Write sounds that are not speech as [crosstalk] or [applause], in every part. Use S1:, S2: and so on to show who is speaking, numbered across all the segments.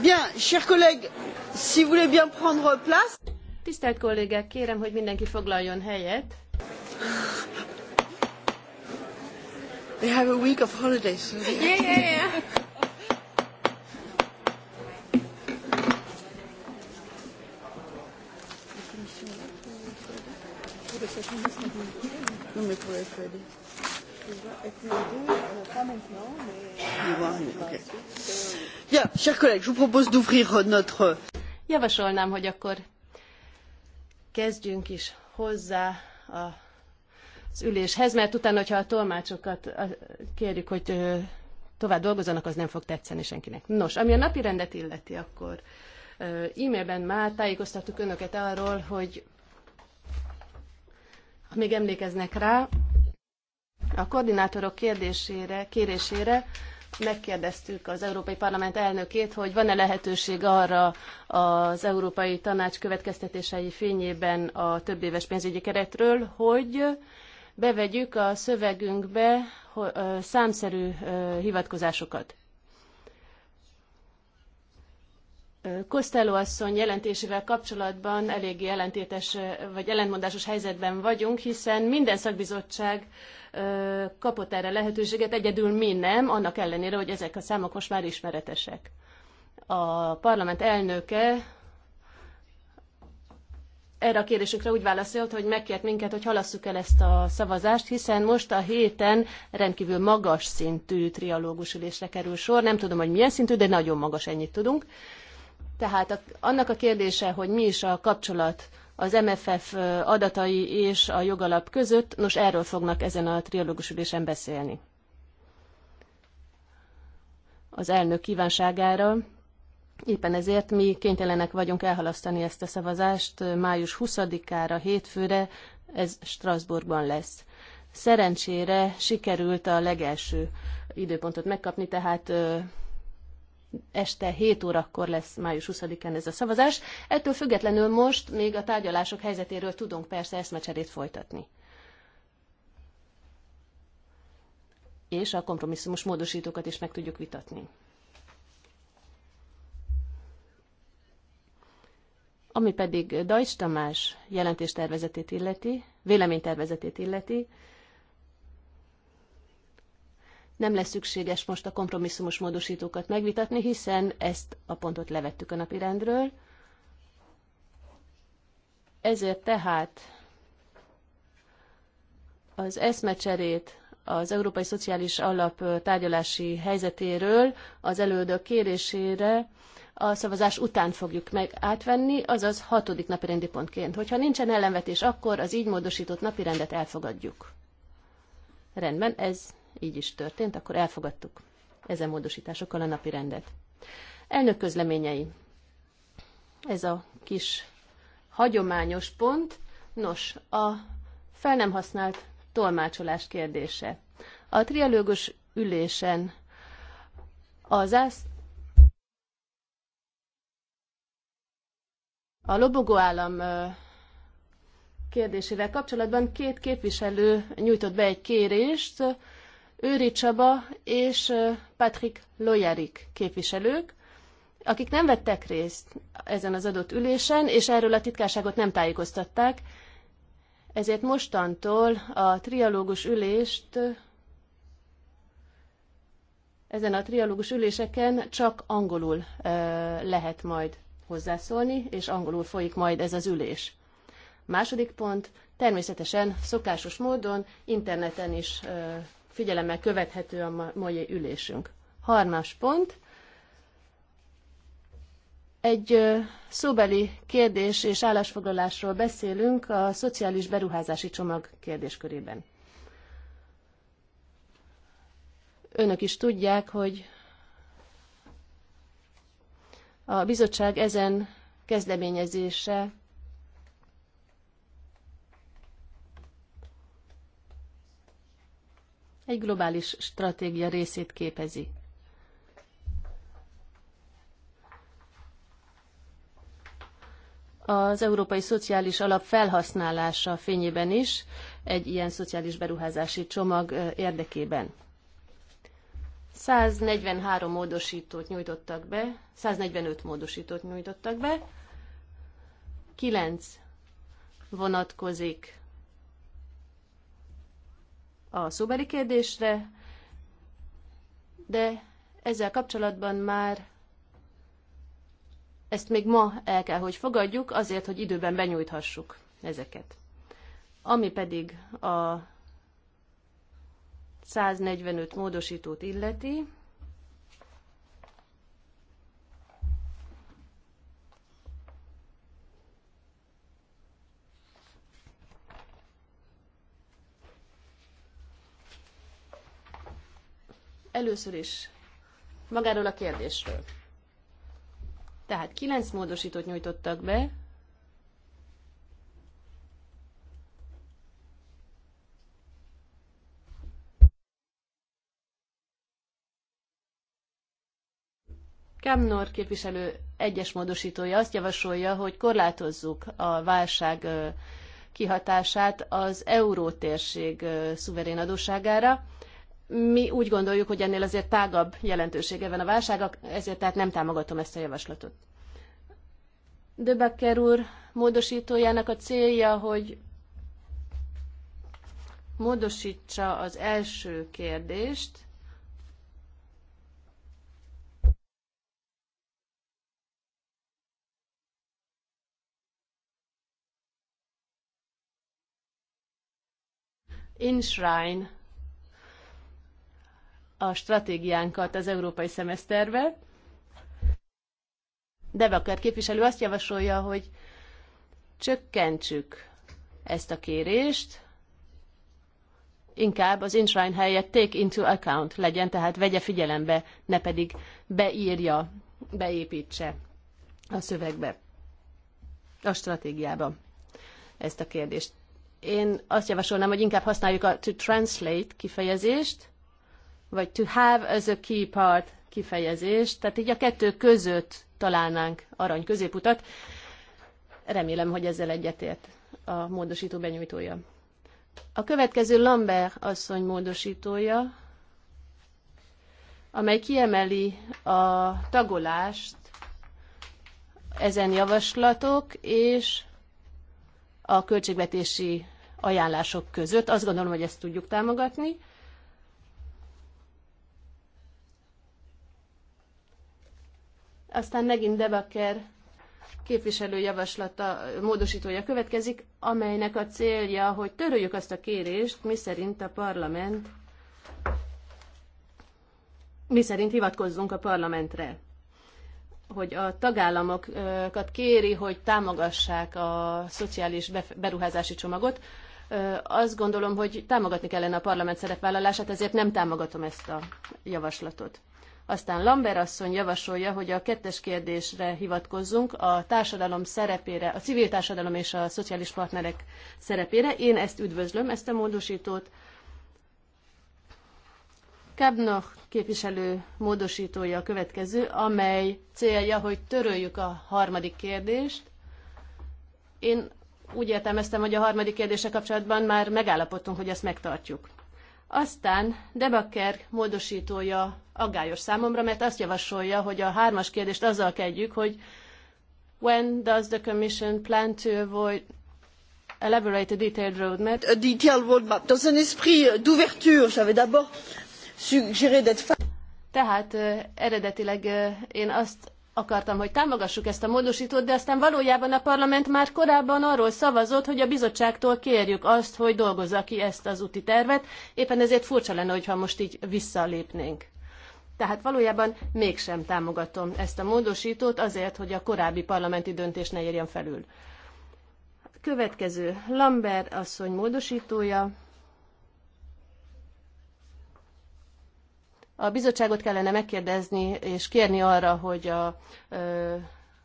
S1: Bien, chers collègues, si vous voulez bien prendre place. Tisztelt kollégák, kérem, hogy mindenki foglaljon helyet.
S2: They have a week of holidays. Yeah, yeah, yeah. Non, mais pour être pas maintenant, mais.
S1: Javasolnám, hogy akkor kezdjünk is hozzá a, az üléshez, mert utána, hogyha a tolmácsokat kérjük, hogy tovább dolgozzanak, az nem fog tetszeni senkinek. Nos, ami a napi rendet illeti, akkor e-mailben már tájékoztattuk önöket arról, hogy ha még emlékeznek rá, a koordinátorok kérdésére, kérésére megkérdeztük az Európai Parlament elnökét, hogy van-e lehetőség arra az Európai Tanács következtetései fényében a több éves pénzügyi keretről, hogy bevegyük a szövegünkbe számszerű hivatkozásokat. Costello asszony jelentésével kapcsolatban eléggé ellentétes vagy ellentmondásos helyzetben vagyunk, hiszen minden szakbizottság kapott erre lehetőséget, egyedül mi nem, annak ellenére, hogy ezek a számok most már ismeretesek. A parlament elnöke erre a kérdésünkre úgy válaszolt, hogy megkért minket, hogy halasszuk el ezt a szavazást, hiszen most a héten rendkívül magas szintű trialógus ülésre kerül sor. Nem tudom, hogy milyen szintű, de nagyon magas, ennyit tudunk. Tehát a, annak a kérdése, hogy mi is a kapcsolat az MFF adatai és a jogalap között, nos erről fognak ezen a triológus ülésen beszélni. Az elnök kívánságára Éppen ezért mi kénytelenek vagyunk elhalasztani ezt a szavazást május 20-ára, hétfőre, ez Strasbourgban lesz. Szerencsére sikerült a legelső időpontot megkapni, tehát este 7 órakor lesz május 20-án ez a szavazás. Ettől függetlenül most még a tárgyalások helyzetéről tudunk persze eszmecserét folytatni. És a kompromisszumos módosítókat is meg tudjuk vitatni. Ami pedig Dajcs Tamás jelentéstervezetét illeti, véleménytervezetét illeti, nem lesz szükséges most a kompromisszumos módosítókat megvitatni, hiszen ezt a pontot levettük a napirendről. Ezért tehát az eszmecserét az Európai Szociális Alap tárgyalási helyzetéről az elődök kérésére a szavazás után fogjuk meg átvenni, azaz hatodik napirendi pontként. Hogyha nincsen ellenvetés, akkor az így módosított napirendet elfogadjuk. Rendben, ez így is történt, akkor elfogadtuk ezen módosításokkal a napi rendet. Elnök közleményei. Ez a kis hagyományos pont. Nos, a fel nem használt tolmácsolás kérdése. A trialógus ülésen az ász... A lobogó állam kérdésével kapcsolatban két képviselő nyújtott be egy kérést, Őri Csaba és Patrick Lojarik képviselők, akik nem vettek részt ezen az adott ülésen, és erről a titkárságot nem tájékoztatták, ezért mostantól a trialógus ülést ezen a trialógus üléseken csak angolul ö, lehet majd hozzászólni, és angolul folyik majd ez az ülés. Második pont, természetesen szokásos módon interneten is ö, figyelemmel követhető a mai ülésünk. Harmas pont. Egy szóbeli kérdés és állásfoglalásról beszélünk a szociális beruházási csomag kérdéskörében. Önök is tudják, hogy a bizottság ezen kezdeményezése egy globális stratégia részét képezi. Az Európai Szociális Alap felhasználása fényében is egy ilyen szociális beruházási csomag érdekében. 143 módosítót nyújtottak be, 145 módosítót nyújtottak be, 9 vonatkozik a szóbeli kérdésre, de ezzel kapcsolatban már ezt még ma el kell, hogy fogadjuk, azért, hogy időben benyújthassuk ezeket. Ami pedig a 145 módosítót illeti, Először is magáról a kérdésről. Tehát kilenc módosítót nyújtottak be. Kemnor képviselő egyes módosítója azt javasolja, hogy korlátozzuk a válság kihatását az eurótérség szuverén adóságára mi úgy gondoljuk, hogy ennél azért tágabb jelentősége van a válság, ezért tehát nem támogatom ezt a javaslatot. Döbekker úr módosítójának a célja, hogy módosítsa az első kérdést, Inshrine a stratégiánkat az európai szemeszterbe. Debaker képviselő azt javasolja, hogy csökkentsük ezt a kérést, inkább az inshrine helyett take into account legyen, tehát vegye figyelembe, ne pedig beírja, beépítse a szövegbe, a stratégiába ezt a kérdést. Én azt javasolnám, hogy inkább használjuk a to translate kifejezést, vagy to have as a key part kifejezés, tehát így a kettő között találnánk arany középutat. Remélem, hogy ezzel egyetért a módosító benyújtója. A következő Lambert asszony módosítója, amely kiemeli a tagolást ezen javaslatok és a költségvetési ajánlások között. Azt gondolom, hogy ezt tudjuk támogatni. Aztán megint Debaker képviselő javaslata, módosítója következik, amelynek a célja, hogy töröljük azt a kérést, szerint a parlament mi szerint hivatkozzunk a parlamentre, hogy a tagállamokat kéri, hogy támogassák a szociális beruházási csomagot. Azt gondolom, hogy támogatni kellene a parlament szerepvállalását, ezért nem támogatom ezt a javaslatot. Aztán Lambert asszony javasolja, hogy a kettes kérdésre hivatkozzunk, a társadalom szerepére, a civil társadalom és a szociális partnerek szerepére. Én ezt üdvözlöm, ezt a módosítót. Kábnok képviselő módosítója a következő, amely célja, hogy töröljük a harmadik kérdést. Én úgy értelmeztem, hogy a harmadik kérdése kapcsolatban már megállapodtunk, hogy ezt megtartjuk. Aztán Debakker módosítója aggályos számomra, mert azt javasolja, hogy a hármas kérdést azzal kezdjük, hogy when does the Commission plan to avoid elaborate a detailed roadmap? A detailed roadmap. Dans un esprit euh, d'ouverture, j'avais d'abord suggéré d'être... Tehát euh, eredetileg euh, én azt akartam, hogy támogassuk ezt a módosítót, de aztán valójában a parlament már korábban arról szavazott, hogy a bizottságtól kérjük azt, hogy dolgozza ki ezt az úti tervet. Éppen ezért furcsa lenne, hogyha most így visszalépnénk. Tehát valójában mégsem támogatom ezt a módosítót azért, hogy a korábbi parlamenti döntés ne érjen felül. Következő Lambert asszony módosítója. A bizottságot kellene megkérdezni és kérni arra, hogy a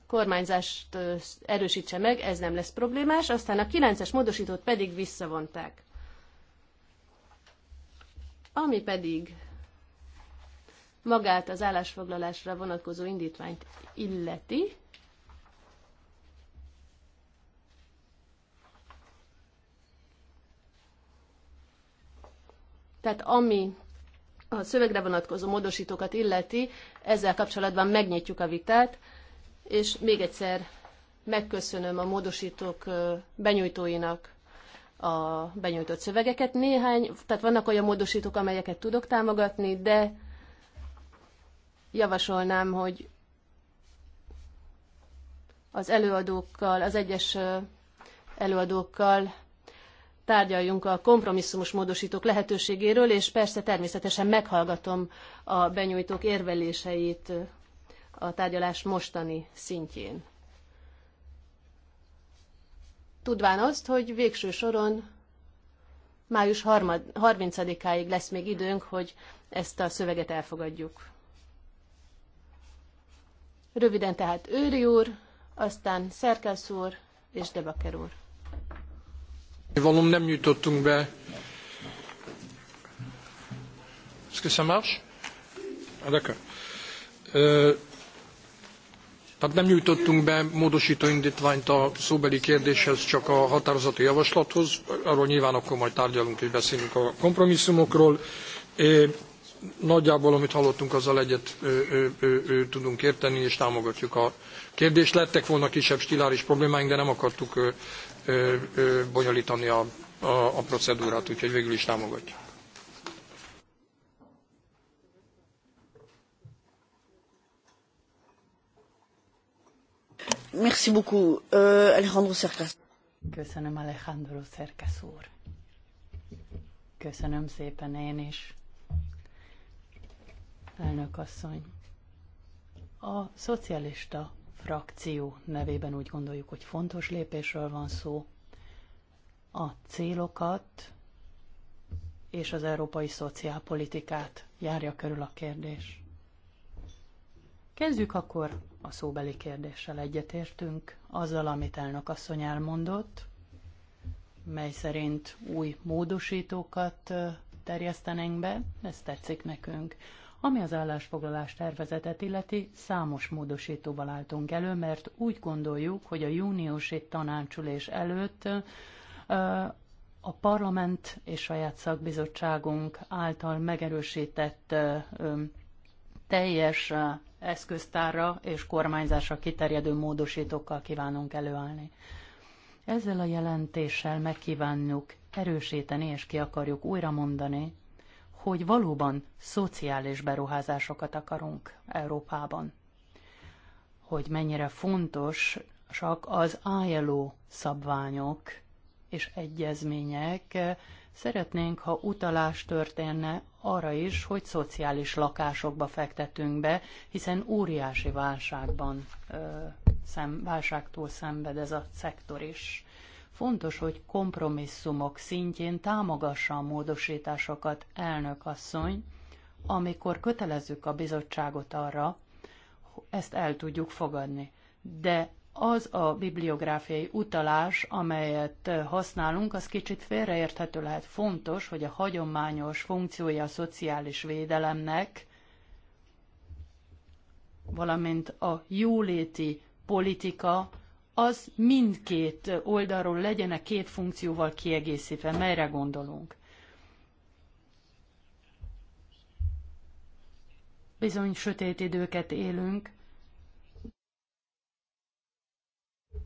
S1: kormányzást erősítse meg, ez nem lesz problémás, aztán a 9-es módosítót pedig visszavonták. Ami pedig magát az állásfoglalásra vonatkozó indítványt illeti, Tehát ami a szövegre vonatkozó módosítókat illeti, ezzel kapcsolatban megnyitjuk a vitát, és még egyszer megköszönöm a módosítók benyújtóinak a benyújtott szövegeket. Néhány, tehát vannak olyan módosítók, amelyeket tudok támogatni, de javasolnám, hogy az előadókkal, az egyes előadókkal tárgyaljunk a kompromisszumos módosítók lehetőségéről, és persze természetesen meghallgatom a benyújtók érveléseit a tárgyalás mostani szintjén. Tudván azt, hogy végső soron május 30-áig lesz még időnk, hogy ezt a szöveget elfogadjuk. Röviden tehát Őri úr, aztán Szerkesz úr és Debaker
S2: úr. Valóban nem nyújtottunk be. Est-ce que ça marche? Ah, d'accord. tehát nem nyújtottunk be módosító indítványt a szóbeli kérdéshez, csak a határozati javaslathoz. Arról nyilván akkor majd tárgyalunk és beszélünk a kompromisszumokról. Nagyjából, amit hallottunk, azzal egyet ö, ö, ö, tudunk érteni, és támogatjuk a kérdést. Lettek volna kisebb stiláris problémáink, de nem akartuk bonyolítani a, a, a procedúrát, úgyhogy végül is támogatjuk.
S1: Merci beaucoup, euh, Alejandro Cercas.
S3: Köszönöm, Alejandro Cercas úr. Köszönöm szépen én is. Elnök asszony, a szocialista frakció nevében úgy gondoljuk, hogy fontos lépésről van szó. A célokat és az európai szociálpolitikát járja körül a kérdés. Kezdjük akkor a szóbeli kérdéssel egyetértünk, azzal, amit elnök asszony elmondott, mely szerint új módosítókat eh, terjesztenénk be, ez tetszik nekünk. Ami az állásfoglalás tervezetet illeti, számos módosítóval álltunk elő, mert úgy gondoljuk, hogy a júniusi tanácsülés előtt a parlament és saját szakbizottságunk által megerősített teljes eszköztárra és kormányzásra kiterjedő módosítókkal kívánunk előállni. Ezzel a jelentéssel megkívánjuk erősíteni és ki akarjuk újra mondani hogy valóban szociális beruházásokat akarunk Európában. Hogy mennyire fontos csak az ILO szabványok és egyezmények, szeretnénk, ha utalás történne arra is, hogy szociális lakásokba fektetünk be, hiszen óriási válságban, válságtól szenved ez a szektor is. Fontos, hogy kompromisszumok szintjén támogassa a módosításokat, elnök asszony, amikor kötelezzük a bizottságot arra, ezt el tudjuk fogadni. De az a bibliográfiai utalás, amelyet használunk, az kicsit félreérthető lehet. Fontos, hogy a hagyományos funkciója a szociális védelemnek, valamint a jóléti politika az mindkét oldalról legyenek két funkcióval kiegészítve. Melyre gondolunk? Bizony sötét időket élünk,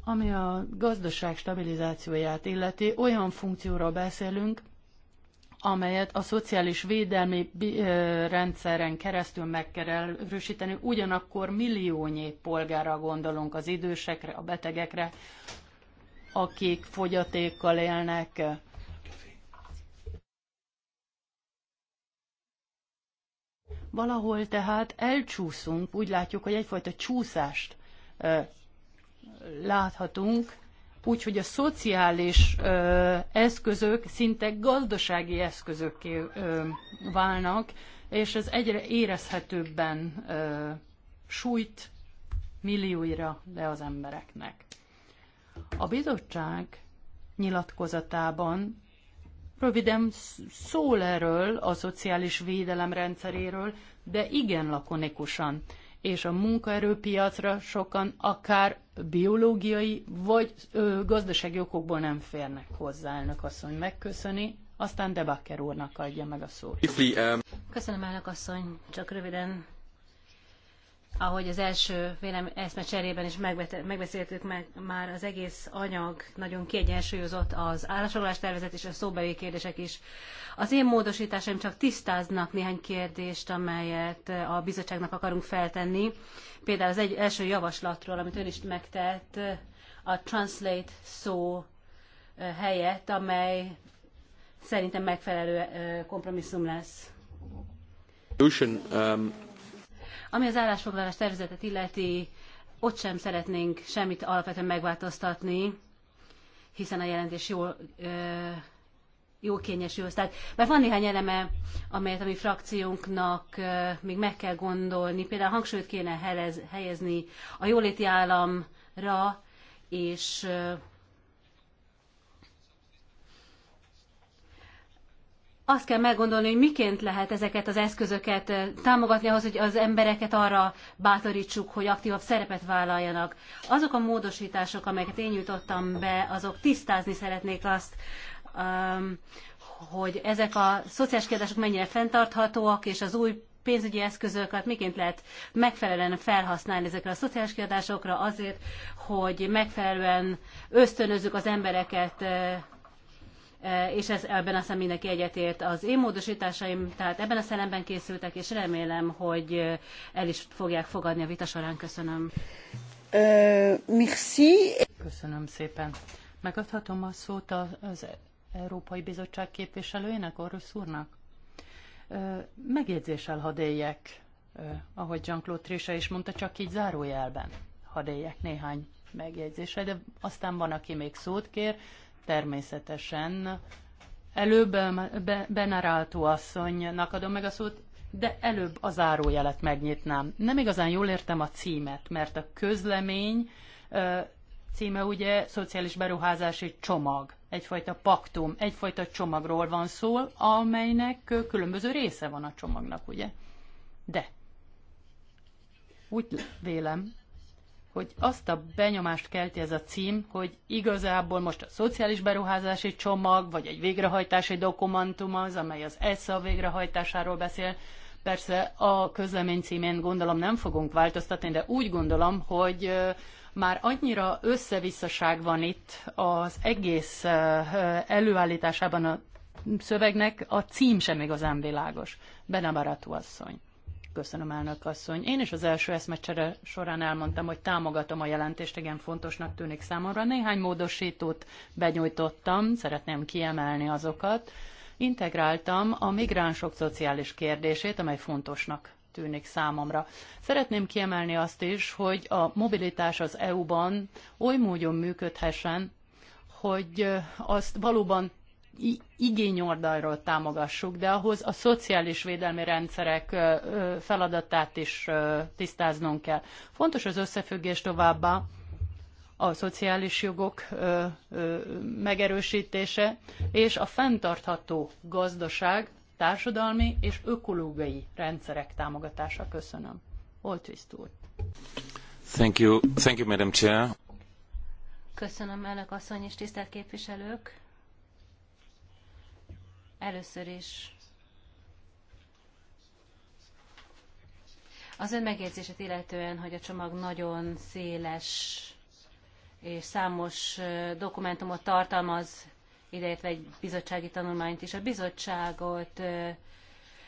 S3: ami a gazdaság stabilizációját illeti, olyan funkcióról beszélünk, amelyet a szociális védelmi rendszeren keresztül meg kell erősíteni. Ugyanakkor milliónyi polgára gondolunk az idősekre, a betegekre, akik fogyatékkal élnek, valahol tehát elcsúszunk, úgy látjuk, hogy egyfajta csúszást láthatunk, úgyhogy a szociális ö, eszközök szinte gazdasági eszközökké ö, válnak, és ez egyre érezhetőbben ö, sújt millióira le az embereknek. A bizottság nyilatkozatában röviden szól erről a szociális védelem rendszeréről, de igen lakonikusan és a munkaerőpiacra sokan akár biológiai vagy ö, gazdasági okokból nem férnek hozzá. Elnök asszony megköszöni, aztán Debakker úrnak adja meg a szót.
S2: Um,
S4: Köszönöm, elnök asszony, csak röviden ahogy az első vélem cserében is megbeszéltük meg, már az egész anyag nagyon kiegyensúlyozott az állásolás tervezet és a szóbeli kérdések is. Az én módosításaim csak tisztáznak néhány kérdést, amelyet a bizottságnak akarunk feltenni. Például az egy, első javaslatról, amit ön is megtett, a translate szó eh, helyett, amely szerintem megfelelő eh, kompromisszum lesz. Um ami az állásfoglalás tervezetet illeti, ott sem szeretnénk semmit alapvetően megváltoztatni, hiszen a jelentés jól, ö, jól kényesül. Tehát, mert van néhány eleme, amelyet a mi frakciónknak még meg kell gondolni. Például hangsúlyt kéne helez, helyezni a jóléti államra, és azt kell meggondolni, hogy miként lehet ezeket az eszközöket eh, támogatni ahhoz, hogy az embereket arra bátorítsuk, hogy aktívabb szerepet vállaljanak. Azok a módosítások, amelyeket én nyújtottam be, azok tisztázni szeretnék azt, ehm, hogy ezek a szociális kérdések mennyire fenntarthatóak, és az új pénzügyi eszközöket miként lehet megfelelően felhasználni ezekre a szociális kiadásokra azért, hogy megfelelően ösztönözzük az embereket eh, Eh, és ez, ebben aztán mindenki egyetért. Az én módosításaim tehát ebben a szellemben készültek, és remélem, hogy eh, el is fogják fogadni a vita során. Köszönöm. merci. Köszönöm szépen.
S3: Megadhatom a szót az Európai Bizottság képviselőjének, Orosz úrnak? Megjegyzéssel hadd éljek, ahogy Jean-Claude Trisha is mondta, csak így zárójelben hadd éljek néhány megjegyzéssel, de aztán van, aki még szót kér, természetesen. Előbb Benaráltó asszonynak adom meg a szót, de előbb a zárójelet megnyitnám. Nem igazán jól értem a címet, mert a közlemény címe ugye szociális beruházási csomag, egyfajta paktum, egyfajta csomagról van szó, amelynek különböző része van a csomagnak, ugye? De úgy vélem, hogy azt a benyomást kelti ez a cím, hogy igazából most a szociális beruházási csomag, vagy egy végrehajtási dokumentum az, amely az ESZA végrehajtásáról beszél. Persze a közlemény címén gondolom nem fogunk változtatni, de úgy gondolom, hogy már annyira összevisszaság van itt az egész előállításában a szövegnek, a cím sem igazán világos. Benabaratú asszony. Köszönöm, elnök asszony. Én is az első eszmecsere során elmondtam, hogy támogatom a jelentést, igen fontosnak tűnik számomra. Néhány módosítót benyújtottam, szeretném kiemelni azokat. Integráltam a migránsok szociális kérdését, amely fontosnak tűnik számomra. Szeretném kiemelni azt is, hogy a mobilitás az EU-ban oly módon működhessen, hogy azt valóban igényoldalról támogassuk, de ahhoz a szociális védelmi rendszerek feladatát is tisztáznunk kell. Fontos az összefüggés továbbá a szociális jogok megerősítése és a fenntartható gazdaság, társadalmi és ökológiai rendszerek támogatása. Köszönöm. Oltviszt úr.
S2: Thank you. Thank you, Madam Chair.
S4: Köszönöm, elnök asszony és tisztelt képviselők. Először is az ön megjegyzését illetően, hogy a csomag nagyon széles és számos dokumentumot tartalmaz, ideértve egy bizottsági tanulmányt is. A bizottságot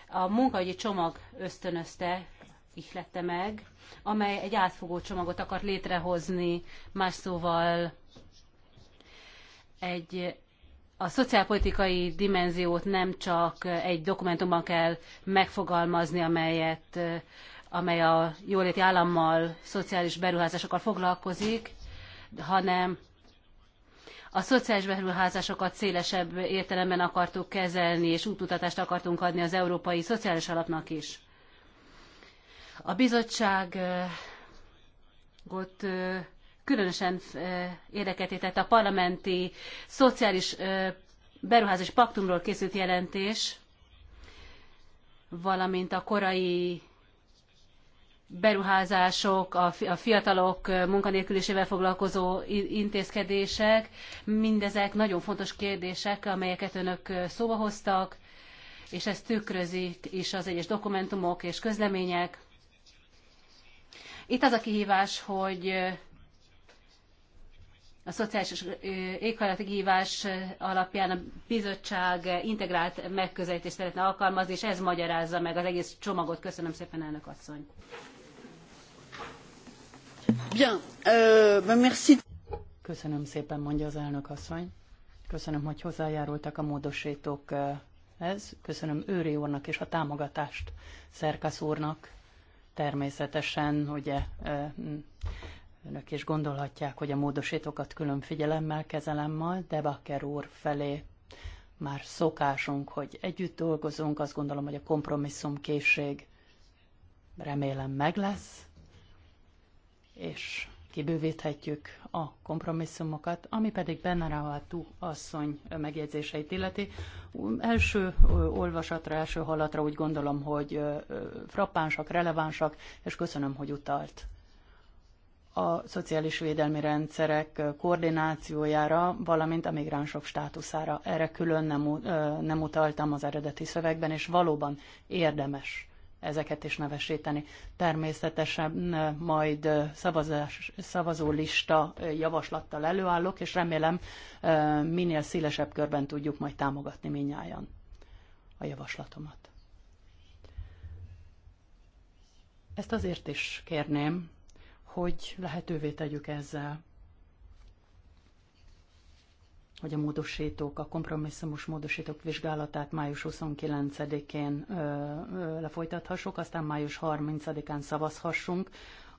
S4: a munkahogyi csomag ösztönözte, ihlette meg, amely egy átfogó csomagot akar létrehozni, más szóval egy a szociálpolitikai dimenziót nem csak egy dokumentumban kell megfogalmazni, amelyet, amely a jóléti állammal, szociális beruházásokkal foglalkozik, hanem a szociális beruházásokat szélesebb értelemben akartuk kezelni, és útmutatást akartunk adni az Európai Szociális Alapnak is. A bizottságot különösen érdekeltített a parlamenti szociális beruházás paktumról készült jelentés, valamint a korai beruházások, a fiatalok munkanélkülisével foglalkozó intézkedések, mindezek nagyon fontos kérdések, amelyeket önök szóba hoztak, és ezt tükrözik is az egyes dokumentumok és közlemények. Itt az a kihívás, hogy a szociális és éghajlati hívás alapján a bizottság integrált megközelítést szeretne alkalmazni, és ez magyarázza meg az egész csomagot. Köszönöm szépen, elnök asszony.
S3: Bien, euh, merci. Köszönöm szépen, mondja az elnök asszony. Köszönöm, hogy hozzájárultak a módosítók ez. Köszönöm Őri úrnak és a támogatást Szerkasz úrnak. Természetesen, ugye, Önök is gondolhatják, hogy a módosítókat külön figyelemmel kezelem ma, de Bakker úr felé már szokásunk, hogy együtt dolgozunk, azt gondolom, hogy a kompromisszum készség remélem meg lesz, és kibővíthetjük a kompromisszumokat, ami pedig benne Benarahatú asszony megjegyzéseit illeti. Első olvasatra, első halatra úgy gondolom, hogy frappánsak, relevánsak, és köszönöm, hogy utalt a szociális védelmi rendszerek koordinációjára, valamint a migránsok státuszára. Erre külön nem, nem utaltam az eredeti szövegben, és valóban érdemes ezeket is nevesíteni. Természetesen majd szavazás, szavazó lista javaslattal előállok, és remélem minél szélesebb körben tudjuk majd támogatni minnyáján a javaslatomat. Ezt azért is kérném, hogy lehetővé tegyük ezzel, hogy a módosítók, a kompromisszumos módosítók vizsgálatát május 29-én lefolytathassuk, aztán május 30-án szavazhassunk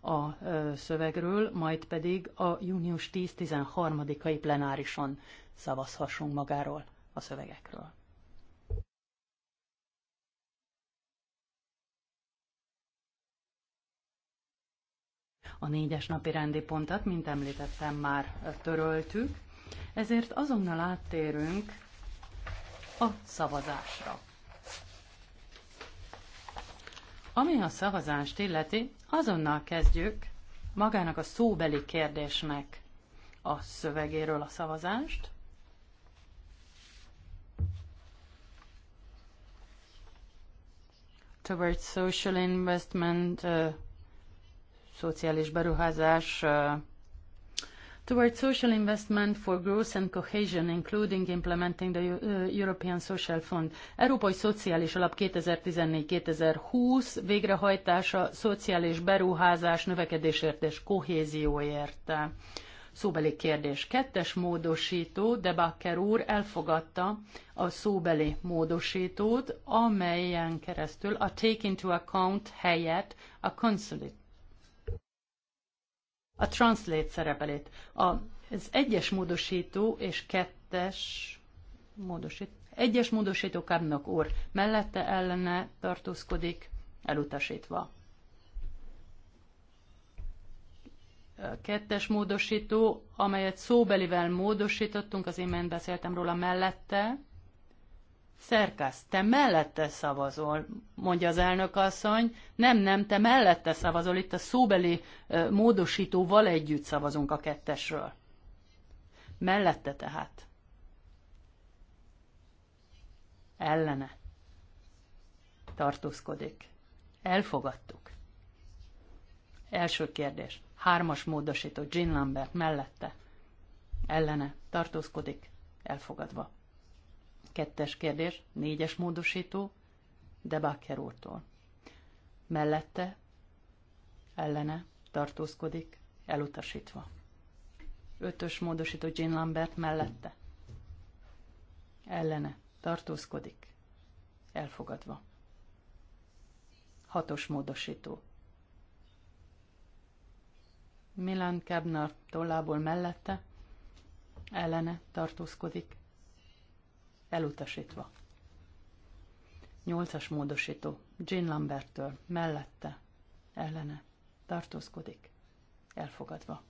S3: a ö, szövegről, majd pedig a június 10-13-ai plenárison szavazhassunk magáról a szövegekről. A négyes napi rendi pontot, mint említettem, már töröltük, ezért azonnal áttérünk a szavazásra. Ami a szavazást illeti, azonnal kezdjük magának a szóbeli kérdésnek a szövegéről a szavazást. Towards social investment uh, szociális beruházás towards social investment for growth and cohesion, including implementing the European Social Fund. Európai Szociális Alap 2014-2020 végrehajtása szociális beruházás növekedésért és kohézióért. Szóbeli kérdés. Kettes módosító, de Bakker úr elfogadta a szóbeli módosítót, amelyen keresztül a take into account helyett a consolid a translate szerepelét. A, az egyes módosító és kettes módosító. Egyes módosító Kábnak úr mellette ellene tartózkodik, elutasítva. A kettes módosító, amelyet szóbelivel módosítottunk, az én beszéltem róla mellette, Szerkász, te mellette szavazol, mondja az elnök asszony. Nem, nem, te mellette szavazol, itt a szóbeli módosítóval együtt szavazunk a kettesről. Mellette tehát. Ellene. Tartózkodik. Elfogadtuk. Első kérdés. Hármas módosító, Jean Lambert mellette. Ellene. Tartózkodik. Elfogadva. Kettes kérdés, négyes módosító, Debakker úrtól. Mellette, ellene, tartózkodik, elutasítva. Ötös módosító Jean Lambert mellette. Ellene, tartózkodik, elfogadva. Hatos módosító. Milan Kebner tollából mellette, ellene tartózkodik, elutasítva. Nyolcas módosító, Jean Lambert-től, mellette, ellene, tartózkodik, elfogadva.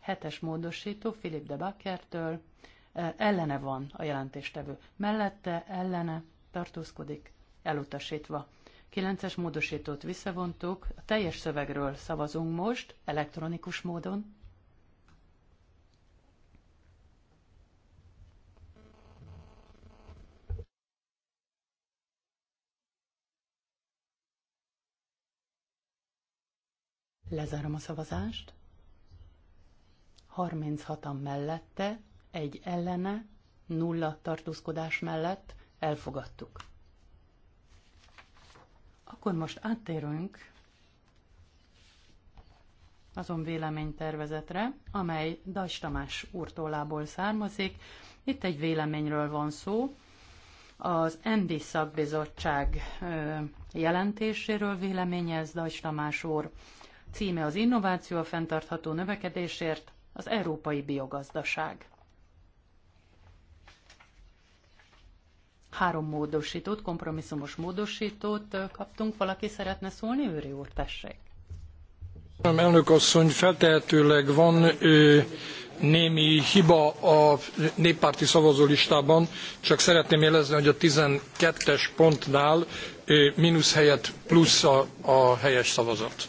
S3: Hetes módosító, Philip de Bakker-től, e, ellene van a jelentéstevő, mellette, ellene, tartózkodik, elutasítva. Kilences módosítót visszavontuk, a teljes szövegről szavazunk most, elektronikus módon. Lezárom a szavazást. 36-an mellette, egy ellene, nulla tartózkodás mellett elfogadtuk. Akkor most áttérünk azon véleménytervezetre, amely Dajs Tamás úrtólából származik. Itt egy véleményről van szó, az ENDI szakbizottság jelentéséről véleményez Dajs Tamás úr. Címe az Innováció a fenntartható növekedésért, az európai biogazdaság. Három módosítót, kompromisszumos módosítót kaptunk. Valaki szeretne szólni? Őri úr, tessék.
S2: Elnök asszony, feltehetőleg van ő, némi hiba a néppárti szavazólistában, csak szeretném jelezni, hogy a 12-es pontnál mínusz helyett plusz a, a helyes szavazat.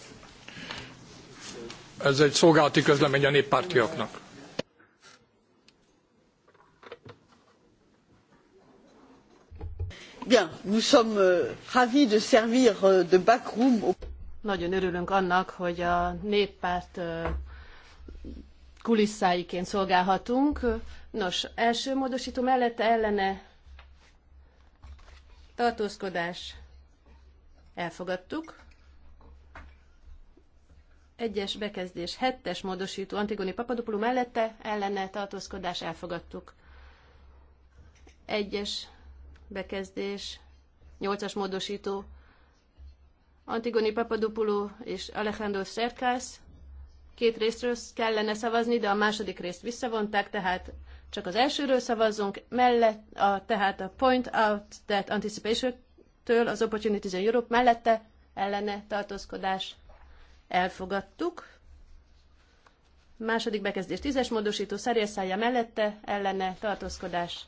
S2: Ez egy szolgálati közlemény a néppártiaknak.
S1: Bien, nous sommes euh, ravis de servir euh, de backroom. Nagyon örülünk annak, hogy a néppárt euh, kulisszáiként szolgálhatunk. Nos, első módosító mellette ellene tartózkodás elfogadtuk egyes bekezdés, hettes módosító Antigoni Papadopoulou mellette ellene tartózkodás elfogadtuk. Egyes bekezdés, nyolcas módosító Antigoni Papadopoulou és Alejandro Szerkász két részről kellene szavazni, de a második részt visszavonták, tehát csak az elsőről szavazzunk, mellett, a, tehát a Point Out That Anticipation-től az Opportunities in Europe mellette ellene tartózkodás elfogadtuk. Második bekezdés tízes módosító szerélszája mellette, ellene tartózkodás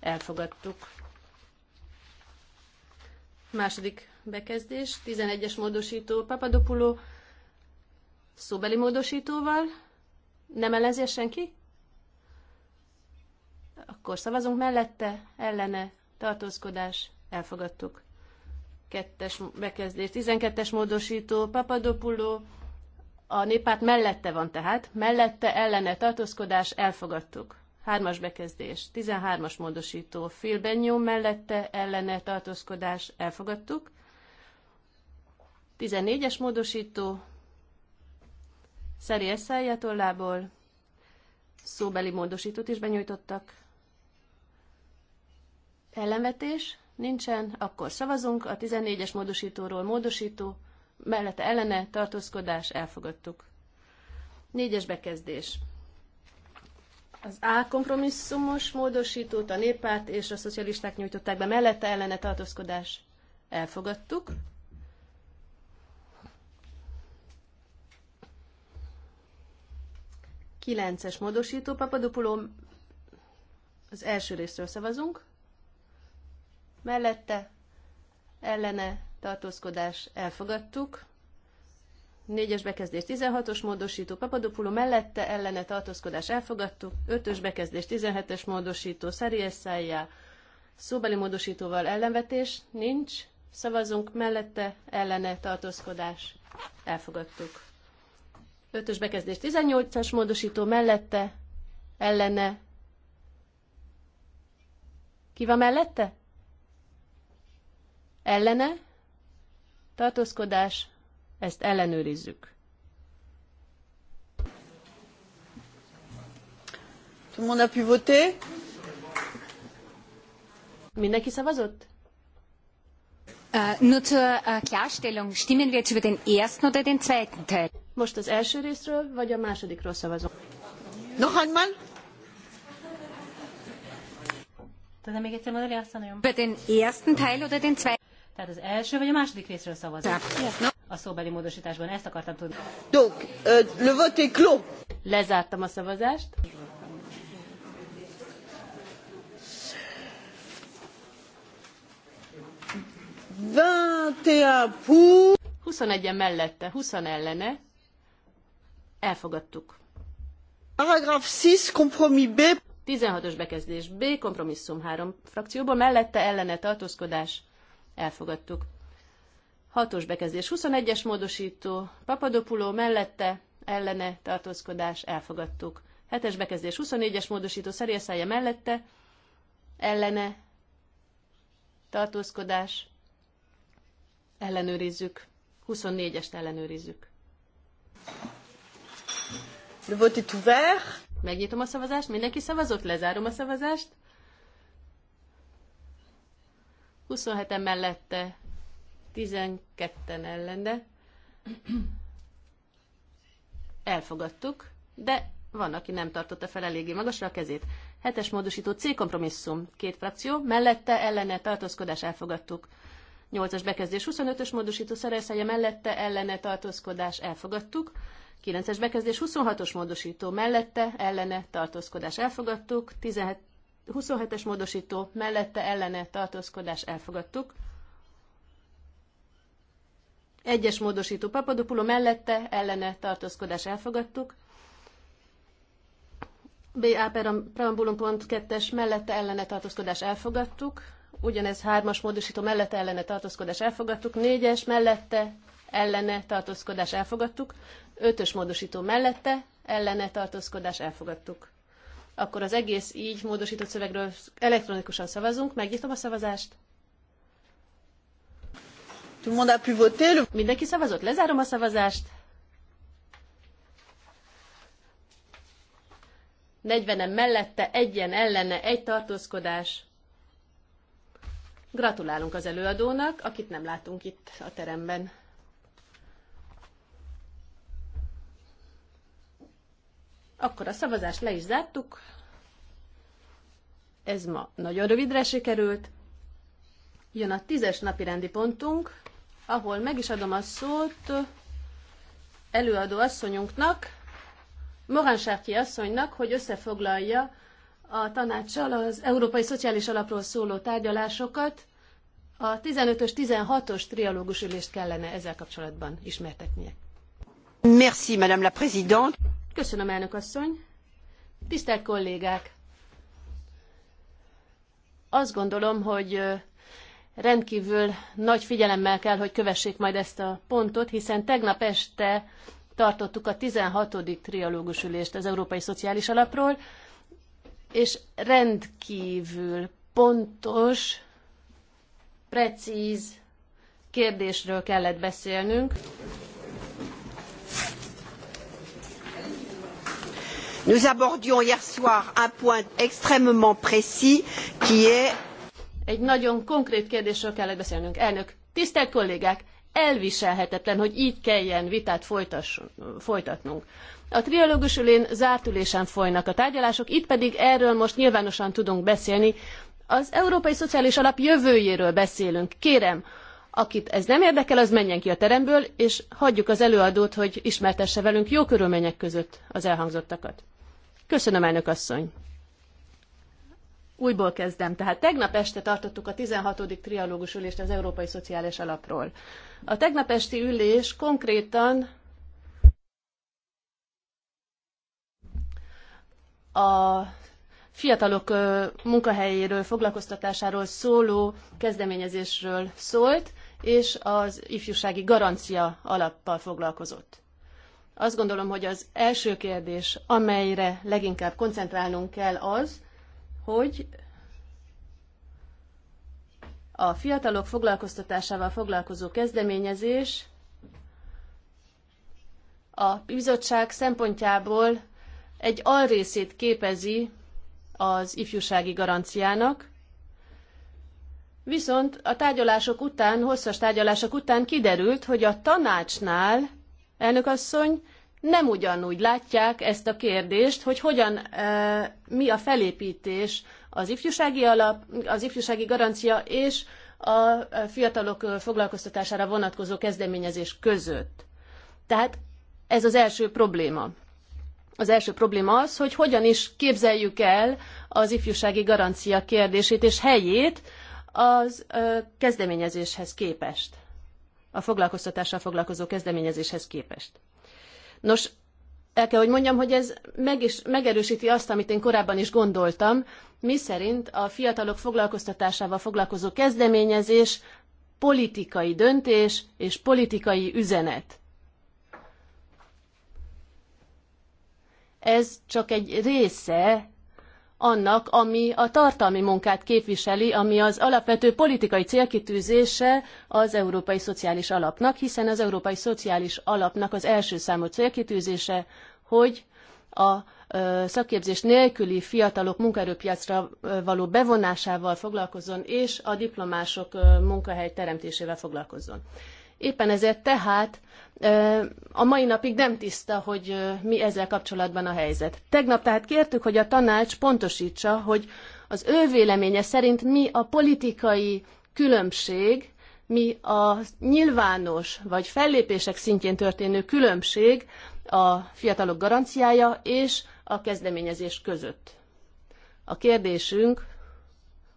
S1: elfogadtuk. Második bekezdés, 11-es módosító Papadopuló szóbeli módosítóval. Nem ellenzi senki? Akkor szavazunk mellette, ellene, tartózkodás, elfogadtuk. 12-es bekezdés, 12-es módosító, Papadopulo, a népát mellette van tehát, mellette ellene tartózkodás elfogadtuk. Hármas bekezdés, 13-as módosító, Phil mellette ellene tartózkodás elfogadtuk. 14-es módosító, Szeri Eszája szóbeli módosítót is benyújtottak. Ellenvetés, Nincsen, akkor szavazunk. A 14-es módosítóról módosító, mellette ellene tartózkodás elfogadtuk. Négyes bekezdés. Az A kompromisszumos módosítót a néppárt és a szocialisták nyújtották be, mellette ellene tartózkodás elfogadtuk. Kilences módosító, Papadopuló, az első részről szavazunk mellette, ellene, tartózkodás elfogadtuk. Négyes bekezdés 16-os módosító Papadopulo mellette ellene tartózkodás elfogadtuk. Ötös bekezdés 17-es módosító Szeriesszájá szóbeli módosítóval ellenvetés nincs. Szavazunk mellette ellene tartózkodás elfogadtuk. Ötös bekezdés 18-as módosító mellette ellene. Ki van mellette? Ellene? Tartózkodás? Ezt ellenőrizzük. Tout le monde a pu voter?
S4: Mindenki szavazott? Uh, nur zur uh, Klarstellung, stimmen wir jetzt über den ersten oder den zweiten Teil? Most az első részről, vagy a másodikról szavazunk? Noch einmal? Tudod még Über den ersten Teil oder den zweiten? Tehát az első vagy a második részről szavazunk. A szóbeli módosításban ezt akartam tudni. Donc,
S1: euh, le vote est clos. Lezártam a szavazást. pour. 21-en mellette, 20 ellene. Elfogadtuk. Paragraf 6, compromis B. 16-os bekezdés B, kompromisszum 3 frakcióban, mellette ellene tartózkodás elfogadtuk. Hatos bekezdés 21-es módosító, Papadopuló mellette, ellene tartózkodás, elfogadtuk. Hetes bekezdés 24-es módosító, Szerélszája mellette, ellene tartózkodás, ellenőrizzük. 24-est ellenőrizzük. Le vote est ouvert. Megnyitom a szavazást, mindenki szavazott, lezárom a szavazást. 27-en mellette, 12-en ellene. Elfogadtuk, de van, aki nem tartotta fel eléggé magasra a kezét. Hetes módosító C kompromisszum. Két frakció, mellette ellene tartózkodás elfogadtuk. 8-as bekezdés 25-ös módosító szerelszelje mellette ellene tartózkodás elfogadtuk. 9-es bekezdés 26-os módosító mellette ellene tartózkodás elfogadtuk. 17 27-es módosító mellette ellene tartózkodás elfogadtuk. Egyes módosító Papadopulo mellette ellene tartózkodás elfogadtuk. BA preambulum pont 2-es mellette ellene tartózkodás elfogadtuk. Ugyanez hármas módosító mellette ellene tartózkodás elfogadtuk. Négyes mellette ellene tartózkodás elfogadtuk. Ötös módosító mellette ellene tartózkodás elfogadtuk akkor az egész így módosított szövegről elektronikusan szavazunk. Megnyitom a szavazást. Tout le monde a pu voter. Mindenki szavazott? Lezárom a szavazást. 40 mellette, egyen ellene, egy tartózkodás. Gratulálunk az előadónak, akit nem látunk itt a teremben. Akkor a szavazást le is zártuk. Ez ma nagyon rövidre sikerült. Jön a tízes napi rendi pontunk, ahol meg is adom a szót előadó asszonyunknak, Morán Sárki asszonynak, hogy összefoglalja a tanácssal az Európai Szociális Alapról szóló tárgyalásokat. A 15-ös, 16-os trialógus ülést kellene ezzel kapcsolatban ismertetnie.
S4: Merci, Madame la Présidente.
S1: Köszönöm, elnök asszony. Tisztelt kollégák! Azt gondolom, hogy rendkívül nagy figyelemmel kell, hogy kövessék majd ezt a pontot, hiszen tegnap este tartottuk a 16. trialógus ülést az Európai Szociális Alapról, és rendkívül pontos, precíz kérdésről kellett beszélnünk. nous abordions hier soir un point extrêmement
S4: précis qui est
S1: egy nagyon konkrét kérdésről kellett beszélnünk. Elnök, tisztelt kollégák, elviselhetetlen, hogy így kelljen vitát folytatnunk. A triológus ülén zárt ülésen folynak a tárgyalások, itt pedig erről most nyilvánosan tudunk beszélni. Az Európai Szociális Alap jövőjéről beszélünk. Kérem, Akit ez nem érdekel, az menjen ki a teremből, és hagyjuk az előadót, hogy ismertesse velünk jó körülmények között az elhangzottakat. Köszönöm, elnök asszony! Újból kezdem. Tehát tegnap este tartottuk a 16. trialógus ülést az Európai Szociális Alapról. A tegnap esti ülés konkrétan a fiatalok munkahelyéről, foglalkoztatásáról szóló kezdeményezésről szólt, és az ifjúsági garancia alappal foglalkozott. Azt gondolom, hogy az első kérdés, amelyre leginkább koncentrálnunk kell az, hogy a fiatalok foglalkoztatásával foglalkozó kezdeményezés a bizottság szempontjából egy alrészét képezi az ifjúsági garanciának, Viszont a tárgyalások után, hosszas tárgyalások után kiderült, hogy a tanácsnál, elnökasszony, nem ugyanúgy látják ezt a kérdést, hogy hogyan, e, mi a felépítés az ifjúsági alap, az ifjúsági garancia és a e, fiatalok e, foglalkoztatására vonatkozó kezdeményezés között. Tehát ez az első probléma. Az első probléma az, hogy hogyan is képzeljük el az ifjúsági garancia kérdését és helyét, az kezdeményezéshez képest, a foglalkoztatással foglalkozó kezdeményezéshez képest. Nos, el kell, hogy mondjam, hogy ez meg is, megerősíti azt, amit én korábban is gondoltam, miszerint a fiatalok foglalkoztatásával foglalkozó kezdeményezés politikai döntés és politikai üzenet. Ez csak egy része annak, ami a tartalmi munkát képviseli, ami az alapvető politikai célkitűzése az Európai Szociális Alapnak, hiszen az Európai Szociális Alapnak az első számú célkitűzése, hogy a szakképzés nélküli fiatalok munkaerőpiacra való bevonásával foglalkozzon, és a diplomások munkahely teremtésével foglalkozzon. Éppen ezért tehát a mai napig nem tiszta, hogy mi ezzel kapcsolatban a helyzet. Tegnap tehát kértük, hogy a tanács pontosítsa, hogy az ő véleménye szerint mi a politikai különbség, mi a nyilvános vagy fellépések szintjén történő különbség a fiatalok garanciája és a kezdeményezés között. A kérdésünk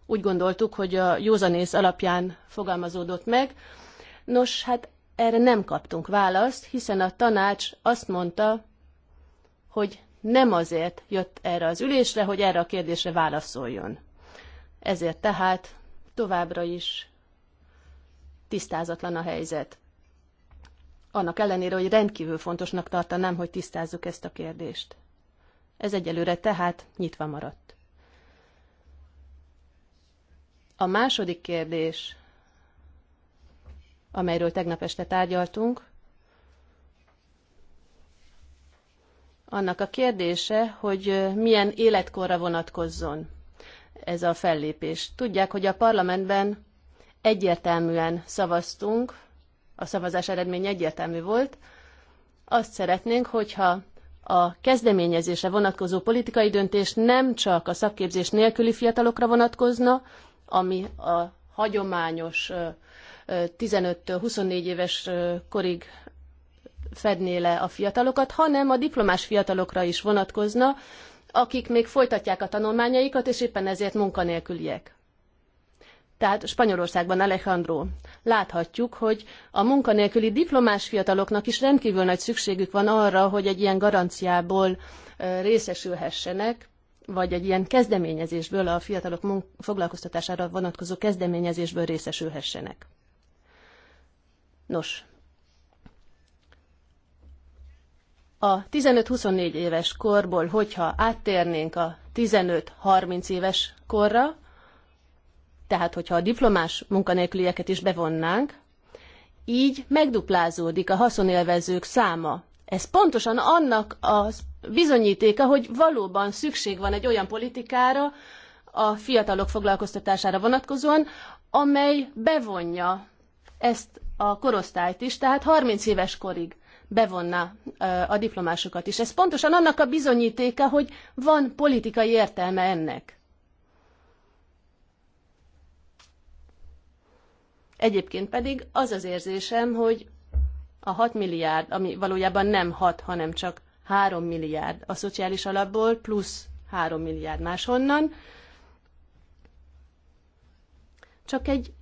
S1: úgy gondoltuk, hogy a józanész alapján fogalmazódott meg, Nos, hát erre nem kaptunk választ, hiszen a tanács azt mondta, hogy nem azért jött erre az ülésre, hogy erre a kérdésre válaszoljon. Ezért tehát továbbra is tisztázatlan a helyzet. Annak ellenére, hogy rendkívül fontosnak tartanám, hogy tisztázzuk ezt a kérdést. Ez egyelőre tehát nyitva maradt. A második kérdés amelyről tegnap este tárgyaltunk, annak a kérdése, hogy milyen életkorra vonatkozzon ez a fellépés. Tudják, hogy a parlamentben egyértelműen szavaztunk, a szavazás eredmény egyértelmű volt. Azt szeretnénk, hogyha a kezdeményezésre vonatkozó politikai döntés nem csak a szakképzés nélküli fiatalokra vonatkozna, ami a hagyományos 15-től 24 éves korig fedné le a fiatalokat, hanem a diplomás fiatalokra is vonatkozna, akik még folytatják a tanulmányaikat, és éppen ezért munkanélküliek. Tehát Spanyolországban, Alejandro, láthatjuk, hogy a munkanélküli diplomás fiataloknak is rendkívül nagy szükségük van arra, hogy egy ilyen garanciából részesülhessenek, vagy egy ilyen kezdeményezésből, a fiatalok foglalkoztatására vonatkozó kezdeményezésből részesülhessenek. Nos, a 15-24 éves korból, hogyha áttérnénk a 15-30 éves korra, tehát hogyha a diplomás munkanélkülieket is bevonnánk, így megduplázódik a haszonélvezők száma. Ez pontosan annak a bizonyítéka, hogy valóban szükség van egy olyan politikára, a fiatalok foglalkoztatására vonatkozóan, amely bevonja ezt a korosztályt is, tehát 30 éves korig bevonna a diplomásokat is. Ez pontosan annak a bizonyítéka, hogy van politikai értelme ennek. Egyébként pedig az az érzésem, hogy a 6 milliárd, ami valójában nem 6, hanem csak 3 milliárd a szociális alapból, plusz 3 milliárd máshonnan, csak egy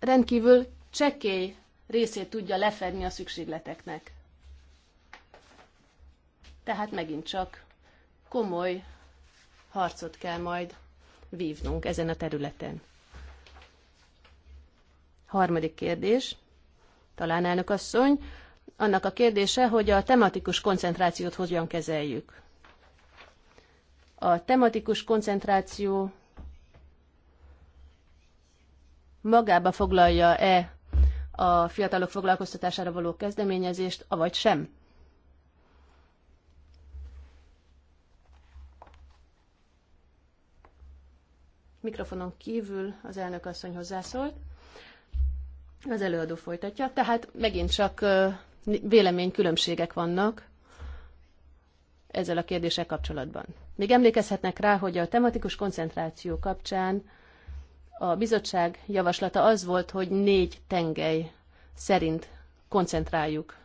S1: rendkívül csekély részét tudja lefedni a szükségleteknek. Tehát megint csak komoly harcot kell majd vívnunk ezen a területen. Harmadik kérdés, talán elnök asszony, annak a kérdése, hogy a tematikus koncentrációt hogyan kezeljük. A tematikus koncentráció magába foglalja-e a fiatalok foglalkoztatására való kezdeményezést, avagy sem. Mikrofonon kívül az elnök asszony hozzászólt. Az előadó folytatja, tehát megint csak véleménykülönbségek vannak ezzel a kérdéssel kapcsolatban. Még emlékezhetnek rá, hogy a tematikus koncentráció kapcsán a bizottság javaslata az volt, hogy négy tengely szerint koncentráljuk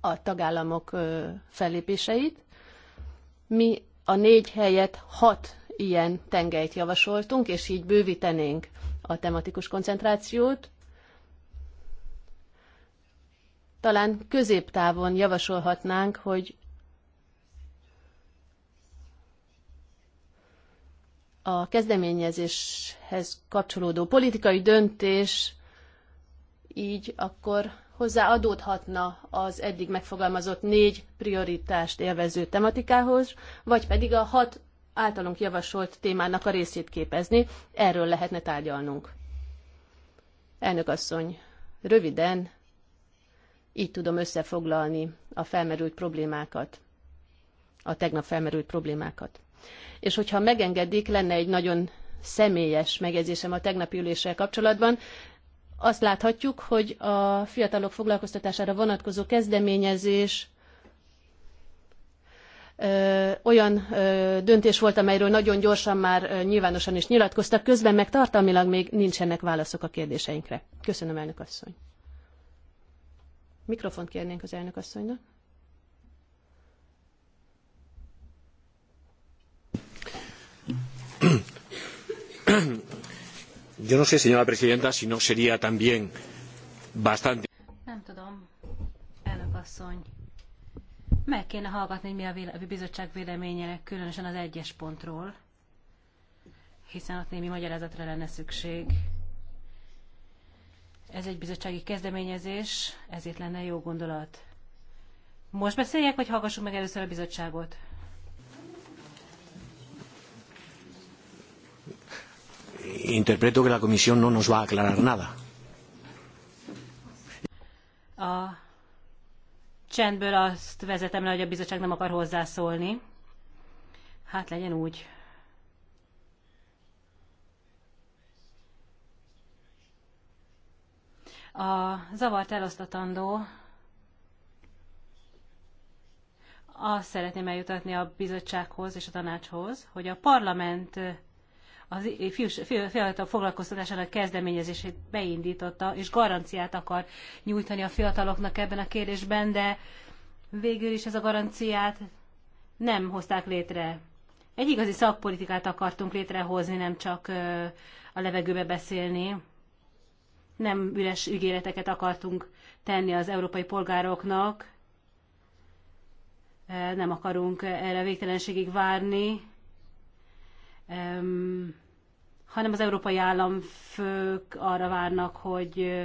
S1: a tagállamok fellépéseit. Mi a négy helyet hat ilyen tengelyt javasoltunk, és így bővítenénk a tematikus koncentrációt. Talán középtávon javasolhatnánk, hogy a kezdeményezéshez kapcsolódó politikai döntés így akkor hozzáadódhatna az eddig megfogalmazott négy prioritást élvező tematikához, vagy pedig a hat általunk javasolt témának a részét képezni. Erről lehetne tárgyalnunk. Elnök asszony, röviden így tudom összefoglalni a felmerült problémákat, a tegnap felmerült problémákat. És hogyha megengedik, lenne egy nagyon személyes megjegyzésem a tegnapi üléssel kapcsolatban. Azt láthatjuk, hogy a fiatalok foglalkoztatására vonatkozó kezdeményezés ö, olyan ö, döntés volt, amelyről nagyon gyorsan már ö, nyilvánosan is nyilatkoztak, közben meg tartalmilag még nincsenek válaszok a kérdéseinkre. Köszönöm, elnök asszony. Mikrofont kérnénk az elnök asszonynak.
S2: Yo no sé, señora presidenta, si no sería también bastante.
S4: Nem tudom, elnök asszony. Meg kéne hallgatni, hogy mi a, véle- a bizottság véleményének, különösen az egyes pontról, hiszen ott némi magyarázatra lenne szükség. Ez egy bizottsági kezdeményezés, ezért lenne jó gondolat. Most beszéljek, vagy hallgassuk meg először a bizottságot?
S1: interpreto que la Comisión no nos va a aclarar nada.
S4: A csendből azt vezetem le, hogy a bizottság nem akar hozzászólni. Hát legyen úgy. A zavart elosztatandó azt szeretném eljutatni a bizottsághoz és a tanácshoz, hogy a parlament az fiatal foglalkoztatásának kezdeményezését beindította, és garanciát akar nyújtani a fiataloknak ebben a kérdésben, de végül is ez a garanciát nem hozták létre. Egy igazi szakpolitikát akartunk létrehozni, nem csak a levegőbe beszélni. Nem üres ügéleteket akartunk tenni az európai polgároknak. Nem akarunk erre végtelenségig várni. Um, hanem az európai államfők arra várnak, hogy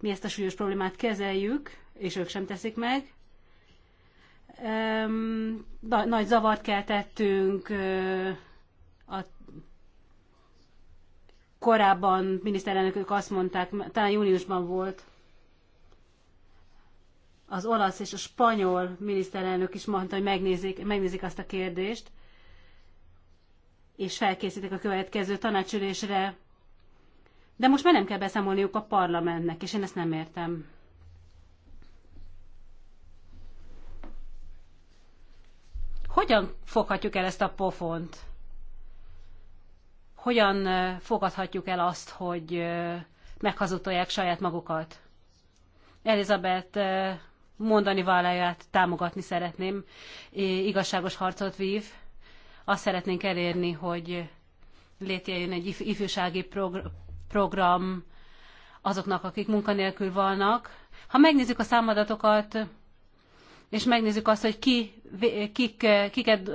S4: mi ezt a súlyos problémát kezeljük, és ők sem teszik meg. Nagy zavart keltettünk a korábban miniszterelnökök azt mondták, talán júniusban volt, az olasz és a spanyol miniszterelnök is mondta, hogy megnézik, megnézik azt a kérdést, és felkészítik a következő tanácsülésre. De most már nem kell beszámolniuk a parlamentnek, és én ezt nem értem. Hogyan foghatjuk el ezt a pofont? Hogyan fogadhatjuk el azt, hogy meghazudtolják saját magukat? Elizabeth mondani váláját támogatni szeretném, igazságos harcot vív azt szeretnénk elérni, hogy létrejön egy ifjúsági program azoknak, akik munkanélkül vannak. Ha megnézzük a számadatokat, és megnézzük azt, hogy ki, kik, kiket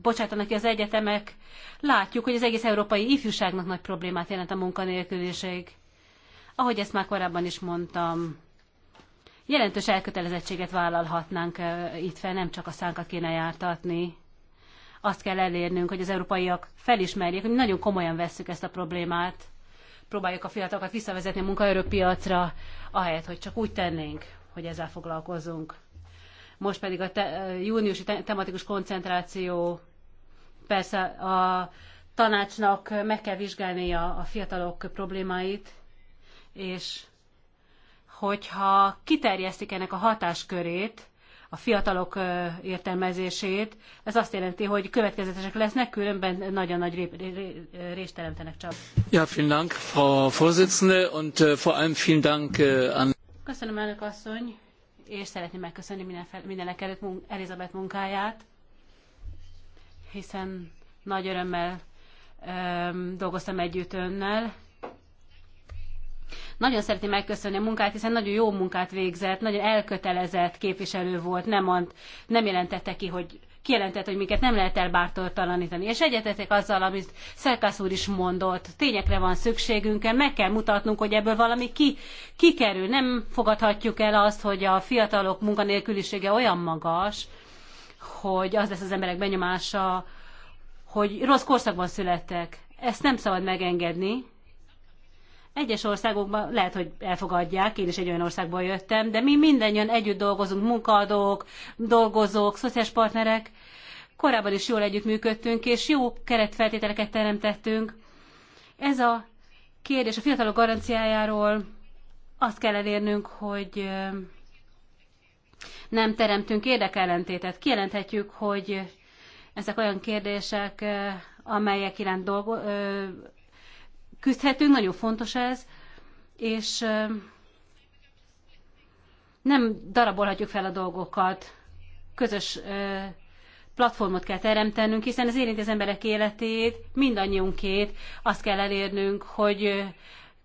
S4: bocsátanak ki az egyetemek, látjuk, hogy az egész európai ifjúságnak nagy problémát jelent a munkanélküliség. Ahogy ezt már korábban is mondtam, jelentős elkötelezettséget vállalhatnánk itt fel, nem csak a szánkat kéne jártatni. Azt kell elérnünk, hogy az európaiak felismerjék, hogy nagyon komolyan vesszük ezt a problémát. Próbáljuk a fiatalokat visszavezetni a munkaerőpiacra, ahelyett, hogy csak úgy tennénk, hogy ezzel foglalkozunk. Most pedig a te, júniusi te, tematikus koncentráció persze a tanácsnak meg kell vizsgálnia a fiatalok problémáit, és hogyha kiterjesztik ennek a hatáskörét, a fiatalok értelmezését. Ez azt jelenti, hogy következetesek lesznek, különben nagyon nagy ré, ré, részt teremtenek csak.
S2: Ja, vielen Dank, Frau Vorsitzende, und äh, vor allem vielen Dank äh, an...
S4: Köszönöm, elnök asszony, és szeretném megköszönni minden, mindenek előtt mun, Elizabeth munkáját, hiszen nagy örömmel um, dolgoztam együtt önnel, nagyon szeretném megköszönni a munkát, hiszen nagyon jó munkát végzett, nagyon elkötelezett képviselő volt, nem, mond, nem jelentette ki, hogy kijelentett, hogy minket nem lehet elbártortalanítani. És egyetetek azzal, amit Szerkász úr is mondott, tényekre van szükségünk, meg kell mutatnunk, hogy ebből valami ki, kikerül. Nem fogadhatjuk el azt, hogy a fiatalok munkanélkülisége olyan magas, hogy az lesz az emberek benyomása, hogy rossz korszakban születtek. Ezt nem szabad megengedni, egyes országokban lehet, hogy elfogadják, én is egy olyan országból jöttem, de mi mindannyian együtt dolgozunk, munkadók, dolgozók, szociális partnerek. Korábban is jól együttműködtünk, és jó keretfeltételeket teremtettünk. Ez a kérdés a fiatalok garanciájáról azt kell elérnünk, hogy nem teremtünk érdekellentétet. Kijelenthetjük, hogy ezek olyan kérdések, amelyek iránt dolgo, küzdhetünk, nagyon fontos ez, és nem darabolhatjuk fel a dolgokat, közös platformot kell teremtenünk, hiszen ez érinti az emberek életét, mindannyiunkét, azt kell elérnünk, hogy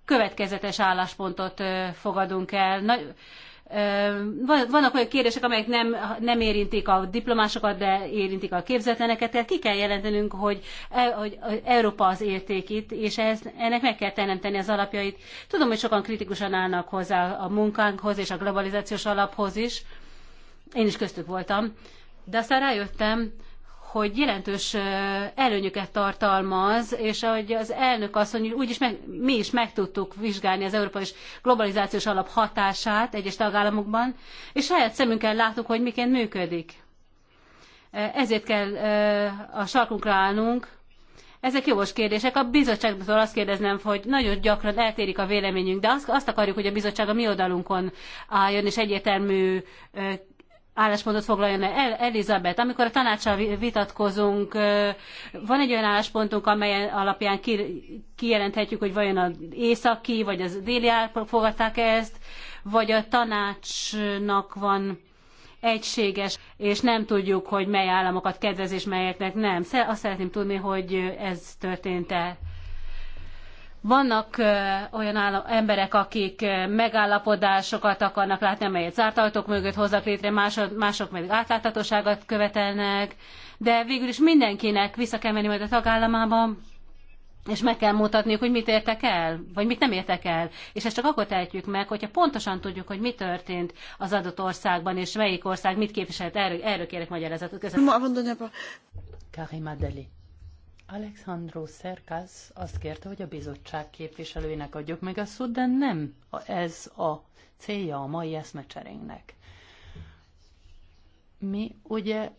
S4: következetes álláspontot fogadunk el vannak olyan kérdések, amelyek nem, nem érintik a diplomásokat, de érintik a képzetleneket, tehát ki kell jelentenünk, hogy, e, hogy Európa az érték itt, és ez, ennek meg kell teremteni az alapjait. Tudom, hogy sokan kritikusan állnak hozzá a munkánkhoz és a globalizációs alaphoz is, én is köztük voltam, de aztán rájöttem, hogy jelentős előnyöket tartalmaz, és ahogy az elnök asszony, úgyis meg, mi is meg tudtuk vizsgálni az európai globalizációs alap hatását egyes tagállamokban, és saját szemünkkel láttuk, hogy miként működik. Ezért kell a sarkunkra állnunk. Ezek jogos kérdések. A bizottságtól azt kérdeznem, hogy nagyon gyakran eltérik a véleményünk, de azt, azt akarjuk, hogy a bizottság a mi oldalunkon álljon, és egyértelmű álláspontot foglaljon el. Elizabeth, amikor a tanácsal vitatkozunk, van egy olyan álláspontunk, amely alapján ki, kijelenthetjük, hogy vajon az északi vagy az déli fogadták ezt, vagy a tanácsnak van egységes, és nem tudjuk, hogy mely államokat kedvez és melyeknek nem. Azt szeretném tudni, hogy ez történt-e. Vannak olyan emberek, akik megállapodásokat akarnak látni, amelyet zárt ajtók mögött hoznak létre, mások, mások meg átláthatóságot követelnek, de végül is mindenkinek vissza kell menni majd a tagállamába, és meg kell mutatniuk, hogy mit értek el, vagy mit nem értek el. És ezt csak akkor tehetjük meg, hogyha pontosan tudjuk, hogy mi történt az adott országban, és melyik ország mit képviselt. Erről, erről kérek magyarázatot. Köszönöm.
S3: Karima Deli. Alexandro Szerkász azt kérte, hogy a bizottság képviselőinek adjuk meg a szót, de nem ez a célja a mai eszmecserénknek. Mi ugye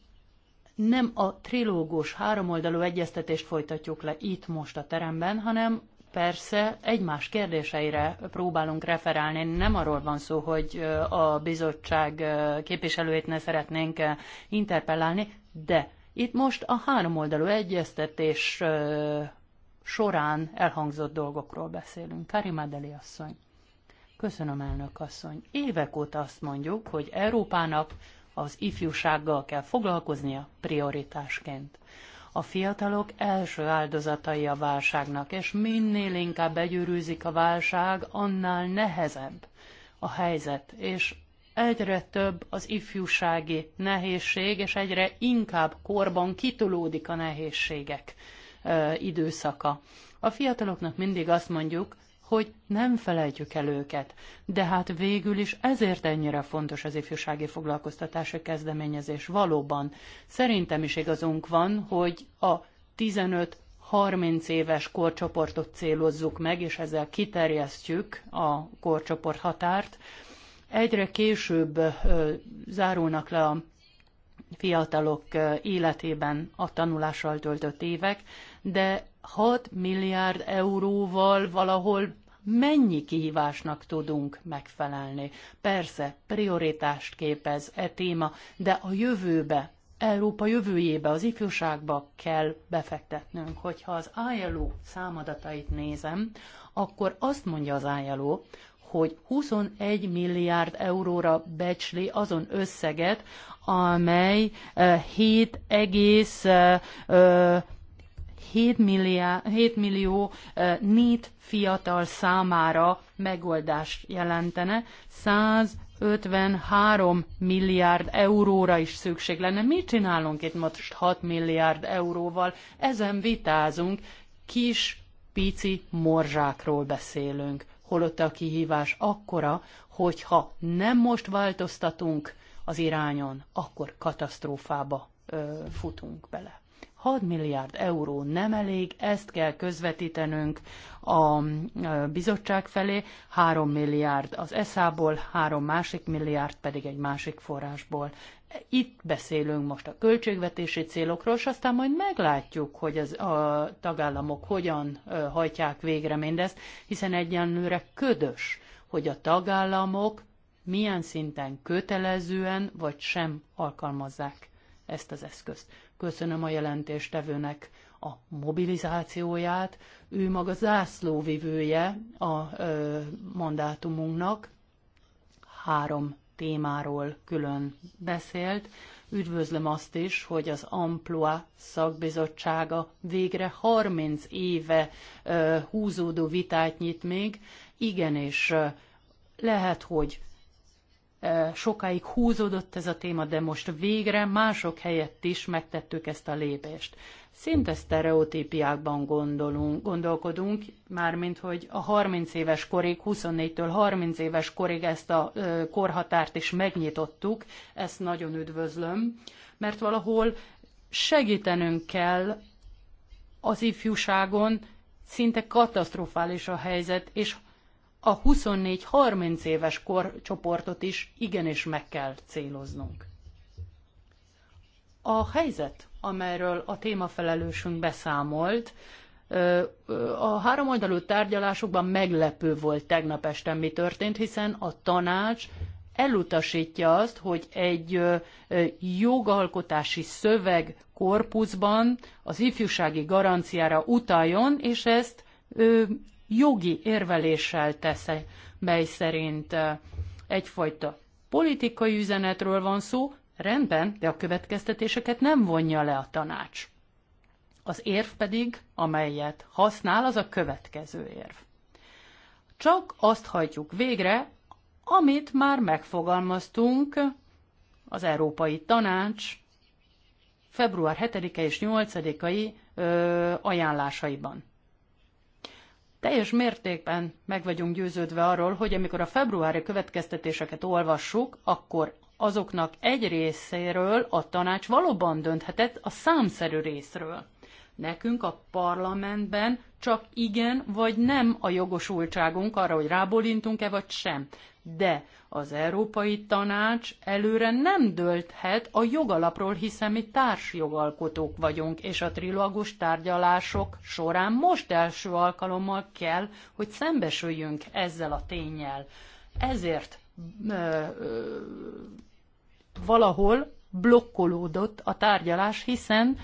S3: nem a trilógus háromoldalú egyeztetést folytatjuk le itt most a teremben, hanem persze egymás kérdéseire próbálunk referálni. Nem arról van szó, hogy a bizottság képviselőjét ne szeretnénk interpellálni, de itt most a háromoldalú egyeztetés során elhangzott dolgokról beszélünk. Karim Adeli asszony. Köszönöm, elnök asszony. Évek óta azt mondjuk, hogy Európának az ifjúsággal kell foglalkoznia prioritásként. A fiatalok első áldozatai a válságnak, és minél inkább begyűrűzik a válság, annál nehezebb a helyzet, és egyre több az ifjúsági nehézség, és egyre inkább korban kitolódik a nehézségek ö, időszaka. A fiataloknak mindig azt mondjuk, hogy nem felejtjük el őket. De hát végül is ezért ennyire fontos az ifjúsági foglalkoztatási kezdeményezés. Valóban szerintem is igazunk van, hogy a 15-30 éves korcsoportot célozzuk meg, és ezzel kiterjesztjük a korcsoport határt, Egyre később zárulnak le a fiatalok életében a tanulással töltött évek, de 6 milliárd euróval valahol mennyi kihívásnak tudunk megfelelni. Persze, prioritást képez e téma, de a jövőbe, Európa jövőjébe, az ifjúságba kell befektetnünk. Hogyha az ILO számadatait nézem, akkor azt mondja az ILO, hogy 21 milliárd euróra becsli azon összeget, amely 7, 7, milliárd, 7 millió nét fiatal számára megoldást jelentene, 153 milliárd euróra is szükség lenne. Mit csinálunk itt most 6 milliárd euróval? Ezen vitázunk, kis, pici morzsákról beszélünk holott a kihívás akkora, hogyha nem most változtatunk az irányon, akkor katasztrófába ö, futunk bele. 6 milliárd euró nem elég, ezt kell közvetítenünk a bizottság felé, 3 milliárd az ESZA-ból, 3 másik milliárd pedig egy másik forrásból. Itt beszélünk most a költségvetési célokról, és aztán majd meglátjuk, hogy az, a tagállamok hogyan hajtják végre mindezt, hiszen egyenlőre ködös, hogy a tagállamok milyen szinten kötelezően vagy sem alkalmazzák ezt az eszközt. Köszönöm a jelentéstevőnek a mobilizációját. Ő maga zászlóvivője a ö, mandátumunknak. Három témáról külön beszélt. Üdvözlöm azt is, hogy az Amploa szakbizottsága végre 30 éve ö, húzódó vitát nyit még. Igenis, ö, lehet, hogy sokáig húzódott ez a téma, de most végre mások helyett is megtettük ezt a lépést. Szinte sztereotípiákban gondolunk, gondolkodunk, mármint, hogy a 30 éves korig, 24-től 30 éves korig ezt a korhatárt is megnyitottuk, ezt nagyon üdvözlöm, mert valahol segítenünk kell az ifjúságon, szinte katasztrofális a helyzet, és a 24-30 éves korcsoportot is igenis meg kell céloznunk. A helyzet, amelyről a témafelelősünk beszámolt, a háromoldalú tárgyalásokban meglepő volt tegnap este, mi történt, hiszen a tanács elutasítja azt, hogy egy jogalkotási szöveg korpuszban az ifjúsági garanciára utaljon, és ezt jogi érveléssel tesz, mely szerint egyfajta politikai üzenetről van szó, rendben, de a következtetéseket nem vonja le a tanács. Az érv pedig, amelyet használ, az a következő érv. Csak azt hajtjuk végre, amit már megfogalmaztunk az Európai Tanács február 7-e és 8-ai ajánlásaiban. Teljes mértékben meg vagyunk győződve arról, hogy amikor a februári következtetéseket olvassuk, akkor azoknak egy részéről a tanács valóban dönthetett a számszerű részről. Nekünk a parlamentben csak igen vagy nem a jogosultságunk arra, hogy rábólintunk-e vagy sem. De az Európai Tanács előre nem dölthet a jogalapról, hiszen mi társjogalkotók vagyunk, és a trilógus tárgyalások során most első alkalommal kell, hogy szembesüljünk ezzel a tényel. Ezért ö, ö, valahol blokkolódott a tárgyalás, hiszen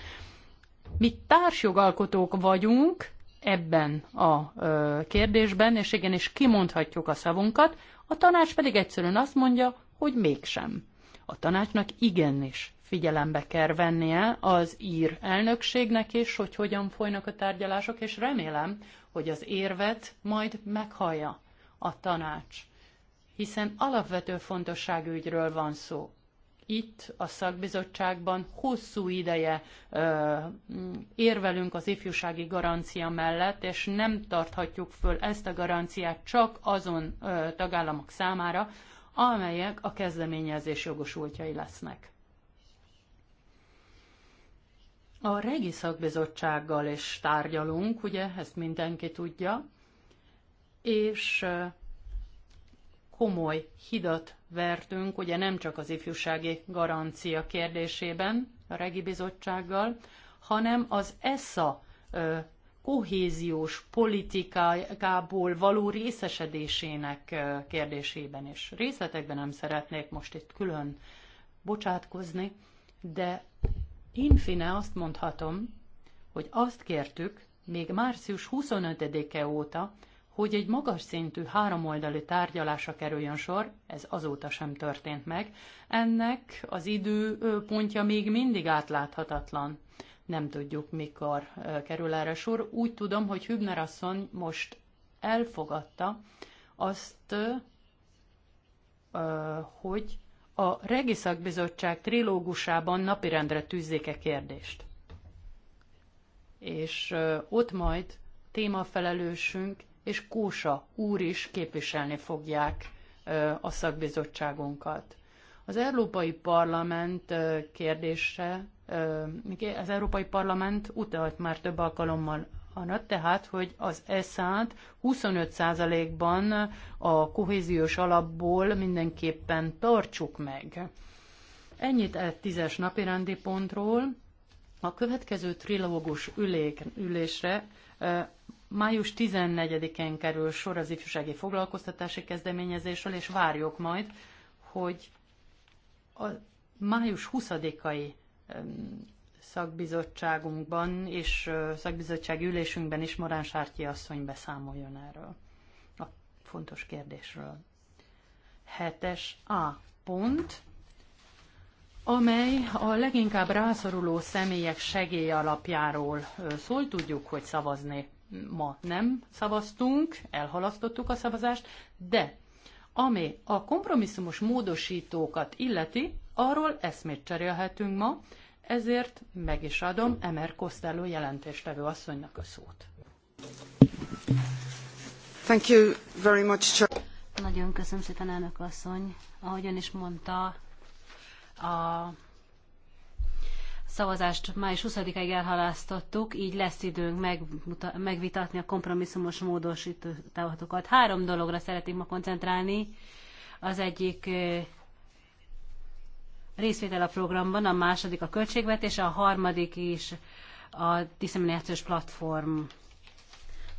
S3: mi társjogalkotók vagyunk ebben a ö, kérdésben, és igenis kimondhatjuk a szavunkat, a tanács pedig egyszerűen azt mondja, hogy mégsem. A tanácsnak igenis figyelembe kell vennie az ír elnökségnek is, hogy hogyan folynak a tárgyalások, és remélem, hogy az érvet majd meghallja a tanács. Hiszen alapvető fontosságú van szó itt a szakbizottságban hosszú ideje érvelünk az ifjúsági garancia mellett, és nem tarthatjuk föl ezt a garanciát csak azon tagállamok számára, amelyek a kezdeményezés jogosultjai lesznek. A regi szakbizottsággal is tárgyalunk, ugye, ezt mindenki tudja, és komoly hidat vertünk, ugye nem csak az ifjúsági garancia kérdésében a Regi Bizottsággal, hanem az ESSA kohéziós politikából való részesedésének kérdésében is. Részletekben nem szeretnék most itt külön bocsátkozni, de infine azt mondhatom, hogy azt kértük még március 25-e óta, hogy egy magas szintű háromoldalú tárgyalásra kerüljön sor, ez azóta sem történt meg, ennek az időpontja még mindig átláthatatlan. Nem tudjuk, mikor kerül erre sor. Úgy tudom, hogy Hübner asszony most elfogadta azt, hogy a Regiszakbizottság trilógusában napirendre tűzzék -e kérdést. És ott majd témafelelősünk és Kósa úr is képviselni fogják a szakbizottságunkat. Az Európai Parlament kérdése, az Európai Parlament utalt már több alkalommal arra, tehát, hogy az ESZ-t 25%-ban a kohéziós alapból mindenképpen tartsuk meg. Ennyit egy tízes napi rendi pontról. A következő trilógus ülésre Május 14-én kerül sor az ifjúsági foglalkoztatási kezdeményezésről, és várjuk majd, hogy a május 20-ai szakbizottságunkban és szakbizottsági ülésünkben is Morán Sártyi asszony beszámoljon erről a fontos kérdésről. 7-es A pont, amely a leginkább rászoruló személyek segély alapjáról szól. Tudjuk, hogy szavazni ma nem szavaztunk, elhalasztottuk a szavazást, de ami a kompromisszumos módosítókat illeti, arról eszmét cserélhetünk ma, ezért meg is adom Emer Costello jelentéstevő asszonynak a szót.
S4: Thank you very much, Nagyon köszönöm szépen, elnök asszony. Ahogy ön is mondta, a szavazást május 20-ig elhalasztottuk, így lesz időnk megmuta- megvitatni a kompromisszumos módosítókat. Három dologra szeretnék ma koncentrálni. Az egyik részvétel a programban, a második a költségvetés, a harmadik is a diszeminációs platform,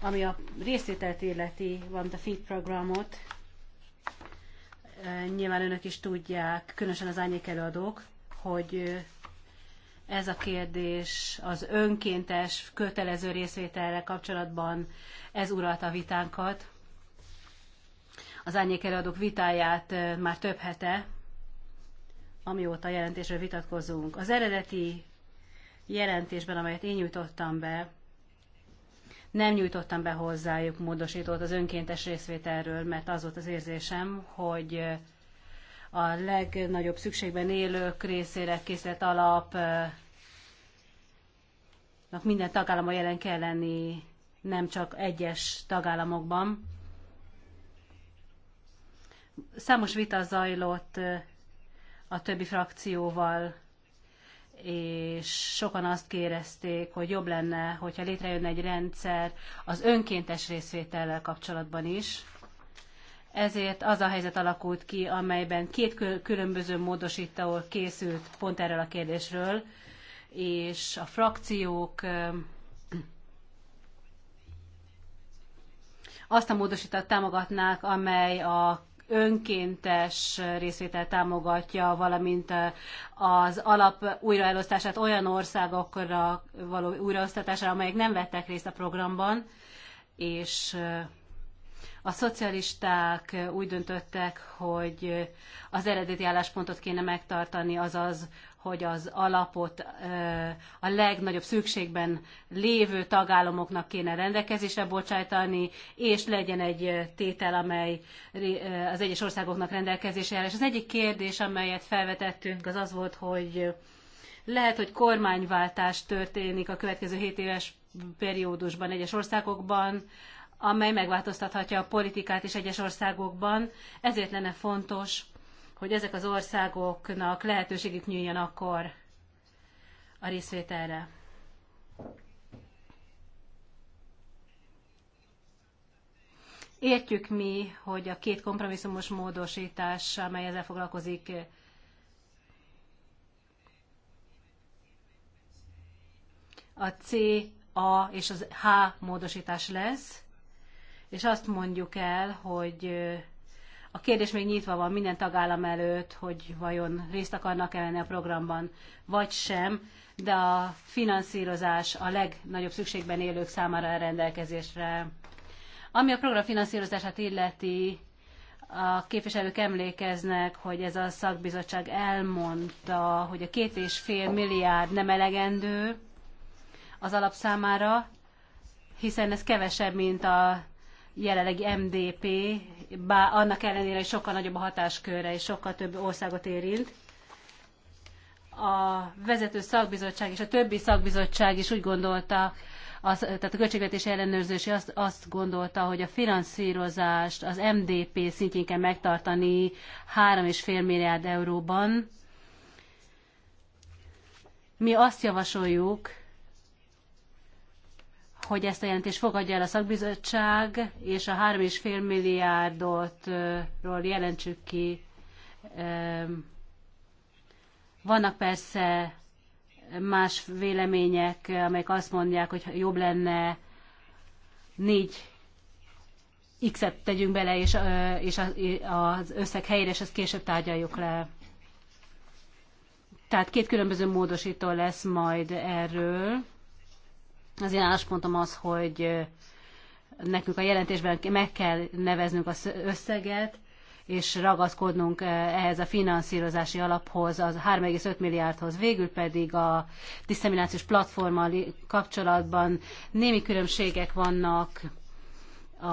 S4: ami a részvételt illeti, van a feed programot. Nyilván önök is tudják, különösen az árnyék előadók, hogy ez a kérdés az önkéntes, kötelező részvételre kapcsolatban ez uralta a vitánkat. Az árnyékelőadók vitáját már több hete, amióta jelentésről vitatkozunk. Az eredeti jelentésben, amelyet én nyújtottam be, nem nyújtottam be hozzájuk módosítót az önkéntes részvételről, mert az volt az érzésem, hogy a legnagyobb szükségben élők részére készített alapnak minden tagállama jelen kell lenni, nem csak egyes tagállamokban. Számos vita zajlott a többi frakcióval, és sokan azt kérezték, hogy jobb lenne, hogyha létrejön egy rendszer az önkéntes részvétellel kapcsolatban is ezért az a helyzet alakult ki, amelyben két különböző módosító készült pont erről a kérdésről, és a frakciók azt a módosítat támogatnák, amely a önkéntes részvétel támogatja, valamint az alap újraelosztását olyan országokra való újraosztatására, amelyek nem vettek részt a programban, és a szocialisták úgy döntöttek, hogy az eredeti álláspontot kéne megtartani, azaz, hogy az alapot a legnagyobb szükségben lévő tagállamoknak kéne rendelkezésre bocsájtani, és legyen egy tétel, amely az egyes országoknak rendelkezésre áll. És az egyik kérdés, amelyet felvetettünk, az az volt, hogy lehet, hogy kormányváltás történik a következő 7 éves periódusban egyes országokban, amely megváltoztathatja a politikát is egyes országokban. Ezért lenne fontos, hogy ezek az országoknak lehetőségük nyíljon akkor a részvételre. Értjük mi, hogy a két kompromisszumos módosítás, amely ezzel foglalkozik, a C, A és az H módosítás lesz, és azt mondjuk el, hogy a kérdés még nyitva van minden tagállam előtt, hogy vajon részt akarnak -e venni a programban, vagy sem, de a finanszírozás a legnagyobb szükségben élők számára a rendelkezésre. Ami a program finanszírozását illeti, a képviselők emlékeznek, hogy ez a szakbizottság elmondta, hogy a két és fél milliárd nem elegendő az alap számára, hiszen ez kevesebb, mint a jelenlegi MDP, bár annak ellenére is sokkal nagyobb a hatáskörre és sokkal több országot érint. A vezető szakbizottság és a többi szakbizottság is úgy gondolta, az, tehát a költségvetési ellenőrzési azt, azt gondolta, hogy a finanszírozást az MDP szintjén kell megtartani 3,5 milliárd euróban. Mi azt javasoljuk, hogy ezt a jelentést fogadja el a szakbizottság, és a 3,5 milliárdotról jelentsük ki. Vannak persze más vélemények, amelyek azt mondják, hogy jobb lenne négy X-et tegyünk bele, és, és az összeg helyére, és ezt később tárgyaljuk le. Tehát két különböző módosító lesz majd erről. Az én álláspontom az, hogy nekünk a jelentésben meg kell neveznünk az összeget, és ragaszkodnunk ehhez a finanszírozási alaphoz, az 3,5 milliárdhoz. Végül pedig a diszeminációs platformmal kapcsolatban némi különbségek vannak a,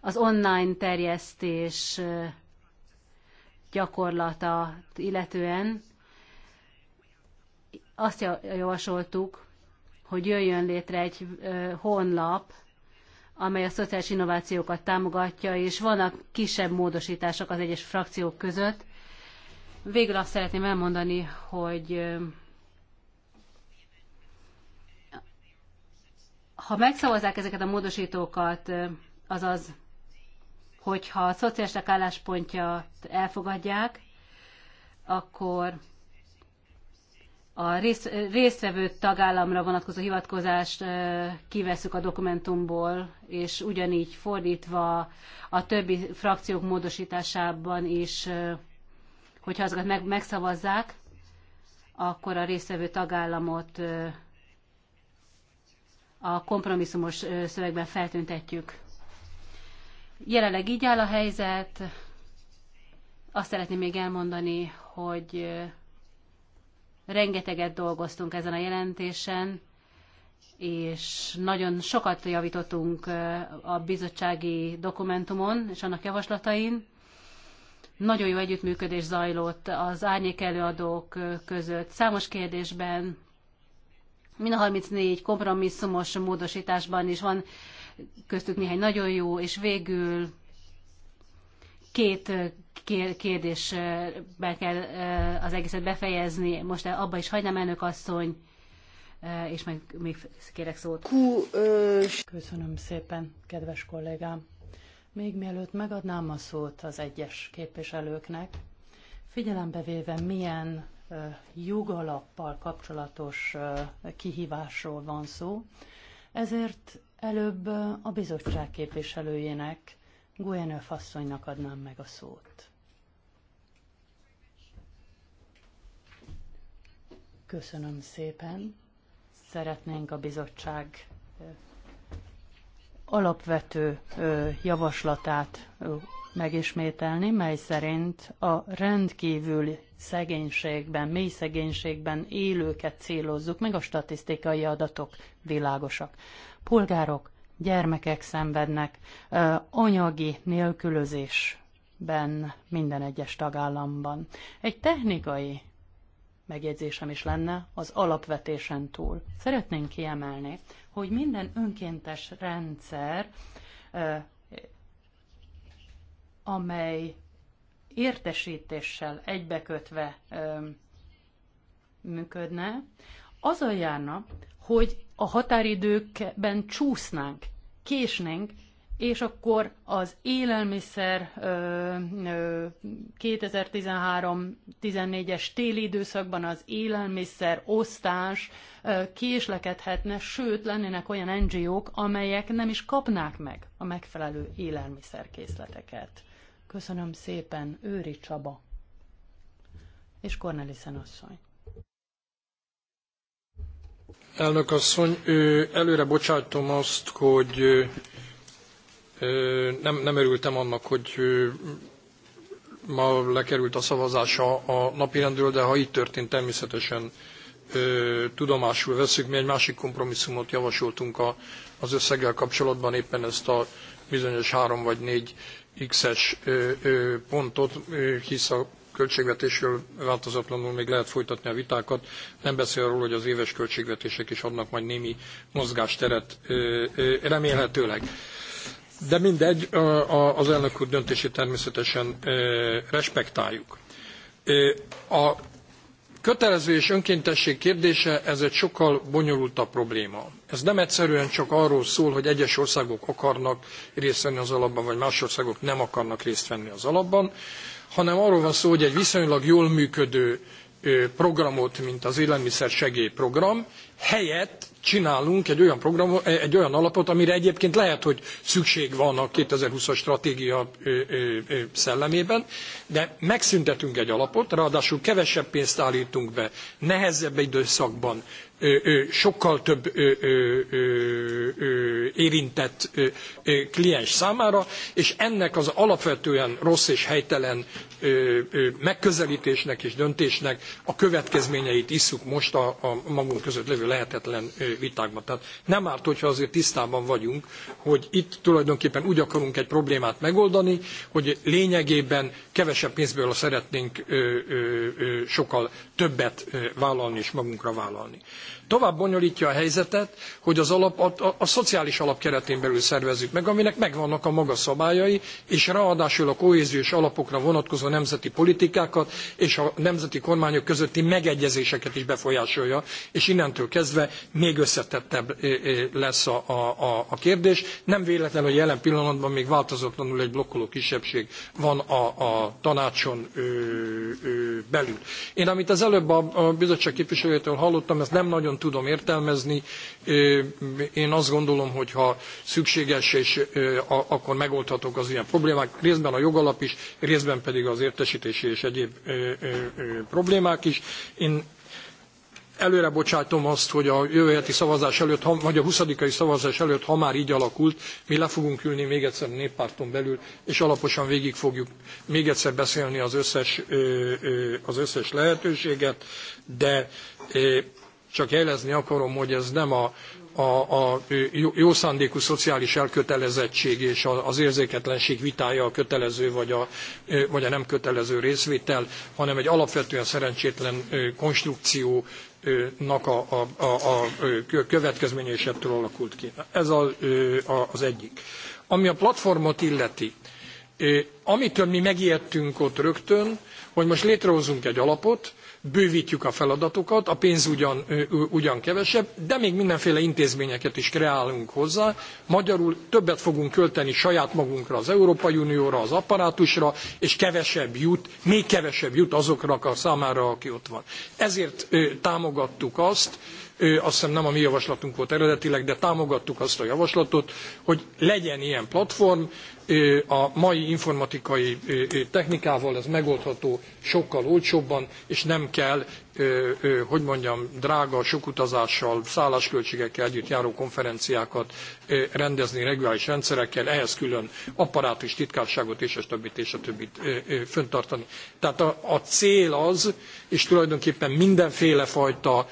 S4: az online terjesztés gyakorlata illetően azt javasoltuk, hogy jöjjön létre egy honlap, amely a szociális innovációkat támogatja, és vannak kisebb módosítások az egyes frakciók között. Végül azt szeretném elmondani, hogy ha megszavazzák ezeket a módosítókat, azaz, hogyha a szociálisták álláspontját elfogadják, akkor a rész, résztvevő tagállamra vonatkozó hivatkozást kiveszük a dokumentumból, és ugyanígy fordítva a többi frakciók módosításában is, hogyha azokat meg, megszavazzák, akkor a résztvevő tagállamot a kompromisszumos szövegben feltüntetjük. Jelenleg így áll a helyzet. Azt szeretném még elmondani, hogy Rengeteget dolgoztunk ezen a jelentésen, és nagyon sokat javítottunk a bizottsági dokumentumon és annak javaslatain. Nagyon jó együttműködés zajlott az árnyék előadók között. Számos kérdésben, mind a 34 kompromisszumos módosításban is van köztük néhány nagyon jó, és végül két kérdésbe kell az egészet befejezni. Most abba is hagynám elnök asszony, és meg még kérek szót.
S3: Köszönöm szépen, kedves kollégám. Még mielőtt megadnám a szót az egyes képviselőknek, figyelembe véve milyen jogalappal kapcsolatos kihívásról van szó, ezért előbb a bizottság képviselőjének Guenöf asszonynak adnám meg a szót. Köszönöm szépen. Szeretnénk a bizottság alapvető javaslatát megismételni, mely szerint a rendkívül szegénységben, mély szegénységben élőket célozzuk, meg a statisztikai adatok világosak. Polgárok gyermekek szenvednek anyagi nélkülözésben minden egyes tagállamban. Egy technikai megjegyzésem is lenne az alapvetésen túl. Szeretnénk kiemelni, hogy minden önkéntes rendszer, amely értesítéssel egybekötve működne, a járna, hogy a határidőkben csúsznánk, késnénk, és akkor az élelmiszer 2013-14-es téli időszakban az élelmiszer osztás késlekedhetne, sőt lennének olyan NGO-k, amelyek nem is kapnák meg a megfelelő élelmiszerkészleteket. Köszönöm szépen, Őri Csaba és Cornelissen asszony.
S2: Elnök asszony, előre bocsátom azt, hogy nem, nem örültem annak, hogy ma lekerült a szavazása a napirendről, de ha így történt, természetesen tudomásul veszük. Mi egy másik kompromisszumot javasoltunk a, az összeggel kapcsolatban, éppen ezt a bizonyos három vagy négy X-es pontot, hisz a költségvetésről változatlanul még lehet folytatni a vitákat. Nem beszél arról, hogy az éves költségvetések is adnak majd némi mozgásteret remélhetőleg. De mindegy, az elnök úr döntését természetesen respektáljuk. A kötelező és önkéntesség kérdése, ez egy sokkal bonyolultabb probléma. Ez nem egyszerűen csak arról szól, hogy egyes országok akarnak részt venni az alapban, vagy más országok nem akarnak részt venni az alapban hanem arról van szó, hogy egy viszonylag jól működő programot, mint az élelmiszersegélyprogram, helyett csinálunk egy olyan, program, eh, egy olyan alapot, amire egyébként lehet, hogy szükség van a 2020-as stratégia szellemében, de megszüntetünk egy alapot, ráadásul kevesebb pénzt állítunk be, nehezebb időszakban, sokkal több érintett kliens számára, és ennek az alapvetően rossz és helytelen megközelítésnek és döntésnek a következményeit isszuk most a magunk között lévő lehetetlen vitákban. Tehát nem árt, hogyha azért tisztában vagyunk, hogy itt tulajdonképpen úgy akarunk egy problémát megoldani, hogy lényegében kevesebb pénzből szeretnénk sokkal többet vállalni és magunkra vállalni. Tovább bonyolítja a helyzetet, hogy az alap, a, a, a szociális alap keretén belül szervezzük meg, aminek megvannak a maga szabályai, és ráadásul a kohéziós alapokra vonatkozó nemzeti politikákat és a nemzeti kormányok közötti megegyezéseket is befolyásolja, és innentől kezdve még összetettebb lesz a, a, a kérdés. Nem véletlen, hogy jelen pillanatban még változatlanul egy blokkoló kisebbség van a, a tanácson ö, ö, belül. Én amit az előbb a, a bizottság képviselőjétől hallottam, ezt nem nagyon tudom értelmezni. Én azt gondolom, hogy ha szükséges, és akkor megoldhatók az ilyen problémák. Részben a jogalap is, részben pedig az értesítési és egyéb problémák is. Én előre bocsátom azt, hogy a jövő heti szavazás előtt, vagy a 20 szavazás előtt, ha már így alakult, mi le fogunk ülni még egyszer a néppárton belül, és alaposan végig fogjuk még egyszer beszélni az összes, az összes lehetőséget, de csak jelezni akarom, hogy ez nem a, a, a jó szándékú szociális elkötelezettség és az érzéketlenség vitája a kötelező vagy a, vagy a nem kötelező részvétel, hanem egy alapvetően szerencsétlen konstrukciónak a, a, a, a következménye és ebből alakult ki. Ez a, az egyik. Ami a platformot illeti, amitől mi megijedtünk ott rögtön, hogy most létrehozunk egy alapot, bővítjük a feladatokat, a pénz ugyan, ugyan kevesebb, de még mindenféle intézményeket is kreálunk hozzá. Magyarul többet fogunk költeni saját magunkra, az Európai Unióra, az apparátusra, és kevesebb jut, még kevesebb jut azoknak a számára, aki ott van. Ezért támogattuk azt, azt hiszem nem a mi javaslatunk volt eredetileg, de támogattuk azt a javaslatot, hogy legyen ilyen platform, a mai informatikai technikával ez megoldható sokkal olcsóbban, és nem kell, hogy mondjam, drága, sok utazással, szállásköltségekkel együtt járó konferenciákat rendezni reguláris rendszerekkel, ehhez külön apparátus, titkárságot és a többit és a többit föntartani. Tehát a, a cél az, és tulajdonképpen mindenféle fajta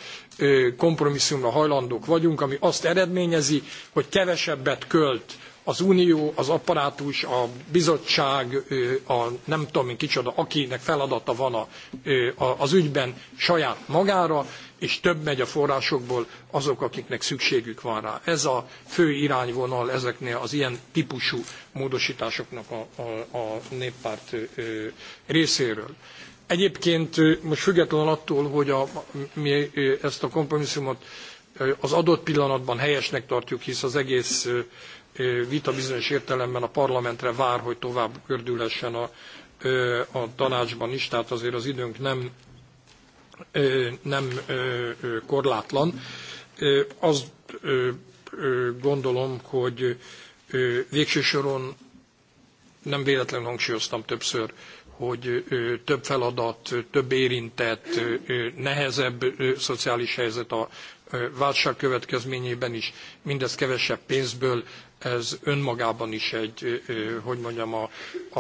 S2: kompromisszumra hajlandók vagyunk, ami azt eredményezi, hogy kevesebbet költ az unió, az apparátus, a bizottság, a nem tudom én kicsoda, akinek feladata van a, az ügyben saját magára, és több megy a forrásokból azok, akiknek szükségük van rá. Ez a fő irányvonal ezeknél az ilyen típusú módosításoknak a, a, a néppárt részéről. Egyébként most független attól, hogy a, mi ezt a kompromisszumot az adott pillanatban helyesnek tartjuk, hisz az egész vita bizonyos értelemben a parlamentre vár, hogy tovább gördülhessen a, a tanácsban is, tehát azért az időnk nem, nem korlátlan. Azt gondolom, hogy végső soron nem véletlenül hangsúlyoztam többször, hogy több feladat, több érintett, nehezebb szociális helyzet a válság következményében is, mindez kevesebb pénzből ez önmagában is egy, hogy mondjam, a,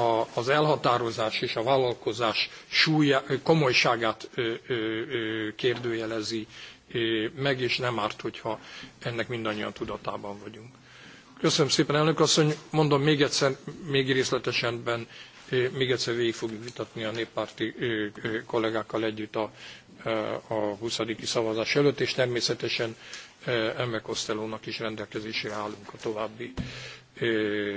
S2: a, az elhatározás és a vállalkozás súlya, komolyságát kérdőjelezi meg, és nem árt, hogyha ennek mindannyian tudatában vagyunk. Köszönöm szépen, elnök asszony. Mondom még egyszer, még részletesenben, még egyszer végig fogjuk vitatni a néppárti kollégákkal együtt a, a 20. szavazás előtt, és természetesen Emme Costellónak is rendelkezésére állunk a további,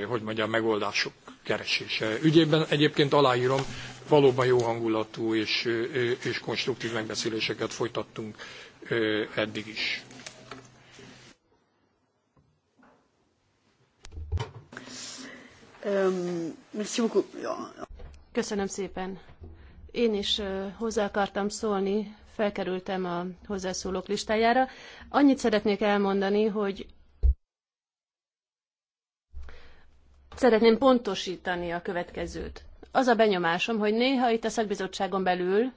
S2: hogy mondjam, megoldások keresése. Ügyében egyébként aláírom, valóban jó hangulatú és, és konstruktív megbeszéléseket folytattunk eddig is.
S1: Köszönöm szépen. Én is hozzá akartam szólni felkerültem a hozzászólók listájára. Annyit szeretnék elmondani, hogy szeretném pontosítani a következőt. Az a benyomásom, hogy néha itt a szakbizottságon belül,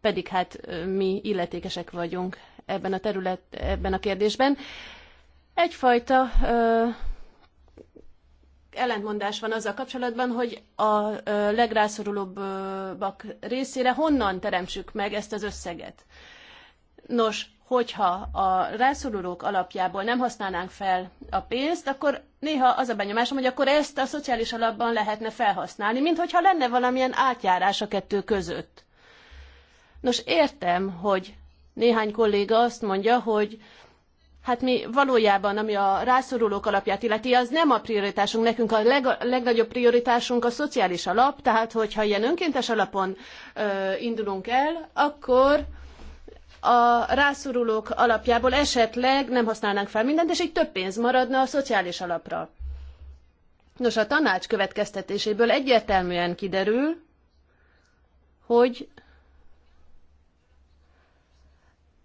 S1: pedig hát mi illetékesek vagyunk ebben a terület, ebben a kérdésben, egyfajta ö, ellentmondás van azzal kapcsolatban, hogy a legrászorulóbbak részére honnan teremtsük meg ezt az összeget. Nos, hogyha a rászorulók alapjából nem használnánk fel a pénzt, akkor néha az a benyomásom, hogy akkor ezt a szociális alapban lehetne felhasználni, mint hogyha lenne valamilyen átjárás a kettő között. Nos, értem, hogy néhány kolléga azt mondja, hogy hát mi valójában, ami a rászorulók alapját illeti, az nem a prioritásunk. Nekünk a leg, legnagyobb prioritásunk a szociális alap, tehát hogyha ilyen önkéntes alapon ö, indulunk el, akkor a rászorulók alapjából esetleg nem használnánk fel mindent, és így több pénz maradna a szociális alapra. Nos, a tanács következtetéséből egyértelműen kiderül, hogy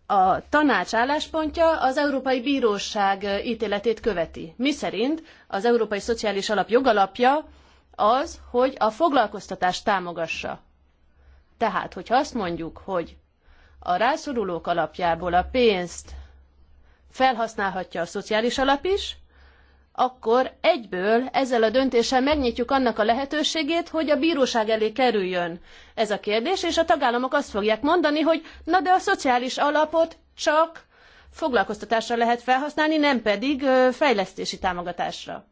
S1: a tanács álláspontja az Európai Bíróság ítéletét követi. Miszerint az Európai Szociális Alap jogalapja az, hogy a foglalkoztatást támogassa. Tehát, hogyha azt mondjuk, hogy a rászorulók alapjából a pénzt felhasználhatja a szociális alap is, akkor egyből ezzel a döntéssel megnyitjuk annak a lehetőségét, hogy a bíróság elé kerüljön ez a kérdés, és a tagállamok azt fogják mondani, hogy na de a szociális alapot csak foglalkoztatásra lehet felhasználni, nem pedig fejlesztési támogatásra.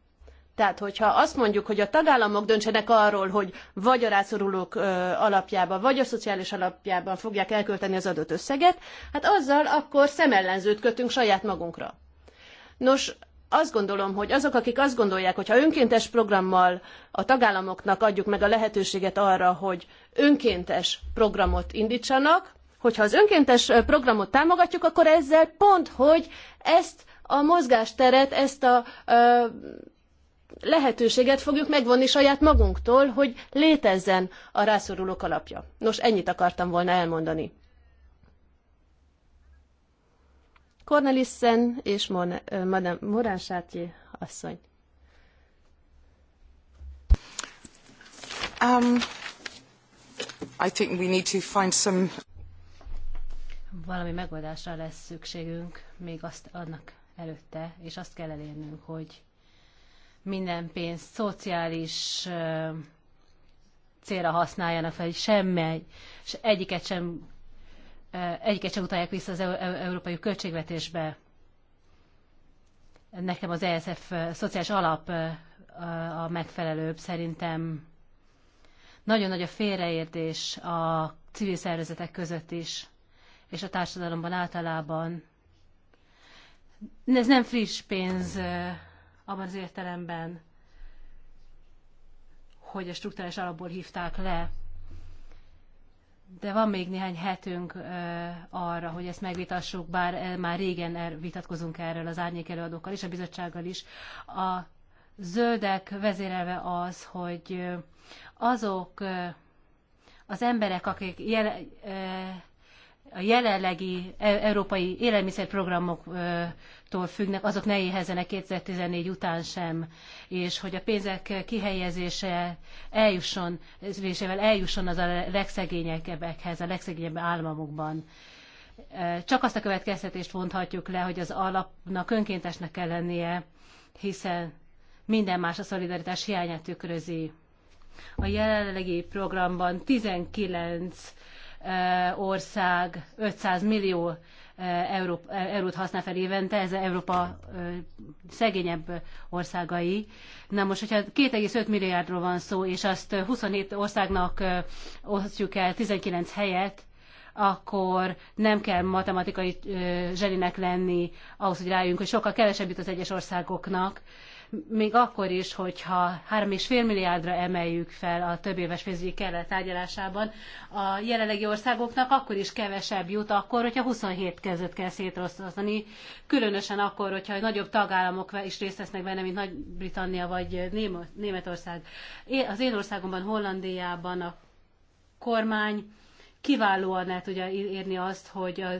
S1: Tehát, hogyha azt mondjuk, hogy a tagállamok döntsenek arról, hogy vagy a rászorulók alapjában, vagy a szociális alapjában fogják elkölteni az adott összeget, hát azzal akkor szemellenzőt kötünk saját magunkra. Nos, azt gondolom, hogy azok, akik azt gondolják, hogy ha önkéntes programmal a tagállamoknak adjuk meg a lehetőséget arra, hogy önkéntes programot indítsanak, hogyha az önkéntes programot támogatjuk, akkor ezzel pont, hogy ezt a mozgásteret, ezt a ö, lehetőséget fogjuk megvonni saját magunktól, hogy létezzen a rászorulók alapja. Nos, ennyit akartam volna elmondani. Cornelissen és Morán Sátyi asszony. Um,
S3: I think we need to find some...
S4: Valami megoldásra lesz szükségünk, még azt annak előtte, és azt kell elérnünk, hogy minden pénzt szociális uh, célra használjanak fel, hogy semmi, és egyiket sem Eh, egyiket sem utalják vissza az európai költségvetésbe. Nekem az ESF eh, szociális alap eh, a megfelelőbb szerintem. Nagyon nagy a félreértés a civil szervezetek között is, és a társadalomban általában. Ez nem friss pénz abban az értelemben, hogy a struktúrás alapból hívták le de van még néhány hetünk arra, hogy ezt megvitassuk, bár e, már régen er, vitatkozunk erről az árnyék előadókkal és a bizottsággal is. A zöldek vezérelve az, hogy azok az emberek, akik jele, a jelenlegi e, európai élelmiszerprogramok azoktól függnek, azok ne éhezenek 2014 után sem, és hogy a pénzek kihelyezése eljusson, eljusson az a legszegényebbekhez, a legszegényebb államokban. Csak azt a következtetést vonthatjuk le, hogy az alapnak önkéntesnek kell lennie, hiszen minden más a szolidaritás hiányát tükrözi. A jelenlegi programban 19 ország 500 millió eurót használ fel évente, ez Európa szegényebb országai. Na most, hogyha 2,5 milliárdról van szó, és azt 27 országnak osztjuk el 19 helyet, akkor nem kell matematikai zselinek lenni ahhoz, hogy rájönk, hogy sokkal kevesebb jut az egyes országoknak még akkor is, hogyha 3,5 milliárdra emeljük fel a több éves pénzügyi kellett tárgyalásában, a jelenlegi országoknak akkor is kevesebb jut akkor, hogyha 27 kezdet kell szétrosztani, különösen akkor, hogyha nagyobb tagállamok is részt vesznek benne, mint Nagy-Britannia vagy Németország. Az én országomban, Hollandiában a kormány kiválóan el tudja érni azt, hogy a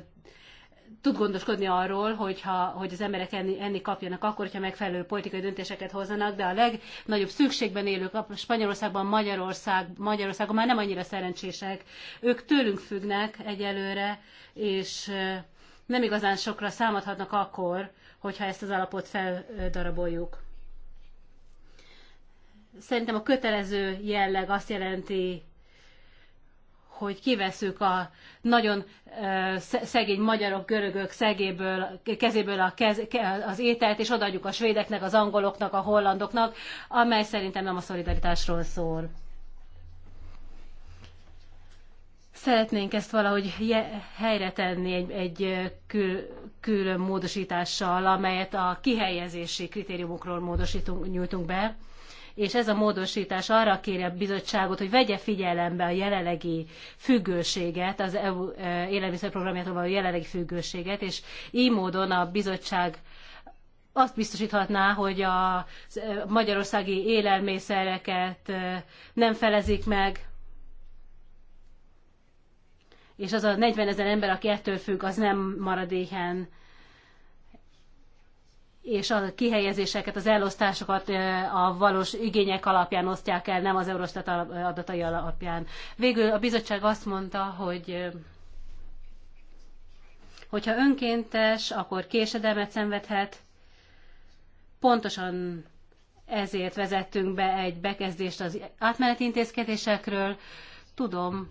S4: tud gondoskodni arról, hogyha, hogy az emberek enni, enni kapjanak akkor, hogyha megfelelő politikai döntéseket hozzanak, de a legnagyobb szükségben élők Spanyolországban, Magyarország, Magyarországon már nem annyira szerencsések. Ők tőlünk függnek egyelőre, és nem igazán sokra számadhatnak akkor, hogyha ezt az alapot feldaraboljuk. Szerintem a kötelező jelleg azt jelenti, hogy kiveszük a nagyon szegény magyarok, görögök szegéből, kezéből a kez, az ételt, és odaadjuk a svédeknek, az angoloknak, a hollandoknak, amely szerintem nem a szolidaritásról szól. Szeretnénk ezt valahogy helyre tenni egy, egy kül, külön módosítással, amelyet a kihelyezési kritériumokról módosítunk, nyújtunk be és ez a módosítás arra kéri a bizottságot, hogy vegye figyelembe a jelenlegi függőséget, az EU e, élelmiszerprogramjától való jelenlegi függőséget, és így módon a bizottság azt biztosíthatná, hogy a e, magyarországi élelmiszereket e, nem felezik meg, és az a 40 ezer ember, aki ettől függ, az nem marad éhen és a kihelyezéseket, az elosztásokat a valós igények alapján osztják el, nem az Eurostat adatai alapján. Végül a bizottság azt mondta, hogy hogyha önkéntes, akkor késedelmet szenvedhet. Pontosan ezért vezettünk be egy bekezdést az átmeneti intézkedésekről. Tudom,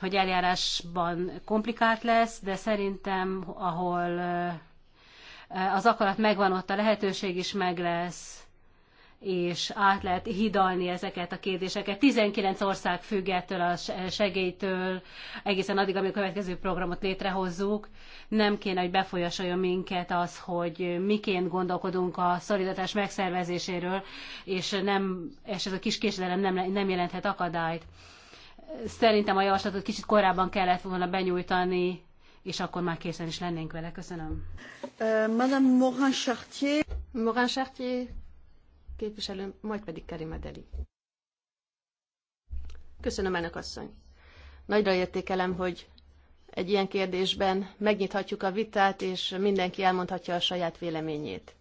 S4: hogy eljárásban komplikált lesz, de szerintem, ahol Eh, az akarat megvan ott, a lehetőség is meg lesz, és át lehet hidalni ezeket a kérdéseket. 19 ország függ ettől a segélytől, egészen addig, amíg a következő programot létrehozzuk. Nem kéne, hogy befolyásoljon minket az, hogy miként gondolkodunk a szolidatás megszervezéséről, és, nem, és ez a kis késedelem nem, nem jelenthet akadályt. Szerintem a javaslatot kicsit korábban kellett volna benyújtani, és akkor már készen is lennénk vele. Köszönöm.
S1: Uh, Madame Morin Chartier. Morin Chartier képviselő, majd pedig Karim Adeli. Köszönöm, elnök asszony. Nagyra értékelem, hogy egy ilyen kérdésben megnyithatjuk a vitát, és mindenki elmondhatja a saját véleményét.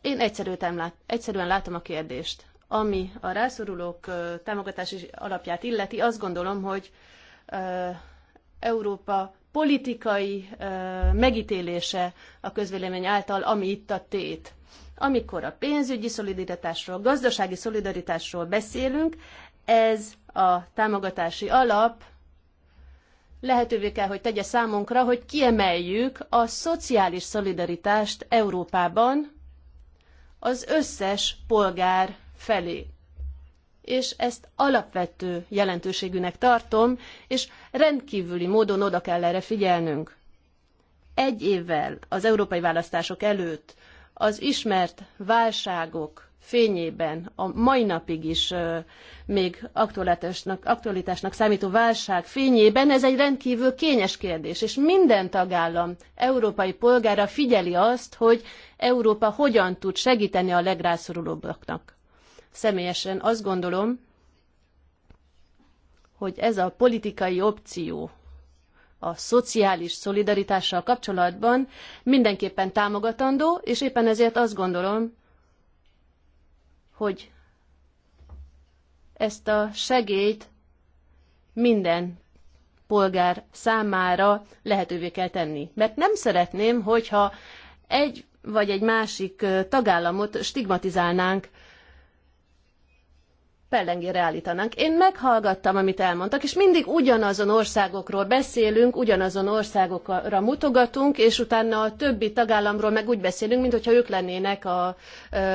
S1: Én egyszerűen látom a kérdést. Ami a rászorulók támogatási alapját illeti, azt gondolom, hogy Európa politikai megítélése a közvélemény által, ami itt a tét. Amikor a pénzügyi szolidaritásról, gazdasági szolidaritásról beszélünk, ez a támogatási alap lehetővé kell, hogy tegye számunkra, hogy kiemeljük a szociális szolidaritást Európában az összes polgár felé és ezt alapvető jelentőségűnek tartom, és rendkívüli módon oda kell erre figyelnünk. Egy évvel az európai választások előtt az ismert válságok fényében a mai napig is még aktualitásnak, aktualitásnak számító válság fényében ez egy rendkívül kényes kérdés, és minden tagállam európai polgára figyeli azt, hogy Európa hogyan tud segíteni a legrászorulóbbaknak. Személyesen azt gondolom, hogy ez a politikai opció a szociális szolidaritással kapcsolatban mindenképpen támogatandó, és éppen ezért azt gondolom, hogy ezt a segélyt minden polgár számára lehetővé kell tenni. Mert nem szeretném, hogyha egy vagy egy másik tagállamot stigmatizálnánk pellengére állítanánk. Én meghallgattam, amit elmondtak, és mindig ugyanazon országokról beszélünk, ugyanazon országokra mutogatunk, és utána a többi tagállamról meg úgy beszélünk, mintha ők lennének a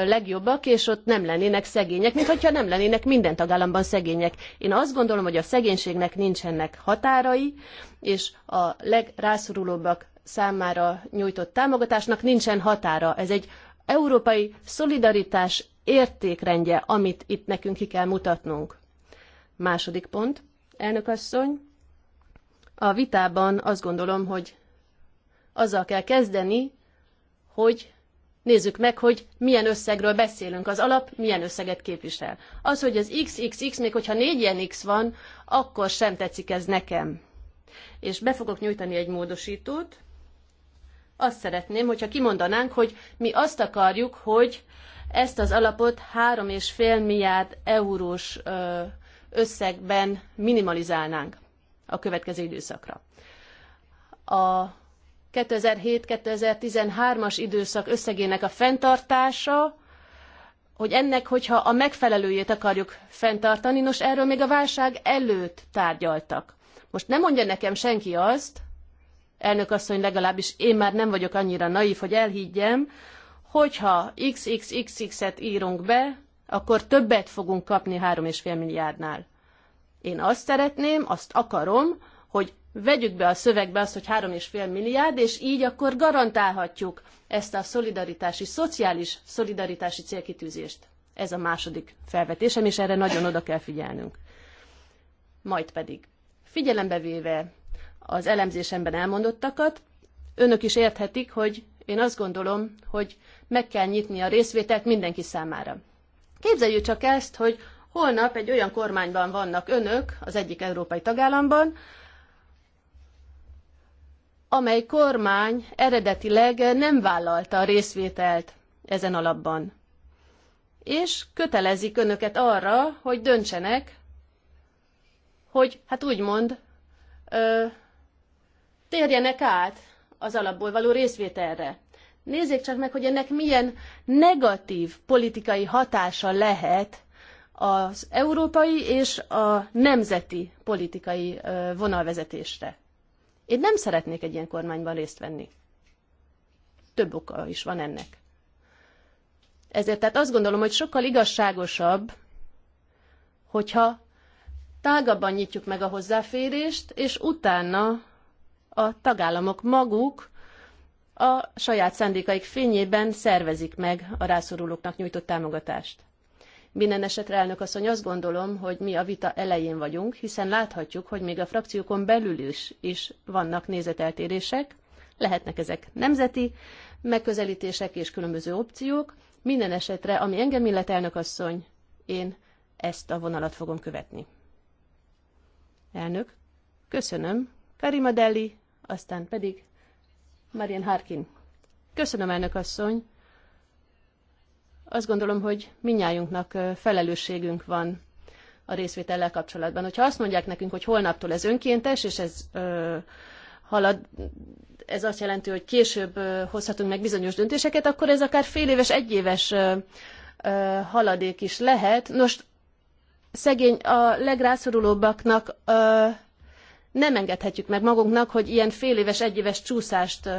S1: legjobbak, és ott nem lennének szegények, mintha nem lennének minden tagállamban szegények. Én azt gondolom, hogy a szegénységnek nincsenek határai, és a legrászorulóbbak számára nyújtott támogatásnak nincsen határa. Ez egy európai szolidaritás értékrendje, amit itt nekünk ki kell mutatnunk. Második pont, elnök asszony, a vitában azt gondolom, hogy azzal kell kezdeni, hogy nézzük meg, hogy milyen összegről beszélünk. Az alap milyen összeget képvisel. Az, hogy az XXX, még hogyha négy ilyen X van, akkor sem tetszik ez nekem. És be fogok nyújtani egy módosítót. Azt szeretném, hogyha kimondanánk, hogy mi azt akarjuk, hogy ezt az alapot 3,5 milliárd eurós összegben minimalizálnánk a következő időszakra. A 2007-2013-as időszak összegének a fenntartása, hogy ennek, hogyha a megfelelőjét akarjuk fenntartani, nos erről még a válság előtt tárgyaltak. Most nem mondja nekem senki azt, elnök asszony legalábbis én már nem vagyok annyira naív, hogy elhiggyem, hogyha XXXX-et írunk be, akkor többet fogunk kapni 3,5 milliárdnál. Én azt szeretném, azt akarom, hogy vegyük be a szövegbe azt, hogy 3,5 milliárd, és így akkor garantálhatjuk ezt a szolidaritási, szociális szolidaritási célkitűzést. Ez a második felvetésem, és erre nagyon oda kell figyelnünk. Majd pedig, figyelembe véve az elemzésemben elmondottakat, önök is érthetik, hogy én azt gondolom, hogy meg kell nyitni a részvételt mindenki számára. Képzeljük csak ezt, hogy holnap egy olyan kormányban vannak önök az egyik európai tagállamban, amely kormány eredetileg nem vállalta a részvételt ezen alapban. És kötelezik önöket arra, hogy döntsenek, hogy hát úgymond ö, térjenek át az alapból való részvételre. Nézzék csak meg, hogy ennek milyen negatív politikai hatása lehet az európai és a nemzeti politikai vonalvezetésre. Én nem szeretnék egy ilyen kormányban részt venni. Több oka is van ennek. Ezért tehát azt gondolom, hogy sokkal igazságosabb, hogyha tágabban nyitjuk meg a hozzáférést, és utána a tagállamok maguk a saját szándékaik fényében szervezik meg a rászorulóknak nyújtott támogatást. Minden esetre, elnök asszony, azt gondolom, hogy mi a vita elején vagyunk, hiszen láthatjuk, hogy még a frakciókon belül is, is vannak nézeteltérések, lehetnek ezek nemzeti megközelítések és különböző opciók. Minden esetre, ami engem illet, elnök asszony, én ezt a vonalat fogom követni. Elnök, köszönöm. Karima Deli, aztán pedig Marian Harkin. Köszönöm, elnök asszony! Azt gondolom, hogy minnyájunknak felelősségünk van a részvétellel kapcsolatban. Hogyha azt mondják nekünk, hogy holnaptól ez önkéntes, és ez ö, halad, ez azt jelenti, hogy később ö, hozhatunk meg bizonyos döntéseket, akkor ez akár fél éves, egy éves ö, ö, haladék is lehet. Nos, szegény a legrászorulóbbaknak ö, nem engedhetjük meg magunknak, hogy ilyen féléves, egyéves csúszást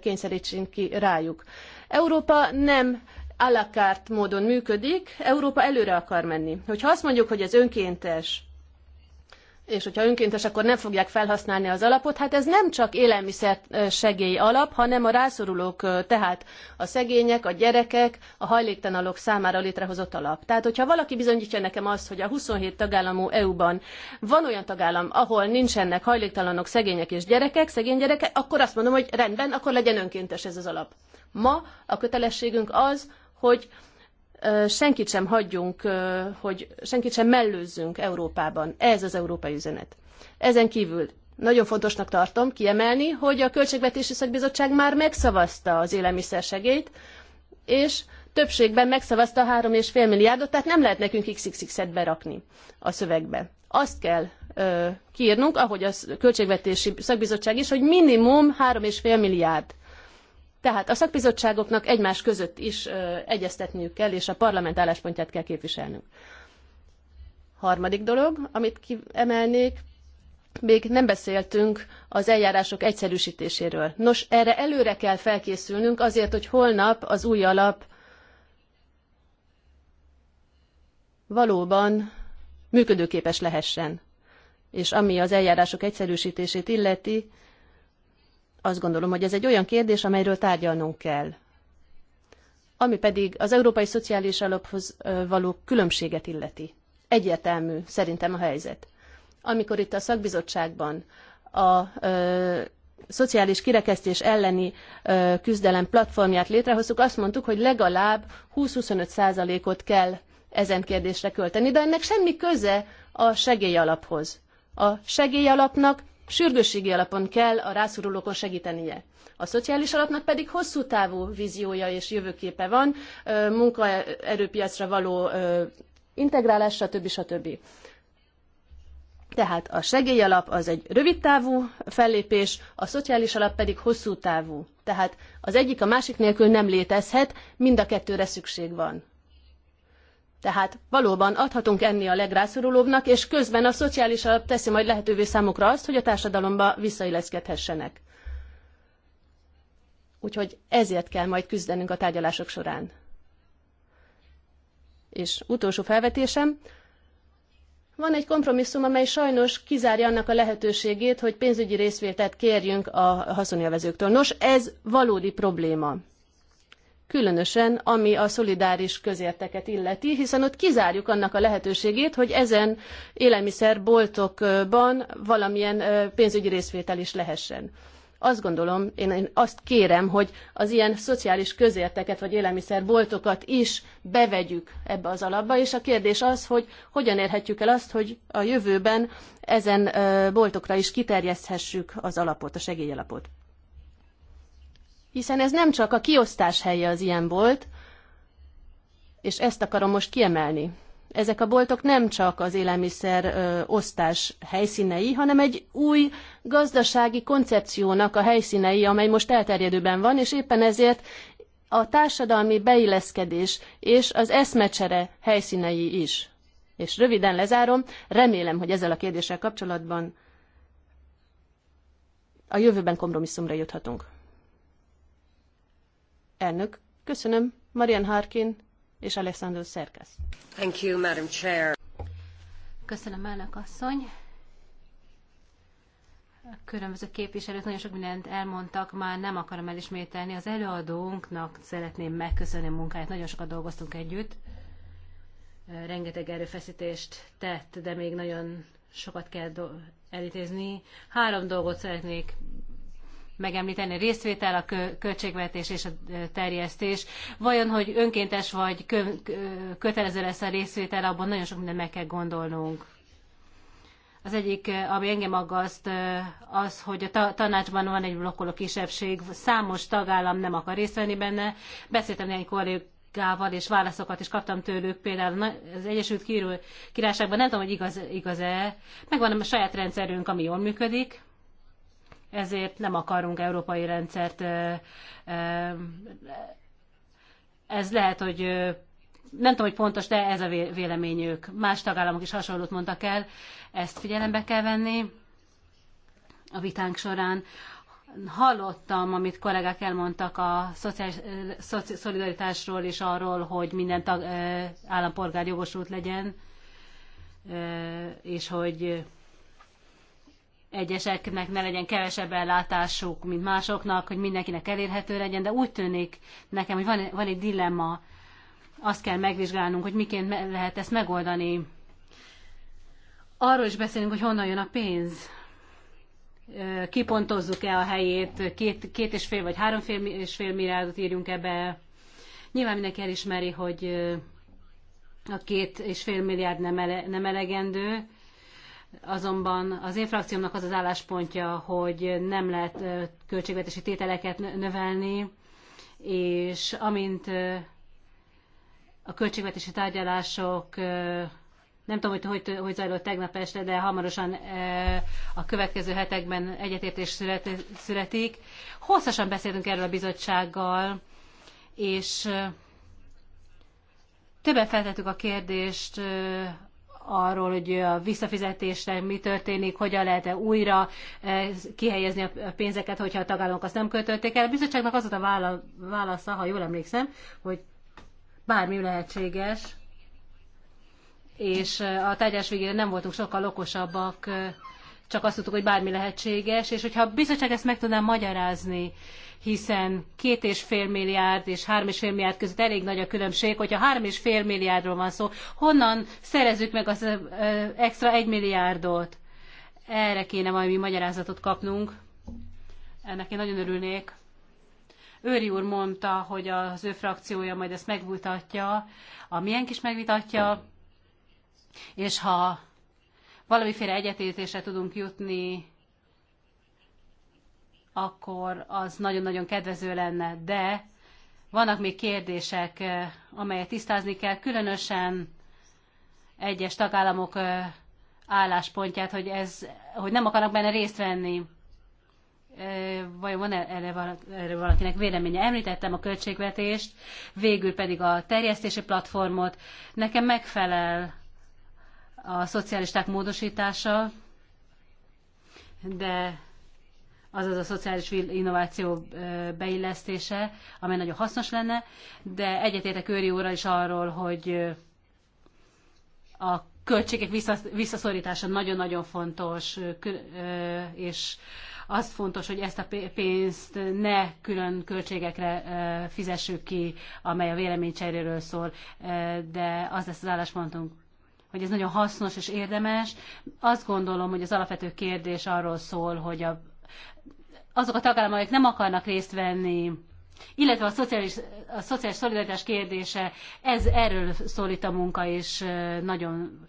S1: kényszerítsünk ki rájuk. Európa nem alakárt módon működik, Európa előre akar menni. Hogyha azt mondjuk, hogy ez önkéntes, és hogyha önkéntes, akkor nem fogják felhasználni az alapot. Hát ez nem csak élelmiszer segély alap, hanem a rászorulók, tehát a szegények, a gyerekek, a hajléktalanok számára létrehozott alap. Tehát, hogyha valaki bizonyítja nekem azt, hogy a 27 tagállamú EU-ban van olyan tagállam, ahol nincsenek hajléktalanok, szegények és gyerekek, szegény gyerekek, akkor azt mondom, hogy rendben, akkor legyen önkéntes ez az alap. Ma a kötelességünk az, hogy senkit sem hagyjunk, hogy senkit sem mellőzzünk Európában. Ez az európai üzenet. Ezen kívül nagyon fontosnak tartom kiemelni, hogy a Költségvetési Szakbizottság már megszavazta az élelmiszersegélyt, és többségben megszavazta 3,5 milliárdot, tehát nem lehet nekünk XXX-et berakni a szövegbe. Azt kell ö, kiírnunk, ahogy a Költségvetési Szakbizottság is, hogy minimum 3,5 milliárd. Tehát a szakbizottságoknak egymás között is ö, egyeztetniük kell, és a parlament álláspontját kell képviselnünk. Harmadik dolog, amit kiemelnék, még nem beszéltünk az eljárások egyszerűsítéséről. Nos, erre előre kell felkészülnünk azért, hogy holnap az új alap valóban működőképes lehessen. És ami az eljárások egyszerűsítését illeti, azt gondolom, hogy ez egy olyan kérdés, amelyről tárgyalnunk kell. Ami pedig az Európai Szociális Alaphoz való különbséget illeti. Egyértelmű szerintem a helyzet. Amikor itt a szakbizottságban a ö, szociális kirekesztés elleni ö, küzdelem platformját létrehoztuk, azt mondtuk, hogy legalább 20-25 százalékot kell ezen kérdésre költeni, de ennek semmi köze a segélyalaphoz. A segélyalapnak sürgősségi alapon kell a rászorulókon segítenie. A szociális alapnak pedig hosszú távú víziója és jövőképe van, munkaerőpiacra való integrálás, stb. stb. Tehát a segélyalap az egy rövid távú fellépés, a szociális alap pedig hosszú távú. Tehát az egyik a másik nélkül nem létezhet, mind a kettőre szükség van. Tehát valóban adhatunk enni a legrászorulóbbnak, és közben a szociális alap teszi majd lehetővé számukra azt, hogy a társadalomba visszailleszkedhessenek. Úgyhogy ezért kell majd küzdenünk a tárgyalások során. És utolsó felvetésem, van egy kompromisszum, amely sajnos kizárja annak a lehetőségét, hogy pénzügyi részvételt kérjünk a haszonélvezőktől. Nos, ez valódi probléma különösen ami a szolidáris közérteket illeti, hiszen ott kizárjuk annak a lehetőségét, hogy ezen élelmiszerboltokban valamilyen pénzügyi részvétel is lehessen. Azt gondolom, én, azt kérem, hogy az ilyen szociális közérteket vagy élelmiszerboltokat is bevegyük ebbe az alapba, és a kérdés az, hogy hogyan érhetjük el azt, hogy a jövőben ezen boltokra is kiterjeszthessük az alapot, a segélyalapot hiszen ez nem csak a kiosztás helye az ilyen bolt, és ezt akarom most kiemelni. Ezek a boltok nem csak az élelmiszer ö, osztás helyszínei, hanem egy új gazdasági koncepciónak a helyszínei, amely most elterjedőben van, és éppen ezért a társadalmi beilleszkedés és az eszmecsere helyszínei is. És röviden lezárom, remélem, hogy ezzel a kérdéssel kapcsolatban a jövőben kompromisszumra juthatunk. Elnök, köszönöm. Marian Harkin és Alessandro Szerkesz.
S4: Thank you, Madam Chair. Köszönöm, elnök asszony. A különböző képviselők nagyon sok mindent elmondtak, már nem akarom elismételni. Az előadónknak szeretném megköszönni a munkáját, nagyon sokat dolgoztunk együtt. Rengeteg erőfeszítést tett, de még nagyon sokat kell elítézni. Három dolgot szeretnék megemlíteni, részvétel, a költségvetés és a terjesztés. Vajon, hogy önkéntes vagy kö, kötelező lesz a részvétel, abban nagyon sok mindent meg kell gondolnunk. Az egyik, ami engem aggaszt, az, hogy a tanácsban van egy blokkoló kisebbség, számos tagállam nem akar részt venni benne. Beszéltem néhány kollégával, és válaszokat is kaptam tőlük, például az Egyesült Királyságban, nem tudom, hogy igaz, igaz-e, megvan a saját rendszerünk, ami jól működik, ezért nem akarunk európai rendszert. Ez lehet, hogy nem tudom, hogy pontos, de ez a véleményük. Más tagállamok is hasonlót mondtak el, ezt figyelembe kell venni a vitánk során. Hallottam, amit kollégák elmondtak a szociális, szoci, szolidaritásról és arról, hogy minden tag, állampolgár jogosult legyen, és hogy egyeseknek ne legyen kevesebb ellátásuk, mint másoknak, hogy mindenkinek elérhető legyen, de úgy tűnik nekem, hogy van, van egy dilemma, azt kell megvizsgálnunk, hogy miként lehet ezt megoldani. Arról is beszélünk, hogy honnan jön a pénz. Kipontozzuk-e a helyét, két, két és fél vagy három fél, és fél milliárdot írjunk ebbe. Nyilván mindenki elismeri, hogy a két és fél milliárd nem, ele, nem elegendő, Azonban az én frakciómnak az az álláspontja, hogy nem lehet költségvetési tételeket növelni, és amint a költségvetési tárgyalások nem tudom, hogy, hogy hogy zajlott tegnap este, de hamarosan a következő hetekben egyetértés születik. Hosszasan beszélünk erről a bizottsággal, és többen feltettük a kérdést arról, hogy a visszafizetésre mi történik, hogyan lehet-e újra eh, kihelyezni a pénzeket, hogyha a tagállamok azt nem költötték el. A bizottságnak az volt a válasza, ha jól emlékszem, hogy bármi lehetséges, és eh, a tárgyás végére nem voltunk sokkal okosabbak, eh, csak azt tudtuk, hogy bármi lehetséges, és hogyha a bizottság ezt meg tudná magyarázni, hiszen két és fél milliárd és három és fél milliárd között elég nagy a különbség, hogyha három és fél milliárdról van szó, honnan szerezzük meg az extra egy milliárdot? Erre kéne valami magyarázatot kapnunk. Ennek én nagyon örülnék. Őri úr mondta, hogy az ő frakciója majd ezt megvitatja, a milyen kis megvitatja, és ha valamiféle egyetértésre tudunk jutni, akkor az nagyon-nagyon kedvező lenne, de vannak még kérdések, eh, amelyet tisztázni kell, különösen egyes tagállamok eh, álláspontját, hogy, ez, hogy nem akarnak benne részt venni. Eh, vajon van e erre valakinek véleménye? Említettem a költségvetést, végül pedig a terjesztési platformot. Nekem megfelel a szocialisták módosítása, de azaz a szociális innováció beillesztése, amely nagyon hasznos lenne, de egyetértek Őri úrral is arról, hogy a költségek visszaszorítása nagyon-nagyon fontos, és azt fontos, hogy ezt a pénzt ne külön költségekre fizessük ki, amely a véleménycseréről szól, de az lesz az álláspontunk hogy ez nagyon hasznos és érdemes. Azt gondolom, hogy az alapvető kérdés arról szól, hogy a, azok a tagállamok, akik nem akarnak részt venni, illetve a szociális, a szociális szolidaritás kérdése, ez erről szól itt a munka, és nagyon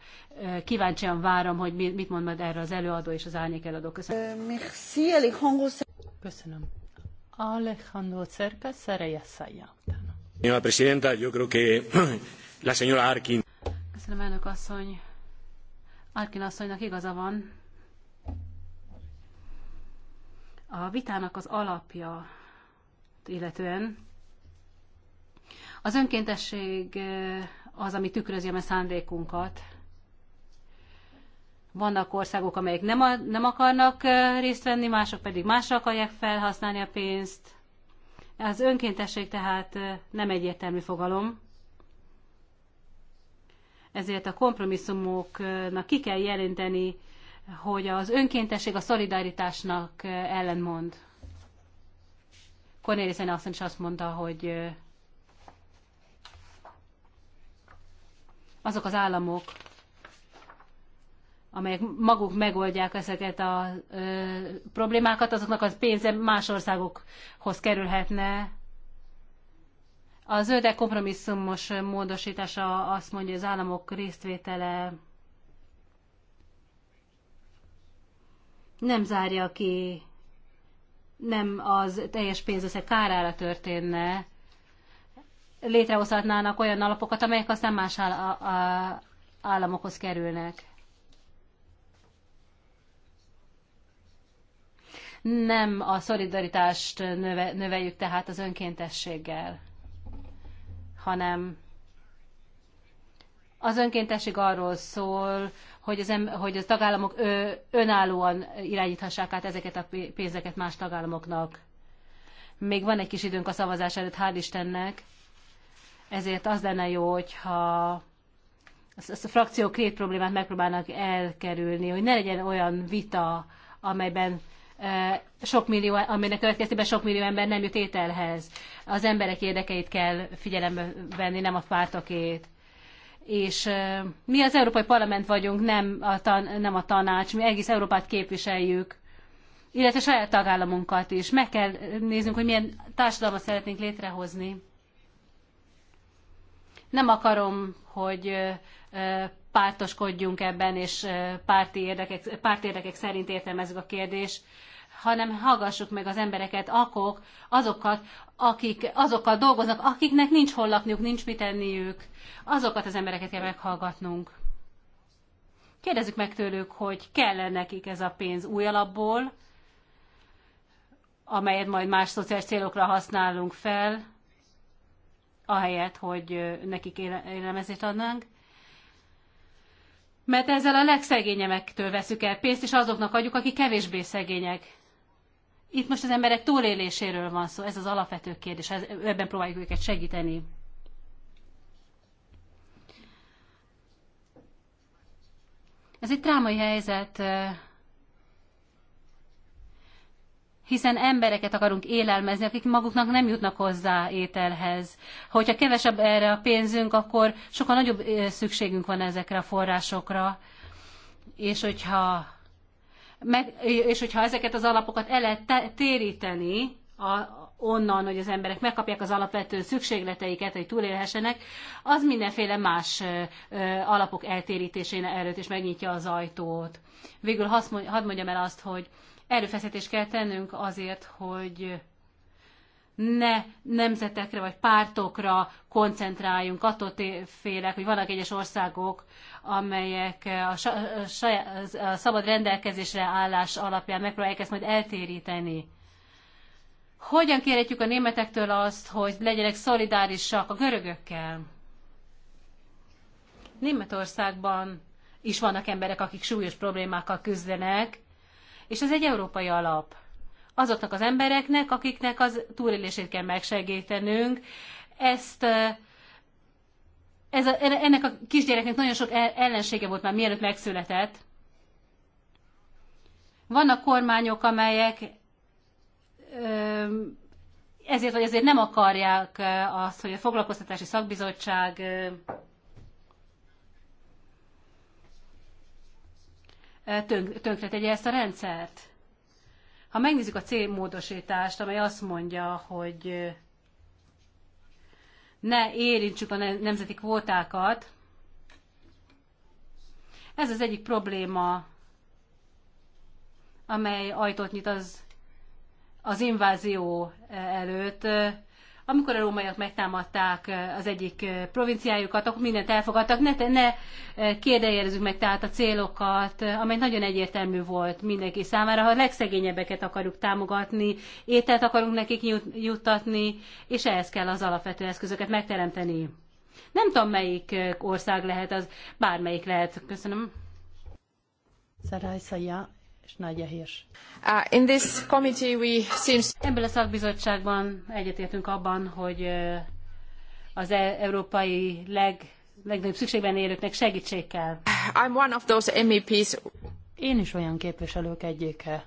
S4: kíváncsian várom, hogy mit mond majd erre az előadó és az árnyék előadó. Köszönöm. Merci, Alejandro. Köszönöm. Alejandro Cerca, Szereja Szája.
S1: Señora presidenta,
S2: yo creo que [clears throat] la señora Arkin
S4: Köszönöm, elnök asszony. Arkin asszonynak igaza van. A vitának az alapja illetően az önkéntesség eh, az, ami tükrözi a szándékunkat. Vannak országok, amelyek nem, a, nem akarnak eh, részt venni, mások pedig másra akarják felhasználni a pénzt. Az önkéntesség tehát eh, nem egyértelmű fogalom ezért a kompromisszumoknak ki kell jelenteni, hogy az önkéntesség a szolidaritásnak ellenmond. Cornelissen azt is azt mondta, hogy azok az államok, amelyek maguk megoldják ezeket a ö, problémákat, azoknak az pénze más országokhoz kerülhetne, a zöldek kompromisszumos módosítása azt mondja, hogy az államok résztvétele nem zárja ki, nem az teljes pénzösszeg kárára történne, létrehozhatnának olyan alapokat, amelyek aztán más államokhoz kerülnek. Nem a szolidaritást növe, növeljük tehát az önkéntességgel hanem az önkéntesség arról szól, hogy, az em, hogy a tagállamok ö, önállóan irányíthassák át ezeket a pénzeket más tagállamoknak. Még van egy kis időnk a szavazás előtt, hál' Istennek, ezért az lenne jó, hogyha ezt a frakciók két problémát megpróbálnak elkerülni, hogy ne legyen olyan vita, amelyben Eh, sok millió, aminek következtében sok millió ember nem jut ételhez. Az emberek érdekeit kell figyelembe venni, nem a pártokét. És eh, mi az Európai Parlament vagyunk, nem a, tan, nem a tanács, mi egész Európát képviseljük, illetve saját tagállamunkat is. Meg kell néznünk, hogy milyen társadalmat szeretnénk létrehozni. Nem akarom, hogy eh, pártoskodjunk ebben, és párti érdekek, párti érdekek szerint értelmezzük a kérdést, hanem hallgassuk meg az embereket, akok, azokat, akik azokkal dolgoznak, akiknek nincs hol lakniuk, nincs mit enniük. Azokat az embereket kell meghallgatnunk. Kérdezzük meg tőlük, hogy kell -e nekik ez a pénz új alapból, amelyet majd más szociális célokra használunk fel, ahelyett, hogy nekik élelmezést adnánk. Mert ezzel a legszegényemektől veszük el pénzt, és azoknak adjuk, akik kevésbé szegények. Itt most az emberek túléléséről van szó, ez az alapvető kérdés, ebben próbáljuk őket segíteni. Ez egy drámai helyzet, hiszen embereket akarunk élelmezni, akik maguknak nem jutnak hozzá ételhez. Hogyha kevesebb erre a pénzünk, akkor sokkal nagyobb szükségünk van ezekre a forrásokra, és hogyha meg, és hogyha ezeket az alapokat el lehet téríteni a, onnan, hogy az emberek megkapják az alapvető szükségleteiket, hogy túlélhessenek, az mindenféle más alapok eltérítésén előtt is megnyitja az ajtót. Végül hadd mondjam el azt, hogy erőfeszítést kell tennünk azért, hogy ne nemzetekre vagy pártokra koncentráljunk. Attól félek, hogy vannak egyes országok, amelyek a, saját, a szabad rendelkezésre állás alapján megpróbálják ezt majd eltéríteni. Hogyan kérhetjük a németektől azt, hogy legyenek szolidárisak a görögökkel? Németországban is vannak emberek, akik súlyos problémákkal küzdenek, és ez egy európai alap azoknak az embereknek, akiknek az túlélését kell megsegítenünk. Ezt ez a, ennek a kisgyereknek nagyon sok ellensége volt már mielőtt megszületett. Vannak kormányok, amelyek ezért vagy ezért nem akarják azt, hogy a foglalkoztatási szakbizottság tönkre tegye ezt a rendszert. Ha megnézzük a célmódosítást, amely azt mondja, hogy ne érintsük a nemzeti kvótákat, ez az egyik probléma, amely ajtót nyit az, az invázió előtt. Amikor a rómaiak megtámadták az egyik provinciájukat, akkor mindent elfogadtak. Ne, ne kérdejelezzük meg tehát a célokat, amely nagyon egyértelmű volt mindenki számára. Ha a legszegényebbeket akarjuk támogatni, ételt akarunk nekik juttatni, és ehhez kell az alapvető eszközöket megteremteni. Nem tudom, melyik ország lehet az, bármelyik lehet. Köszönöm.
S3: Szarajszaja és
S4: uh, in this committee we seems... Ebben a szakbizottságban egyetértünk abban, hogy uh, az e- európai leg, legnagyobb szükségben élőknek segítség kell. I'm one of those MEPs.
S3: Én is olyan képviselők egyike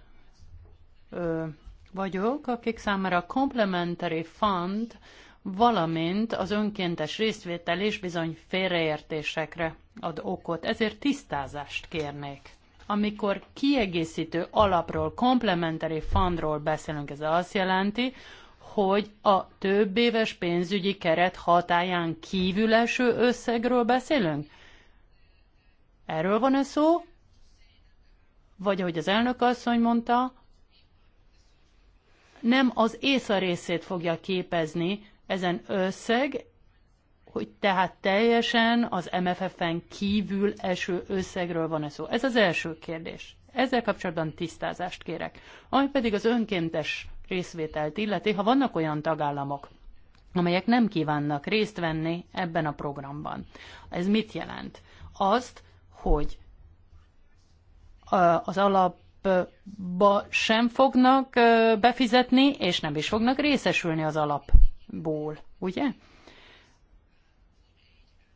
S3: vagyok, akik számára a complementary fund, valamint az önkéntes részvétel is bizony félreértésekre ad okot, ezért tisztázást kérnék amikor kiegészítő alapról, komplementary fundról beszélünk, ez azt jelenti, hogy a több éves pénzügyi keret hatáján kívül eső összegről beszélünk? Erről van-e szó? Vagy ahogy az elnök asszony mondta, nem az észa részét fogja képezni ezen összeg, hogy tehát teljesen az MFF-en kívül eső összegről van-e szó. Ez az első kérdés. Ezzel kapcsolatban tisztázást kérek. Ami pedig az önkéntes részvételt illeti, ha vannak olyan tagállamok, amelyek nem kívánnak részt venni ebben a programban. Ez mit jelent? Azt, hogy az alapba sem fognak befizetni, és nem is fognak részesülni az alapból, ugye?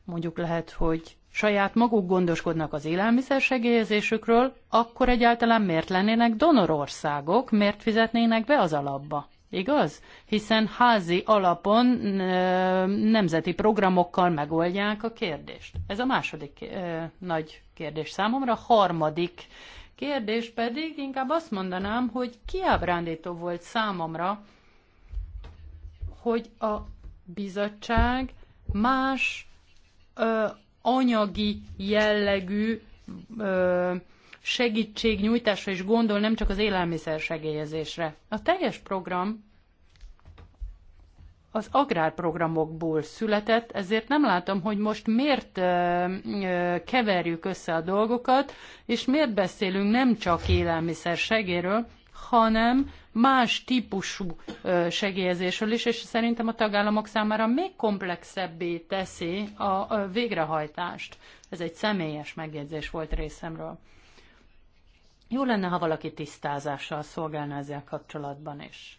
S3: mondjuk lehet, hogy saját maguk gondoskodnak az segélyezésükről, akkor egyáltalán miért lennének donorországok, miért fizetnének be az alapba? Igaz? Hiszen házi alapon nemzeti programokkal megoldják a kérdést. Ez a második nagy kérdés számomra. A harmadik kérdés pedig inkább azt mondanám, hogy kiábrándító volt számomra, hogy a bizottság más anyagi jellegű segítségnyújtásra is gondol, nem csak az élelmiszer segélyezésre. A teljes program az agrárprogramokból született, ezért nem látom, hogy most miért keverjük össze a dolgokat, és miért beszélünk nem csak élelmiszer segéről, hanem más típusú segélyezésről is, és szerintem a tagállamok számára még komplexebbé teszi a végrehajtást. Ez egy személyes megjegyzés volt részemről. Jó lenne, ha valaki tisztázással szolgálna ezzel kapcsolatban is.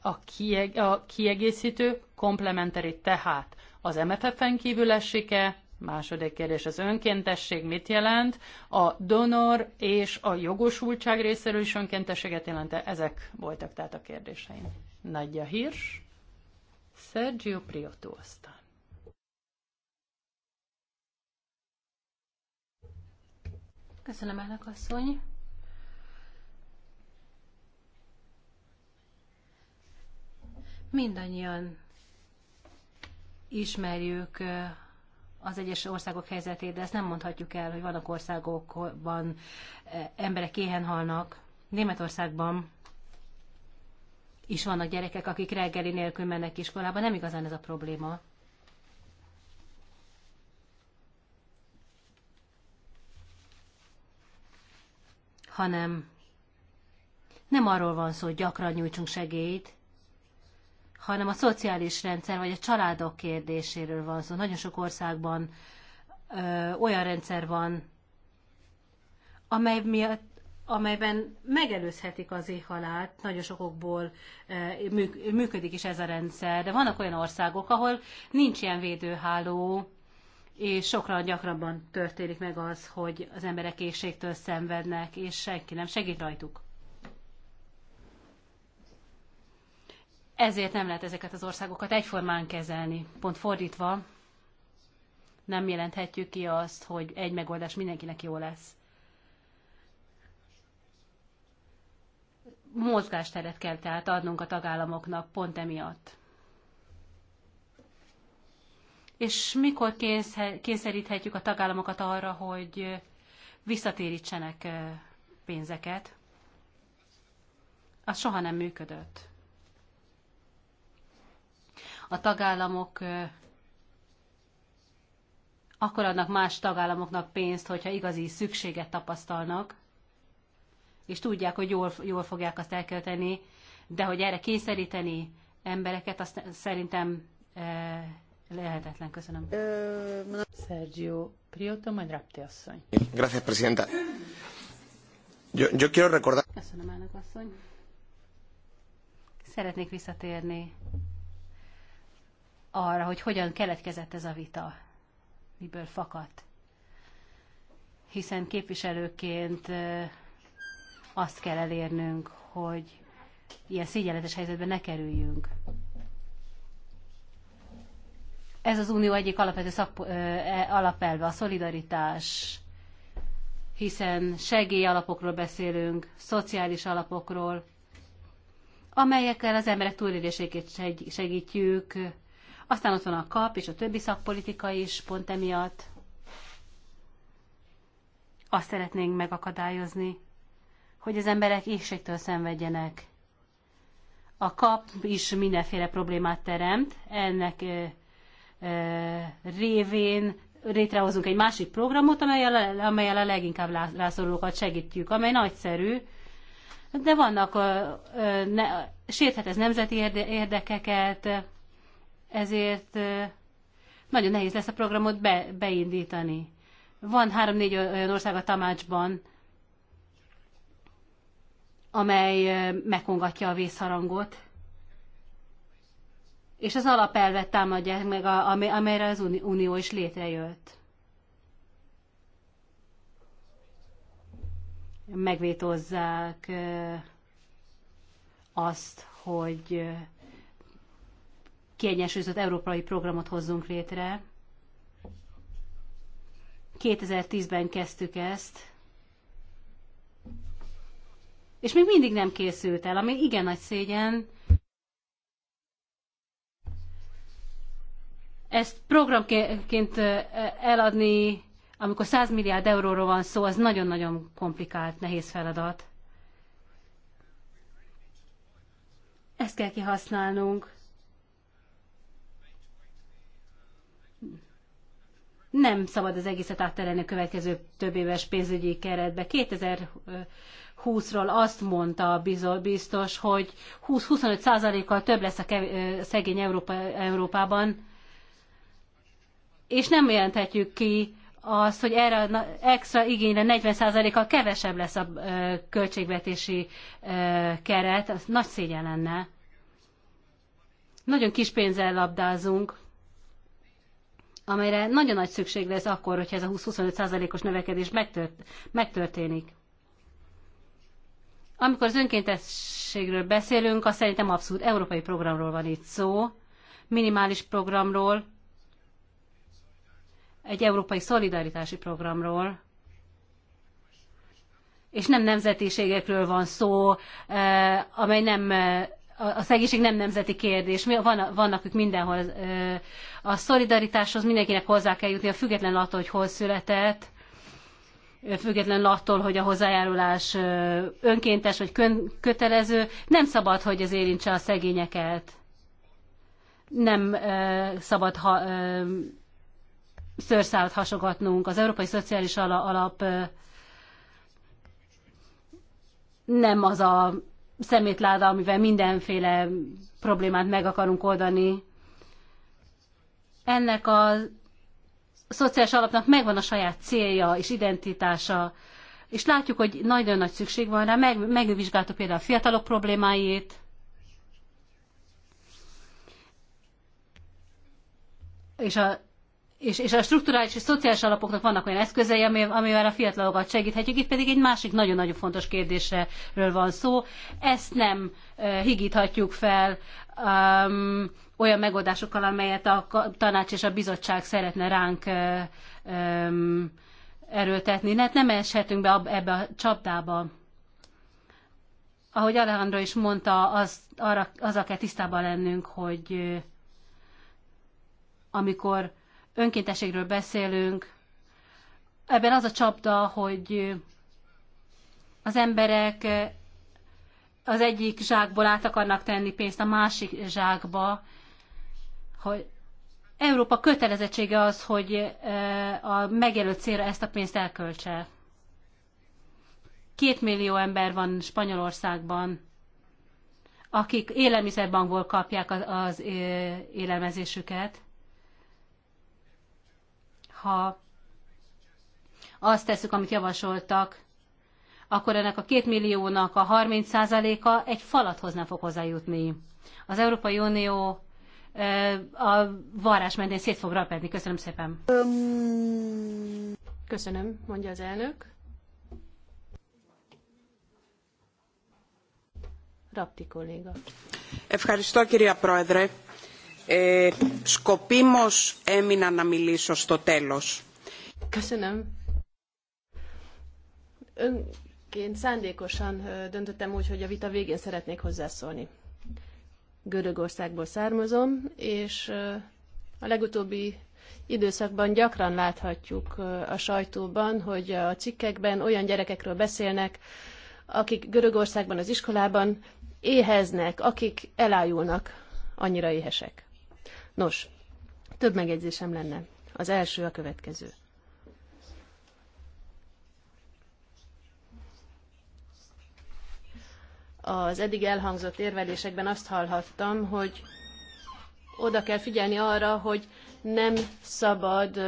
S3: A, kieg- a kiegészítő komplementeri tehát az MFF-en kívül esik-e, Második kérdés, az önkéntesség mit jelent? A donor és a jogosultság részéről is önkéntességet e Ezek voltak tehát a kérdéseim. Nagyja Hirsch, Sergio Prioto aztán.
S4: Köszönöm, elnök asszony. Mindannyian ismerjük eh, az egyes országok helyzetét, de ezt nem mondhatjuk el, hogy vannak országokban eh, emberek éhen halnak. Németországban is vannak gyerekek, akik reggeli nélkül mennek iskolába. Nem igazán ez a probléma. Hanem nem arról van szó, hogy gyakran nyújtsunk segélyt, hanem a szociális rendszer vagy a családok kérdéséről van szó. Nagyon sok országban ö, olyan rendszer van, amely miatt amelyben megelőzhetik az éhhalált, nagyon sokokból működik is ez a rendszer, de vannak olyan országok, ahol nincs ilyen védőháló, és sokra gyakrabban történik meg az, hogy az emberek éjségtől szenvednek, és senki nem segít rajtuk. ezért nem lehet ezeket az országokat egyformán kezelni. Pont fordítva, nem jelenthetjük ki azt, hogy egy megoldás mindenkinek jó lesz. Mozgásteret kell tehát adnunk a tagállamoknak pont emiatt. És mikor kényszeríthetjük a tagállamokat arra, hogy visszatérítsenek pénzeket? Az soha nem működött a tagállamok akkor adnak más tagállamoknak pénzt, hogyha igazi szükséget tapasztalnak, és tudják, hogy jól, jól fogják azt elkölteni, de hogy erre kényszeríteni embereket, azt szerintem e, lehetetlen. Köszönöm. Sergio Prioto, majd Rapti asszony.
S2: Gracias, presidenta. Yo, yo quiero recordar...
S4: Köszönöm, elnök asszony. Szeretnék visszatérni arra, hogy hogyan keletkezett ez a vita, miből fakadt. Hiszen képviselőként azt kell elérnünk, hogy ilyen szégyenletes helyzetben ne kerüljünk. Ez az unió egyik alapvető szak, e, alapelve, a szolidaritás, hiszen segélyalapokról beszélünk, szociális alapokról, amelyekkel az emberek túlélését segítjük, aztán ott van a kap és a többi szakpolitika is pont emiatt. Azt szeretnénk megakadályozni, hogy az emberek éhségtől szenvedjenek. A kap is mindenféle problémát teremt, ennek ö, ö, révén létrehozunk egy másik programot, amelyel, amelyel a leginkább rászorulókat segítjük, amely nagyszerű, de vannak, ö, ö, ne, sérthet ez nemzeti érdekeket, ezért nagyon nehéz lesz a programot be, beindítani. Van három-négy olyan ország a tamácsban, amely megkongatja a vészharangot, és az alapelvet támadják meg, amelyre az Unió is létrejött. Megvétozzák azt, hogy kiegyensúlyozott európai programot hozzunk létre. 2010-ben kezdtük ezt, és még mindig nem készült el, ami igen nagy szégyen. Ezt programként eladni, amikor 100 milliárd euróról van szó, az nagyon-nagyon komplikált, nehéz feladat. Ezt kell kihasználnunk nem szabad az egészet átterelni a következő több éves pénzügyi keretbe. 2020-ról azt mondta a biztos, hogy 20-25%-kal több lesz a szegény Európa, Európában, és nem jelenthetjük ki azt, hogy erre az extra igényre 40%-kal kevesebb lesz a költségvetési keret, az nagy szégyen lenne. Nagyon kis pénzzel labdázunk amelyre nagyon nagy szükség lesz akkor, hogyha ez a 20-25%-os növekedés megtört, megtörténik. Amikor az önkéntességről beszélünk, azt szerintem abszolút európai programról van itt szó, minimális programról, egy európai szolidaritási programról, és nem nemzetiségekről van szó, eh, amely nem eh, a szegénység nem nemzeti kérdés, Van, vannak ők mindenhol. A szolidaritáshoz mindenkinek hozzá kell jutni, a független attól, hogy hol született, független attól, hogy a hozzájárulás önkéntes vagy kötelező, nem szabad, hogy ez érintse a szegényeket. Nem szabad ha, szőrszálat hasogatnunk. Az Európai Szociális Alap nem az a szemétláda, amivel mindenféle problémát meg akarunk oldani. Ennek a szociális alapnak megvan a saját célja és identitása, és látjuk, hogy nagyon nagy szükség van rá. Meg, megvizsgáltuk például a fiatalok problémáit, és a és, és a strukturális és szociális alapoknak vannak olyan eszközei, amivel a fiatalokat segíthetjük. Itt pedig egy másik nagyon-nagyon fontos kérdésről van szó. Ezt nem higíthatjuk fel um, olyan megoldásokkal, amelyet a tanács és a bizottság szeretne ránk um, erőltetni. Hát nem eshetünk be ebbe a csapdába. Ahogy Alejandro is mondta, az, arra, azzal kell tisztában lennünk, hogy amikor önkéntességről beszélünk, ebben az a csapda, hogy az emberek az egyik zsákból át akarnak tenni pénzt a másik zsákba, hogy Európa kötelezettsége az, hogy eh, a megjelölt célra ezt a pénzt elköltse. Két millió ember van Spanyolországban, akik élelmiszerbankból kapják az, az eh, élelmezésüket ha azt tesszük, amit javasoltak, akkor ennek a két milliónak a 30%-a egy falathoz nem fog hozzájutni. Az Európai Unió a varrás mentén szét fog rapedni. Köszönöm szépen.
S1: Köszönöm, mondja az elnök. Rapti kolléga. Köszönöm, σκοπίμως
S4: έμεινα να μιλήσω στο τέλος.
S1: Köszönöm. Önként szándékosan döntöttem úgy, hogy a vita végén szeretnék hozzászólni. Görögországból származom, és a legutóbbi időszakban gyakran láthatjuk a sajtóban, hogy a cikkekben olyan gyerekekről beszélnek, akik Görögországban az iskolában éheznek, akik elájulnak, annyira éhesek. Nos, több megjegyzésem lenne. Az első a következő. Az eddig elhangzott érvelésekben azt hallhattam, hogy oda kell figyelni arra, hogy nem szabad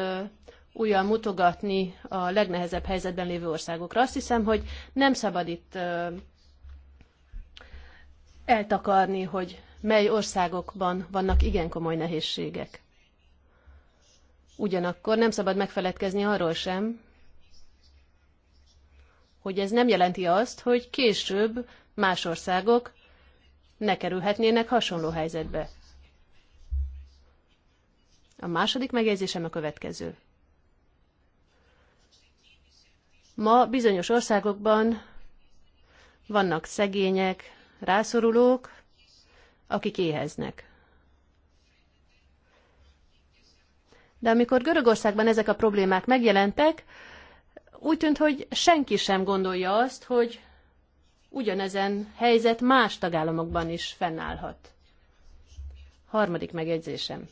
S1: újra mutogatni a legnehezebb helyzetben lévő országokra. Azt hiszem, hogy nem szabad itt eltakarni, hogy mely országokban vannak igen komoly nehézségek. Ugyanakkor nem szabad megfeledkezni arról sem, hogy ez nem jelenti azt, hogy később más országok ne kerülhetnének hasonló helyzetbe. A második megjegyzésem a következő. Ma bizonyos országokban vannak szegények, rászorulók, akik éheznek. De amikor Görögországban ezek a problémák megjelentek, úgy tűnt, hogy senki sem gondolja azt, hogy ugyanezen helyzet más tagállamokban is fennállhat. Harmadik megjegyzésem.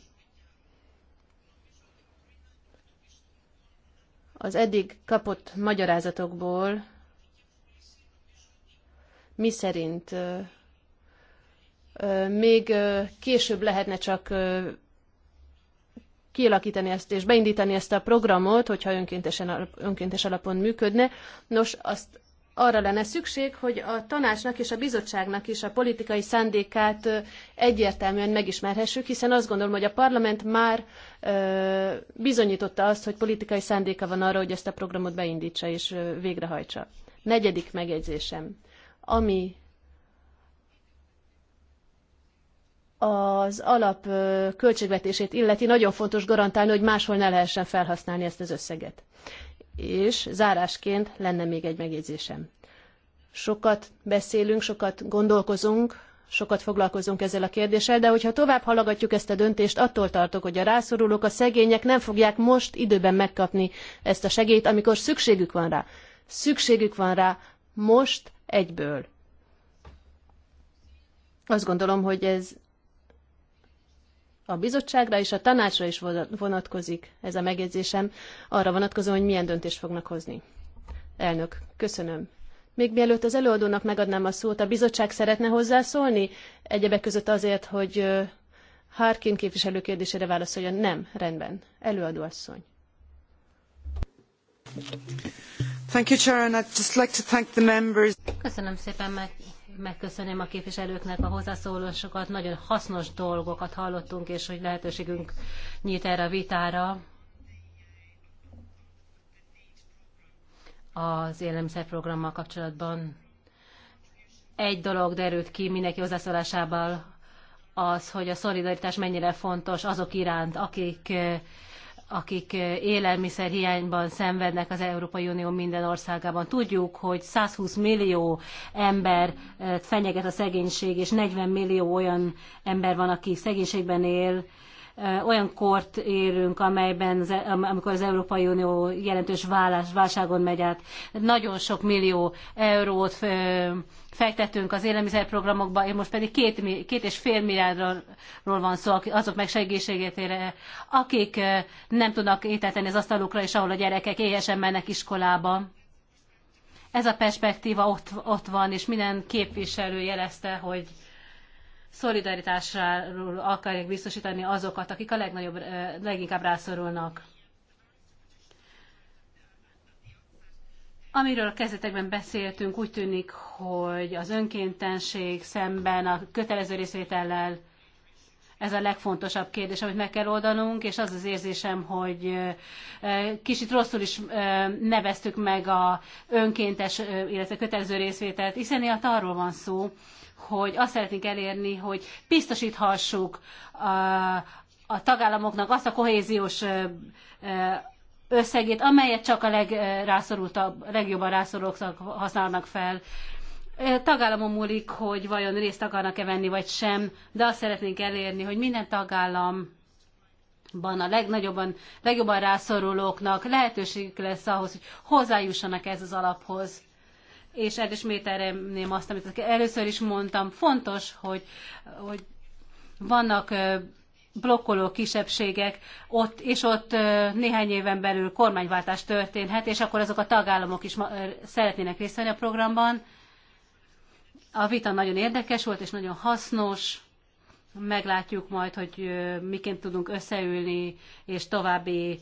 S1: Az eddig kapott magyarázatokból mi szerint még később lehetne csak kialakítani ezt és beindítani ezt a programot, hogyha önkéntesen, önkéntes alapon működne. Nos, azt arra lenne szükség, hogy a tanácsnak és a bizottságnak is a politikai szándékát egyértelműen megismerhessük, hiszen azt gondolom, hogy a parlament már bizonyította azt, hogy politikai szándéka van arra, hogy ezt a programot beindítsa és végrehajtsa. Negyedik megjegyzésem. Ami az alap költségvetését illeti, nagyon fontos garantálni, hogy máshol ne lehessen felhasználni ezt az összeget. És zárásként lenne még egy megjegyzésem. Sokat beszélünk, sokat gondolkozunk, sokat foglalkozunk ezzel a kérdéssel, de hogyha tovább halagatjuk ezt a döntést, attól tartok, hogy a rászorulók, a szegények nem fogják most időben megkapni ezt a segélyt, amikor szükségük van rá. Szükségük van rá most egyből. Azt gondolom, hogy ez a bizottságra és a tanácsra is vonatkozik ez a megjegyzésem, arra vonatkozóan, hogy milyen döntést fognak hozni. Elnök, köszönöm. Még mielőtt az előadónak megadnám a szót, a bizottság szeretne hozzászólni? Egyebek között azért, hogy Harkin képviselő kérdésére válaszoljon. Nem, rendben. Előadó asszony. Thank you, Chair, and I'd just like to thank the members.
S4: Köszönöm szépen, Megköszönném a képviselőknek a hozzászólásokat. Nagyon hasznos dolgokat hallottunk, és hogy lehetőségünk nyílt erre a vitára. az élelmiszerprogrammal kapcsolatban. Egy dolog derült ki mindenki hozzászólásával, az, hogy a szolidaritás mennyire fontos azok iránt, akik akik eh, élelmiszerhiányban szenvednek az Európai Unió minden országában. Tudjuk, hogy 120 millió ember eh, fenyeget a szegénység, és 40 millió olyan ember van, aki szegénységben él, olyan kort érünk, amelyben, e- amikor az Európai Unió jelentős válás, válságon megy át, nagyon sok millió eurót fektetünk az élelmiszerprogramokba, és most pedig két, két és fél milliárdról van szó, azok meg ére, akik nem tudnak ételteni az asztalukra, és ahol a gyerekek éhesen mennek iskolába. Ez a perspektíva ott, ott van, és minden képviselő jelezte, hogy szolidaritásáról akarják biztosítani azokat, akik a legnagyobb, leginkább rászorulnak. Amiről a kezdetekben beszéltünk, úgy tűnik, hogy az önkéntenség szemben a kötelező részvétellel ez a legfontosabb kérdés, amit meg kell oldanunk, és az az érzésem, hogy kicsit rosszul is neveztük meg a önkéntes, illetve kötelező részvételt, hiszen itt arról van szó, hogy azt szeretnénk elérni, hogy biztosíthassuk a, a tagállamoknak azt a kohéziós összegét, amelyet csak a legrászorultabb, legjobban rászorulók használnak fel. Tagállamon múlik, hogy vajon részt akarnak-e venni, vagy sem, de azt szeretnénk elérni, hogy minden tagállam a legnagyobban, legjobban rászorulóknak lehetőségük lesz ahhoz, hogy hozzájussanak ez az alaphoz és elismételném azt, amit először is mondtam, fontos, hogy, hogy vannak blokkoló kisebbségek, ott, és ott néhány éven belül kormányváltás történhet, és akkor azok a tagállamok is szeretnének részt venni a programban. A vita nagyon érdekes volt, és nagyon hasznos. Meglátjuk majd, hogy miként tudunk összeülni, és további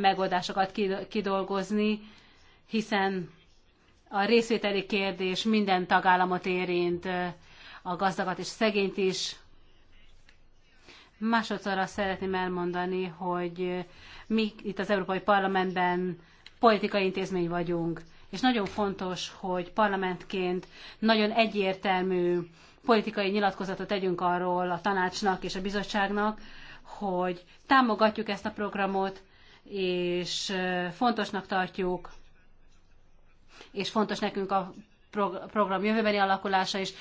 S4: megoldásokat kidolgozni, hiszen a részvételi kérdés minden tagállamot érint, a gazdagat és szegényt is. Másodszorra szeretném elmondani, hogy mi itt az Európai Parlamentben politikai intézmény vagyunk, és nagyon fontos, hogy parlamentként nagyon egyértelmű politikai nyilatkozatot tegyünk arról a tanácsnak és a bizottságnak, hogy támogatjuk ezt a programot, és fontosnak tartjuk és fontos nekünk a program jövőbeni alakulása is.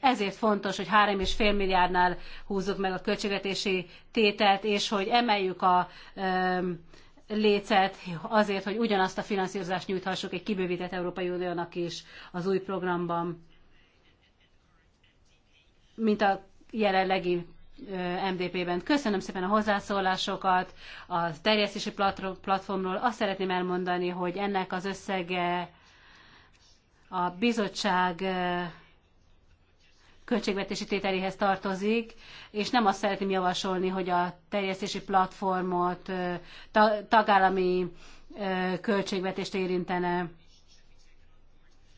S4: Ezért fontos, hogy 3,5 milliárdnál húzzuk meg a költségvetési tételt, és hogy emeljük a lécet azért, hogy ugyanazt a finanszírozást nyújthassuk egy kibővített Európai Uniónak is az új programban, mint a jelenlegi MDP-ben. Köszönöm szépen a hozzászólásokat a terjesztési platformról. Azt szeretném elmondani, hogy ennek az összege a bizottság költségvetési tételéhez tartozik, és nem azt szeretném javasolni, hogy a terjesztési platformot tagállami költségvetést érintene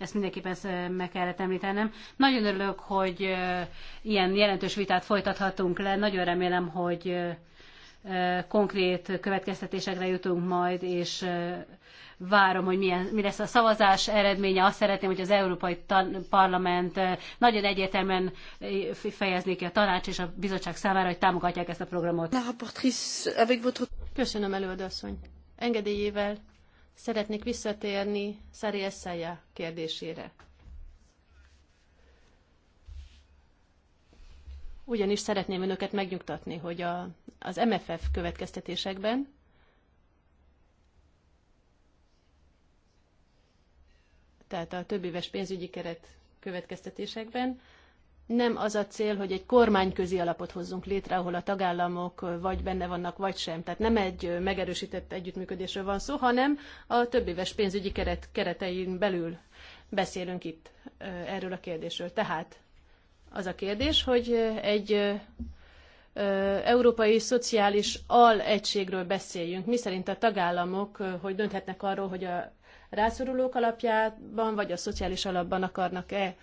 S4: ezt mindenképpen meg kellett említenem. Nagyon örülök, hogy ilyen jelentős vitát folytathatunk le. Nagyon remélem, hogy konkrét következtetésekre jutunk majd, és várom, hogy milyen, mi lesz a szavazás eredménye. Azt szeretném, hogy az Európai Parlament nagyon egyértelműen fejezné ki a tanács és a bizottság számára, hogy támogatják ezt a programot.
S1: Köszönöm, előadasszony. Engedélyével Szeretnék visszatérni Szari Esszája kérdésére. Ugyanis szeretném önöket megnyugtatni, hogy a, az MFF következtetésekben tehát a többéves pénzügyi keret következtetésekben nem az a cél, hogy egy kormányközi alapot hozzunk létre, ahol a tagállamok vagy benne vannak, vagy sem. Tehát nem egy megerősített együttműködésről van szó, hanem a többéves pénzügyi keret, keretein belül beszélünk itt erről a kérdésről. Tehát az a kérdés, hogy egy európai szociális alegységről beszéljünk, szerint a tagállamok, hogy dönthetnek arról, hogy a rászorulók alapjában, vagy a szociális alapban akarnak-e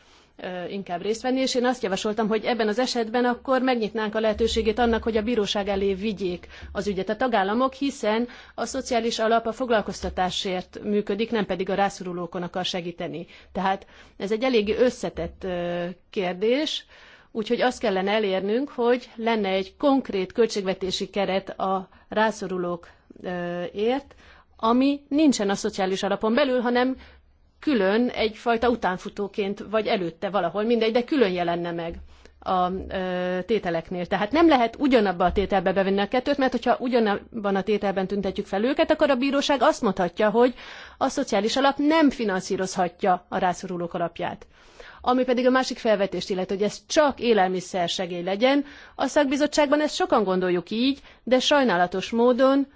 S1: inkább részt venni, és én azt javasoltam, hogy ebben az esetben akkor megnyitnánk a lehetőségét annak, hogy a bíróság elé vigyék az ügyet a tagállamok, hiszen a szociális alap a foglalkoztatásért működik, nem pedig a rászorulókon akar segíteni. Tehát ez egy eléggé összetett kérdés, úgyhogy azt kellene elérnünk, hogy lenne egy konkrét költségvetési keret a rászorulókért, ami nincsen a szociális alapon belül, hanem külön egyfajta utánfutóként, vagy előtte valahol, mindegy, de külön jelenne meg a ö, tételeknél. Tehát nem lehet ugyanabba a tételbe bevenni a kettőt, mert hogyha ugyanabban a tételben tüntetjük fel őket, akkor a bíróság azt mondhatja, hogy a szociális alap nem finanszírozhatja a rászorulók alapját. Ami pedig a másik felvetést illet, hogy ez csak élelmiszer segély legyen, a szakbizottságban ezt sokan gondoljuk így, de sajnálatos módon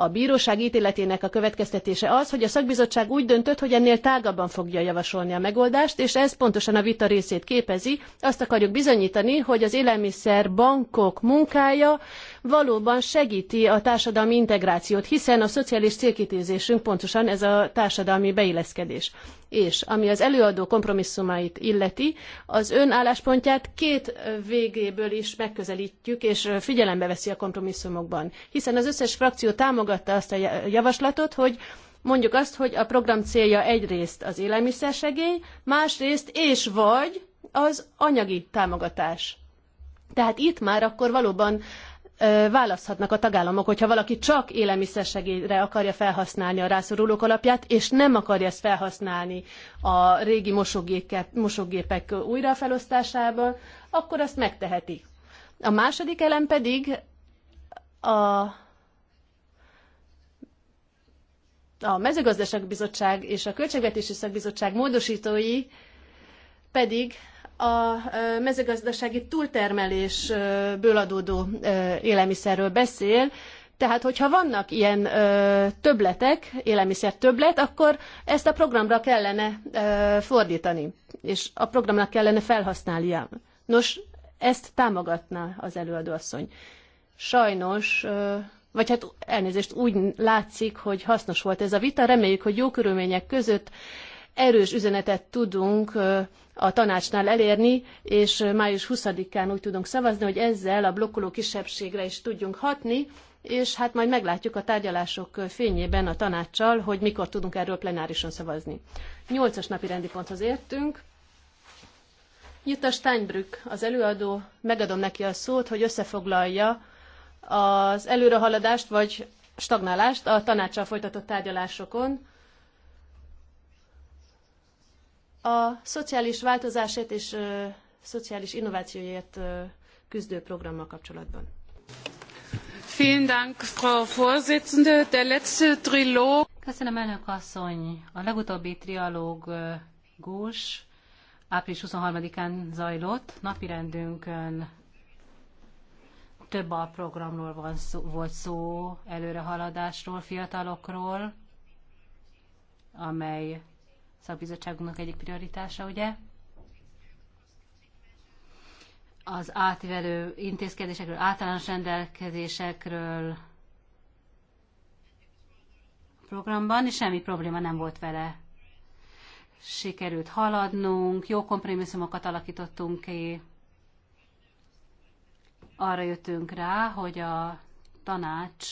S1: a bíróság ítéletének a következtetése az, hogy a szakbizottság úgy döntött, hogy ennél tágabban fogja javasolni a megoldást, és ez pontosan a vita részét képezi. Azt akarjuk bizonyítani, hogy az élelmiszer bankok munkája valóban segíti a társadalmi integrációt, hiszen a szociális célkitűzésünk pontosan ez a társadalmi beilleszkedés. És ami az előadó kompromisszumait illeti, az ön álláspontját két végéből is megközelítjük, és figyelembe veszi a kompromisszumokban. Hiszen az összes frakció támogatta azt a javaslatot, hogy mondjuk azt, hogy a program célja egyrészt az élelmiszersegély, másrészt és vagy az anyagi támogatás. Tehát itt már akkor valóban választhatnak a tagállamok, hogyha valaki csak élelmiszersegélyre akarja felhasználni a rászorulók alapját, és nem akarja ezt felhasználni a régi mosógépek, újrafelosztásában, akkor azt megteheti. A második elem pedig a a mezőgazdaság bizottság és a költségvetési szakbizottság módosítói pedig a mezőgazdasági túltermelésből adódó élelmiszerről beszél, tehát, hogyha vannak ilyen ö, töbletek, élelmiszer töblet, akkor ezt a programra kellene ö, fordítani, és a programnak kellene felhasználnia. Nos, ezt támogatná az előadóasszony. Sajnos, ö, vagy hát elnézést, úgy látszik, hogy hasznos volt ez a vita. Reméljük, hogy jó körülmények között erős üzenetet tudunk a tanácsnál elérni, és május 20-án úgy tudunk szavazni, hogy ezzel a blokkoló kisebbségre is tudjunk hatni, és hát majd meglátjuk a tárgyalások fényében a tanácssal, hogy mikor tudunk erről plenárison szavazni. Nyolcas napi rendi ponthoz értünk. Jutta Steinbrück, az előadó, megadom neki a szót, hogy összefoglalja az előrehaladást vagy stagnálást a tanácssal folytatott tárgyalásokon a szociális változásért és ö, szociális innovációért ö, küzdő programmal kapcsolatban.
S4: Vielen Dank, Frau Vorsitzende. Der letzte Trilog. Köszönöm, elnök asszony. A legutóbbi trialóg gós április 23-án zajlott. Napirendünkön több a programról van szó, volt szó, előrehaladásról, fiatalokról, amely szakbizottságunknak egyik prioritása, ugye? Az átívelő intézkedésekről, általános rendelkezésekről programban, és semmi probléma nem volt vele. Sikerült haladnunk, jó kompromisszumokat alakítottunk ki. Arra jöttünk rá, hogy a tanács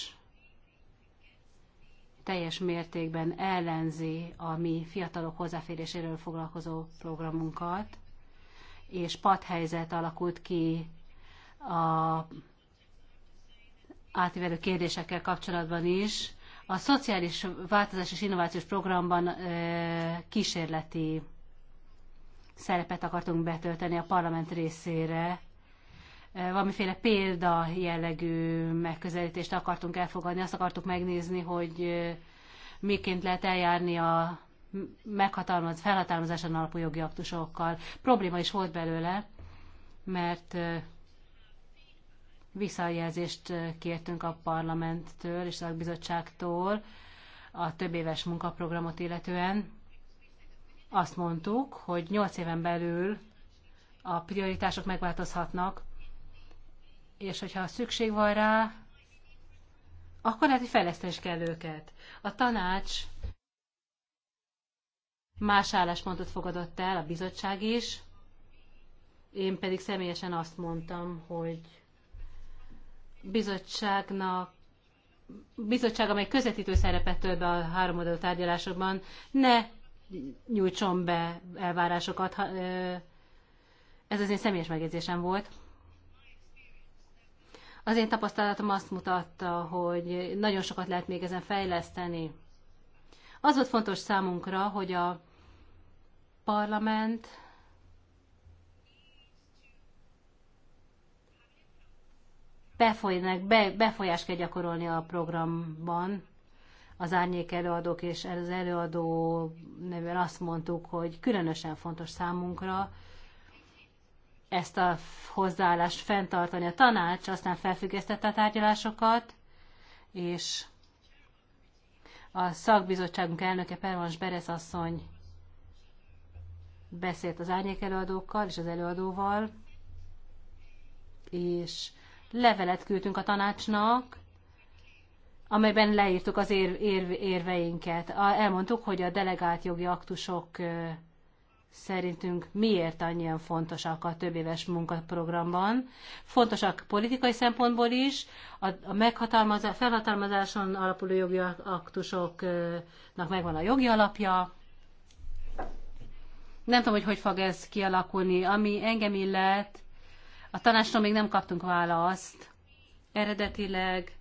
S4: teljes mértékben ellenzi a mi fiatalok hozzáféréséről foglalkozó programunkat, és padhelyzet alakult ki a átívelő kérdésekkel kapcsolatban is. A Szociális Változás és Innovációs Programban kísérleti szerepet akartunk betölteni a parlament részére, Eh, valamiféle példa jellegű megközelítést akartunk elfogadni. Azt akartuk megnézni, hogy eh, miként lehet eljárni a meghatalmaz, felhatalmazáson alapú jogi aktusokkal. Probléma is volt belőle, mert eh, visszajelzést kértünk a parlamenttől és a bizottságtól a több éves munkaprogramot illetően. Azt mondtuk, hogy 8 éven belül a prioritások megváltozhatnak, és hogyha szükség van rá, akkor lehet, hogy fejlesztés kell őket. A tanács más álláspontot fogadott el, a bizottság is, én pedig személyesen azt mondtam, hogy bizottságnak bizottság, amely közvetítő szerepet tölt be a háromoldalú tárgyalásokban, ne nyújtson be elvárásokat. Ez az én személyes megjegyzésem volt. Az én tapasztalatom azt mutatta, hogy nagyon sokat lehet még ezen fejleszteni. Az volt fontos számunkra, hogy a parlament befolynak, be, kell gyakorolni a programban. Az árnyék előadók és az előadó nevűen azt mondtuk, hogy különösen fontos számunkra, ezt a hozzáállást fenntartani. A tanács aztán felfüggesztette a tárgyalásokat, és a szakbizottságunk elnöke Pervans Berez asszony beszélt az árnyék előadókkal és az előadóval, és levelet küldtünk a tanácsnak, amelyben leírtuk az ér, ér, érveinket. Elmondtuk, hogy a delegált jogi aktusok szerintünk miért annyian fontosak a több éves munkaprogramban. Fontosak politikai szempontból is, a, a felhatalmazáson alapuló jogi aktusoknak megvan a jogi alapja. Nem tudom, hogy hogy fog ez kialakulni. Ami engem illet, a tanácsról még nem kaptunk választ. Eredetileg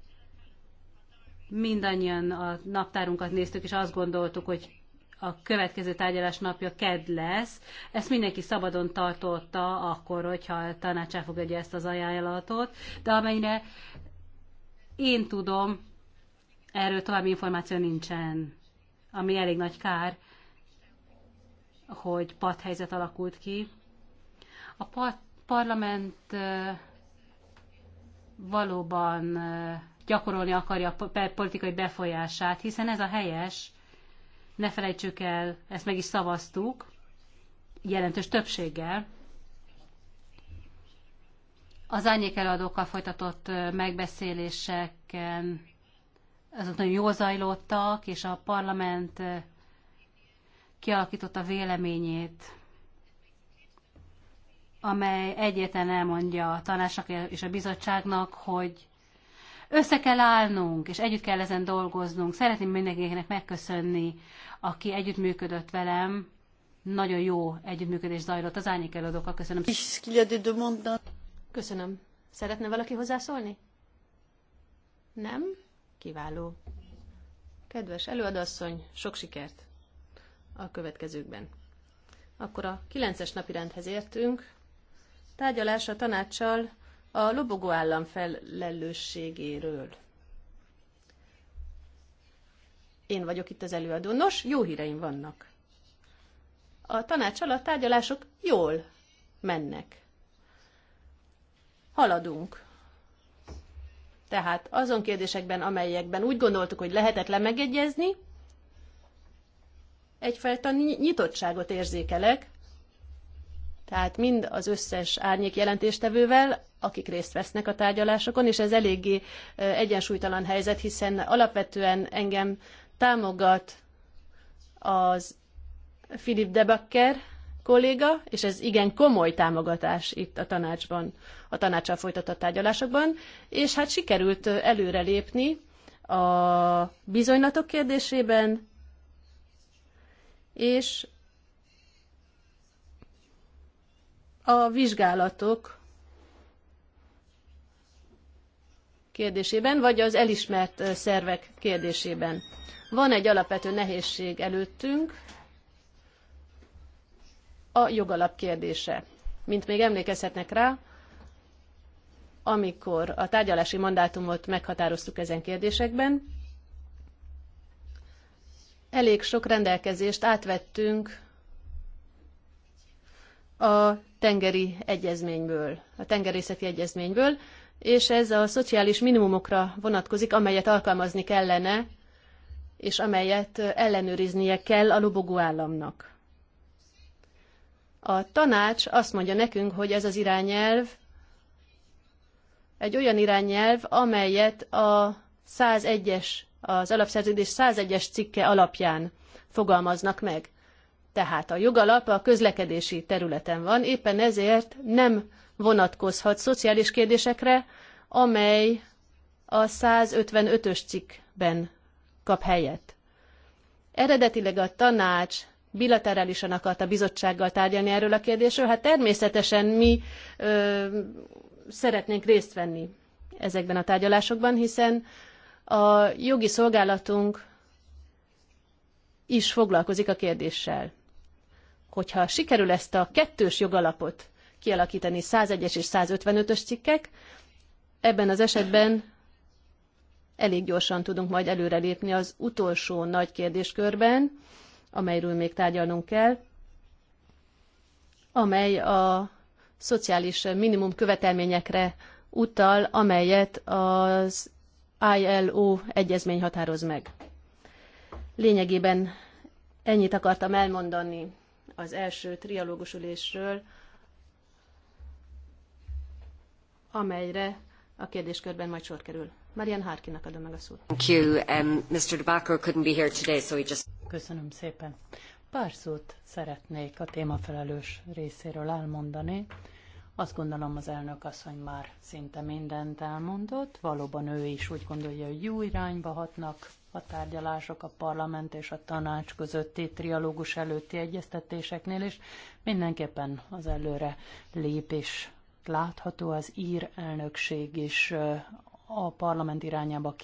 S4: mindannyian a naptárunkat néztük, és azt gondoltuk, hogy a következő tárgyalás napja KED lesz. Ezt mindenki szabadon tartotta akkor, hogyha a tanács elfogadja ezt az ajánlatot, de amennyire én tudom, erről további információ nincsen, ami elég nagy kár, hogy padhelyzet alakult ki. A parlament valóban gyakorolni akarja a politikai befolyását, hiszen ez a helyes, ne felejtsük el, ezt meg is szavaztuk, jelentős többséggel. Az árnyékeladókkal folytatott megbeszéléseken azok nagyon jól zajlottak, és a parlament kialakította véleményét, amely egyetlen elmondja a tanácsnak és a bizottságnak, hogy össze kell állnunk, és együtt kell ezen dolgoznunk. Szeretném mindenkinek megköszönni, aki együttműködött velem. Nagyon jó együttműködés zajlott az árnyék előadókkal. Köszönöm. Köszönöm. Szeretne valaki hozzászólni?
S1: Nem? Kiváló. Kedves előadasszony, sok sikert a következőkben. Akkor a kilences napirendhez értünk. Tárgyalás a tanácssal a lobogó állam felelősségéről. Én vagyok itt az előadó. Nos, jó híreim vannak. A tanács alatt tárgyalások jól mennek. Haladunk. Tehát azon kérdésekben, amelyekben úgy gondoltuk, hogy lehetetlen megegyezni, egyfajta nyitottságot érzékelek, tehát mind az összes árnyék jelentéstevővel, akik részt vesznek a tárgyalásokon, és ez eléggé egyensúlytalan helyzet, hiszen alapvetően engem támogat az Philip Debakker kolléga, és ez igen komoly támogatás itt a tanácsban, a tanácsal folytatott tárgyalásokban, és hát sikerült előrelépni a bizonylatok kérdésében, és a vizsgálatok kérdésében, vagy az elismert szervek kérdésében. Van egy alapvető nehézség előttünk, a jogalap kérdése. Mint még emlékezhetnek rá, amikor a tárgyalási mandátumot meghatároztuk ezen kérdésekben, elég sok rendelkezést átvettünk a tengeri egyezményből, a tengerészeti egyezményből, és ez a szociális minimumokra vonatkozik, amelyet alkalmazni kellene, és amelyet ellenőriznie kell a lobogó államnak. A tanács azt mondja nekünk, hogy ez az irányelv egy olyan irányelv, amelyet a 101-es, az alapszerződés 101-es cikke alapján fogalmaznak meg. Tehát a jogalap a közlekedési területen van, éppen ezért nem vonatkozhat szociális kérdésekre, amely a 155-ös cikkben kap helyet. Eredetileg a tanács bilaterálisan akart a bizottsággal tárgyalni erről a kérdésről, hát természetesen mi ö, szeretnénk részt venni ezekben a tárgyalásokban, hiszen a jogi szolgálatunk is foglalkozik a kérdéssel. Hogyha sikerül ezt a kettős jogalapot kialakítani 101-es és 155-ös cikkek. Ebben az esetben elég gyorsan tudunk majd előrelépni az utolsó nagy kérdéskörben, amelyről még tárgyalnunk kell, amely a szociális minimum követelményekre utal, amelyet az ILO egyezmény határoz meg. Lényegében ennyit akartam elmondani az első trialógusülésről, amelyre a kérdéskörben majd sor kerül. Marian Harkinak adom meg a szót.
S4: Thank you. Um, Mr. DeBacco couldn't be here today, so he just... Köszönöm szépen.
S1: Pár
S3: szót szeretnék a témafelelős részéről elmondani. Azt gondolom az elnök asszony már szinte mindent elmondott. Valóban ő is úgy gondolja, hogy jó irányba hatnak a tárgyalások a parlament és a tanács közötti trialógus előtti egyeztetéseknél, és mindenképpen az előre lépés látható, az ír elnökség is a parlament irányába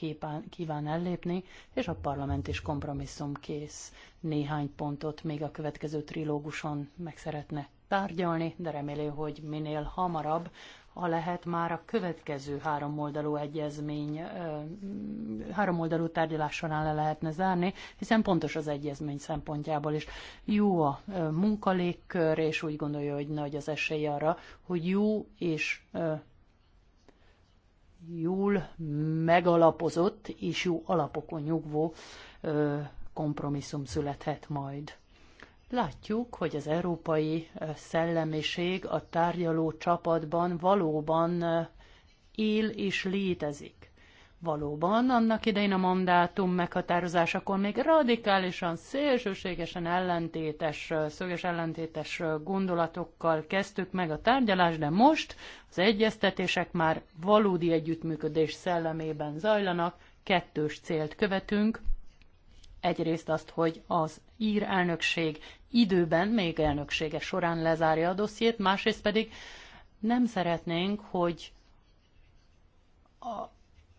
S3: kíván ellépni, és a parlament is kompromisszum kész. Néhány pontot még a következő trilóguson meg szeretne tárgyalni, de remélő, hogy minél hamarabb ha lehet már a következő háromoldalú egyezmény, háromoldalú tárgyalás során le lehetne zárni, hiszen pontos az egyezmény szempontjából is. Jó a munkalékkör, és úgy gondolja, hogy nagy az esély arra, hogy jó és jól megalapozott és jó alapokon nyugvó kompromisszum születhet majd. Látjuk, hogy az európai szellemiség a tárgyaló csapatban valóban él és létezik. Valóban annak idején a mandátum meghatározásakor még radikálisan, szélsőségesen ellentétes, szöges ellentétes gondolatokkal kezdtük meg a tárgyalást, de most az egyeztetések már valódi együttműködés szellemében zajlanak, kettős célt követünk, egyrészt azt, hogy az ír elnökség időben, még elnöksége során lezárja a dossziét, másrészt pedig nem szeretnénk, hogy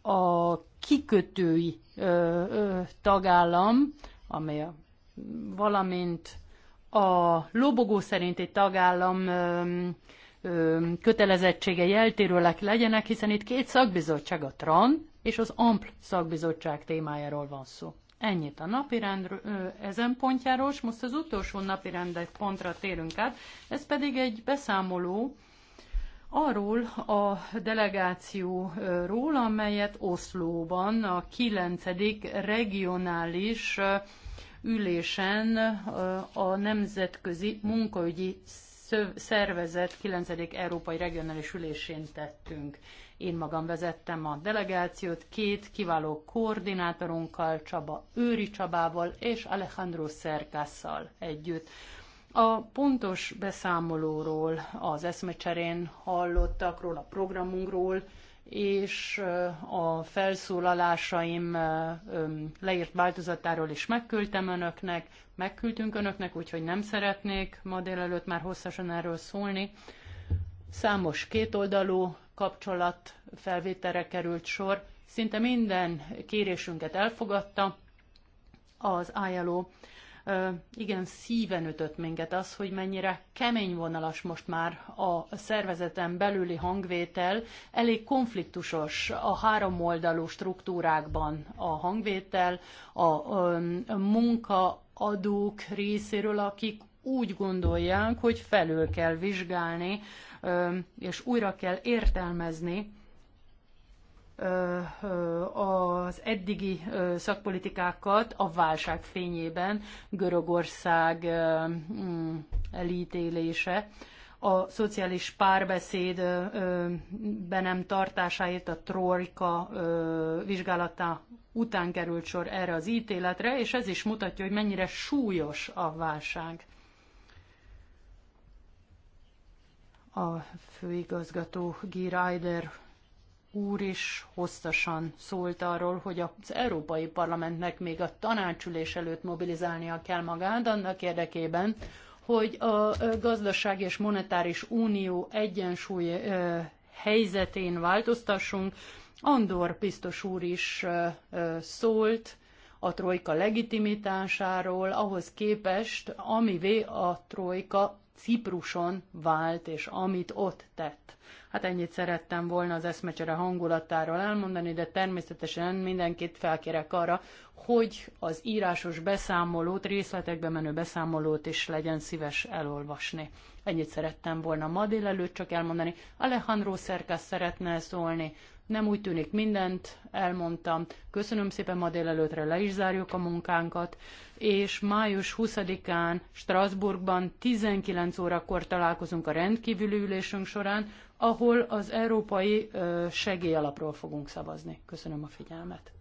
S3: a, a kikötői ö, ö, tagállam, amely a, valamint a lobogó szerinti tagállam ö, ö, kötelezettségei eltérőek legyenek, hiszen itt két szakbizottság, a TRAN és az AMPL szakbizottság témájáról van szó. Ennyit a napirend ezen pontjáról, és most az utolsó napirendet pontra térünk át. Ez pedig egy beszámoló arról a delegációról, amelyet Oszlóban a 9. regionális ülésen a Nemzetközi Munkaügyi Szervezet 9. Európai Regionális Ülésén tettünk. Én magam vezettem a delegációt két kiváló koordinátorunkkal, Csaba Őri Csabával és Alejandro Szerkásszal együtt. A pontos beszámolóról, az eszmecserén hallottakról, a programunkról, és a felszólalásaim leírt változatáról is megküldtem önöknek, megküldtünk önöknek, úgyhogy nem szeretnék ma délelőtt már hosszasan erről szólni. Számos kétoldalú kapcsolatfelvételre került sor. Szinte minden kérésünket elfogadta az ILO. Igen, szíven ütött minket az, hogy mennyire kemény vonalas most már a szervezeten belüli hangvétel, elég konfliktusos a három oldalú struktúrákban a hangvétel, a, a, a munkaadók részéről, akik úgy gondolják, hogy felül kell vizsgálni, és újra kell értelmezni az eddigi szakpolitikákat a válság fényében Görögország mm, elítélése, a szociális párbeszéd be nem tartásáért a trójka vizsgálata után került sor erre az ítéletre, és ez is mutatja, hogy mennyire súlyos a válság. a főigazgató G. Ryder úr is hosszasan szólt arról, hogy az Európai Parlamentnek még a tanácsülés előtt mobilizálnia kell magát annak érdekében, hogy a gazdaság és monetáris unió egyensúly helyzetén változtassunk. Andor biztos úr is szólt a trojka legitimitásáról, ahhoz képest, amivé a trojka Cipruson vált, és amit ott tett. Hát ennyit szerettem volna az eszmecsere hangulatáról elmondani, de természetesen mindenkit felkérek arra, hogy az írásos beszámolót, részletekbe menő beszámolót is legyen szíves elolvasni. Ennyit szerettem volna ma délelőtt csak elmondani. Alejandro Szerkász szeretne szólni, nem úgy tűnik mindent, elmondtam. Köszönöm szépen, ma délelőtre le is zárjuk a munkánkat, és május 20-án Strasbourgban 19 órakor találkozunk a rendkívüli ülésünk során, ahol az európai segélyalapról fogunk szavazni. Köszönöm a figyelmet.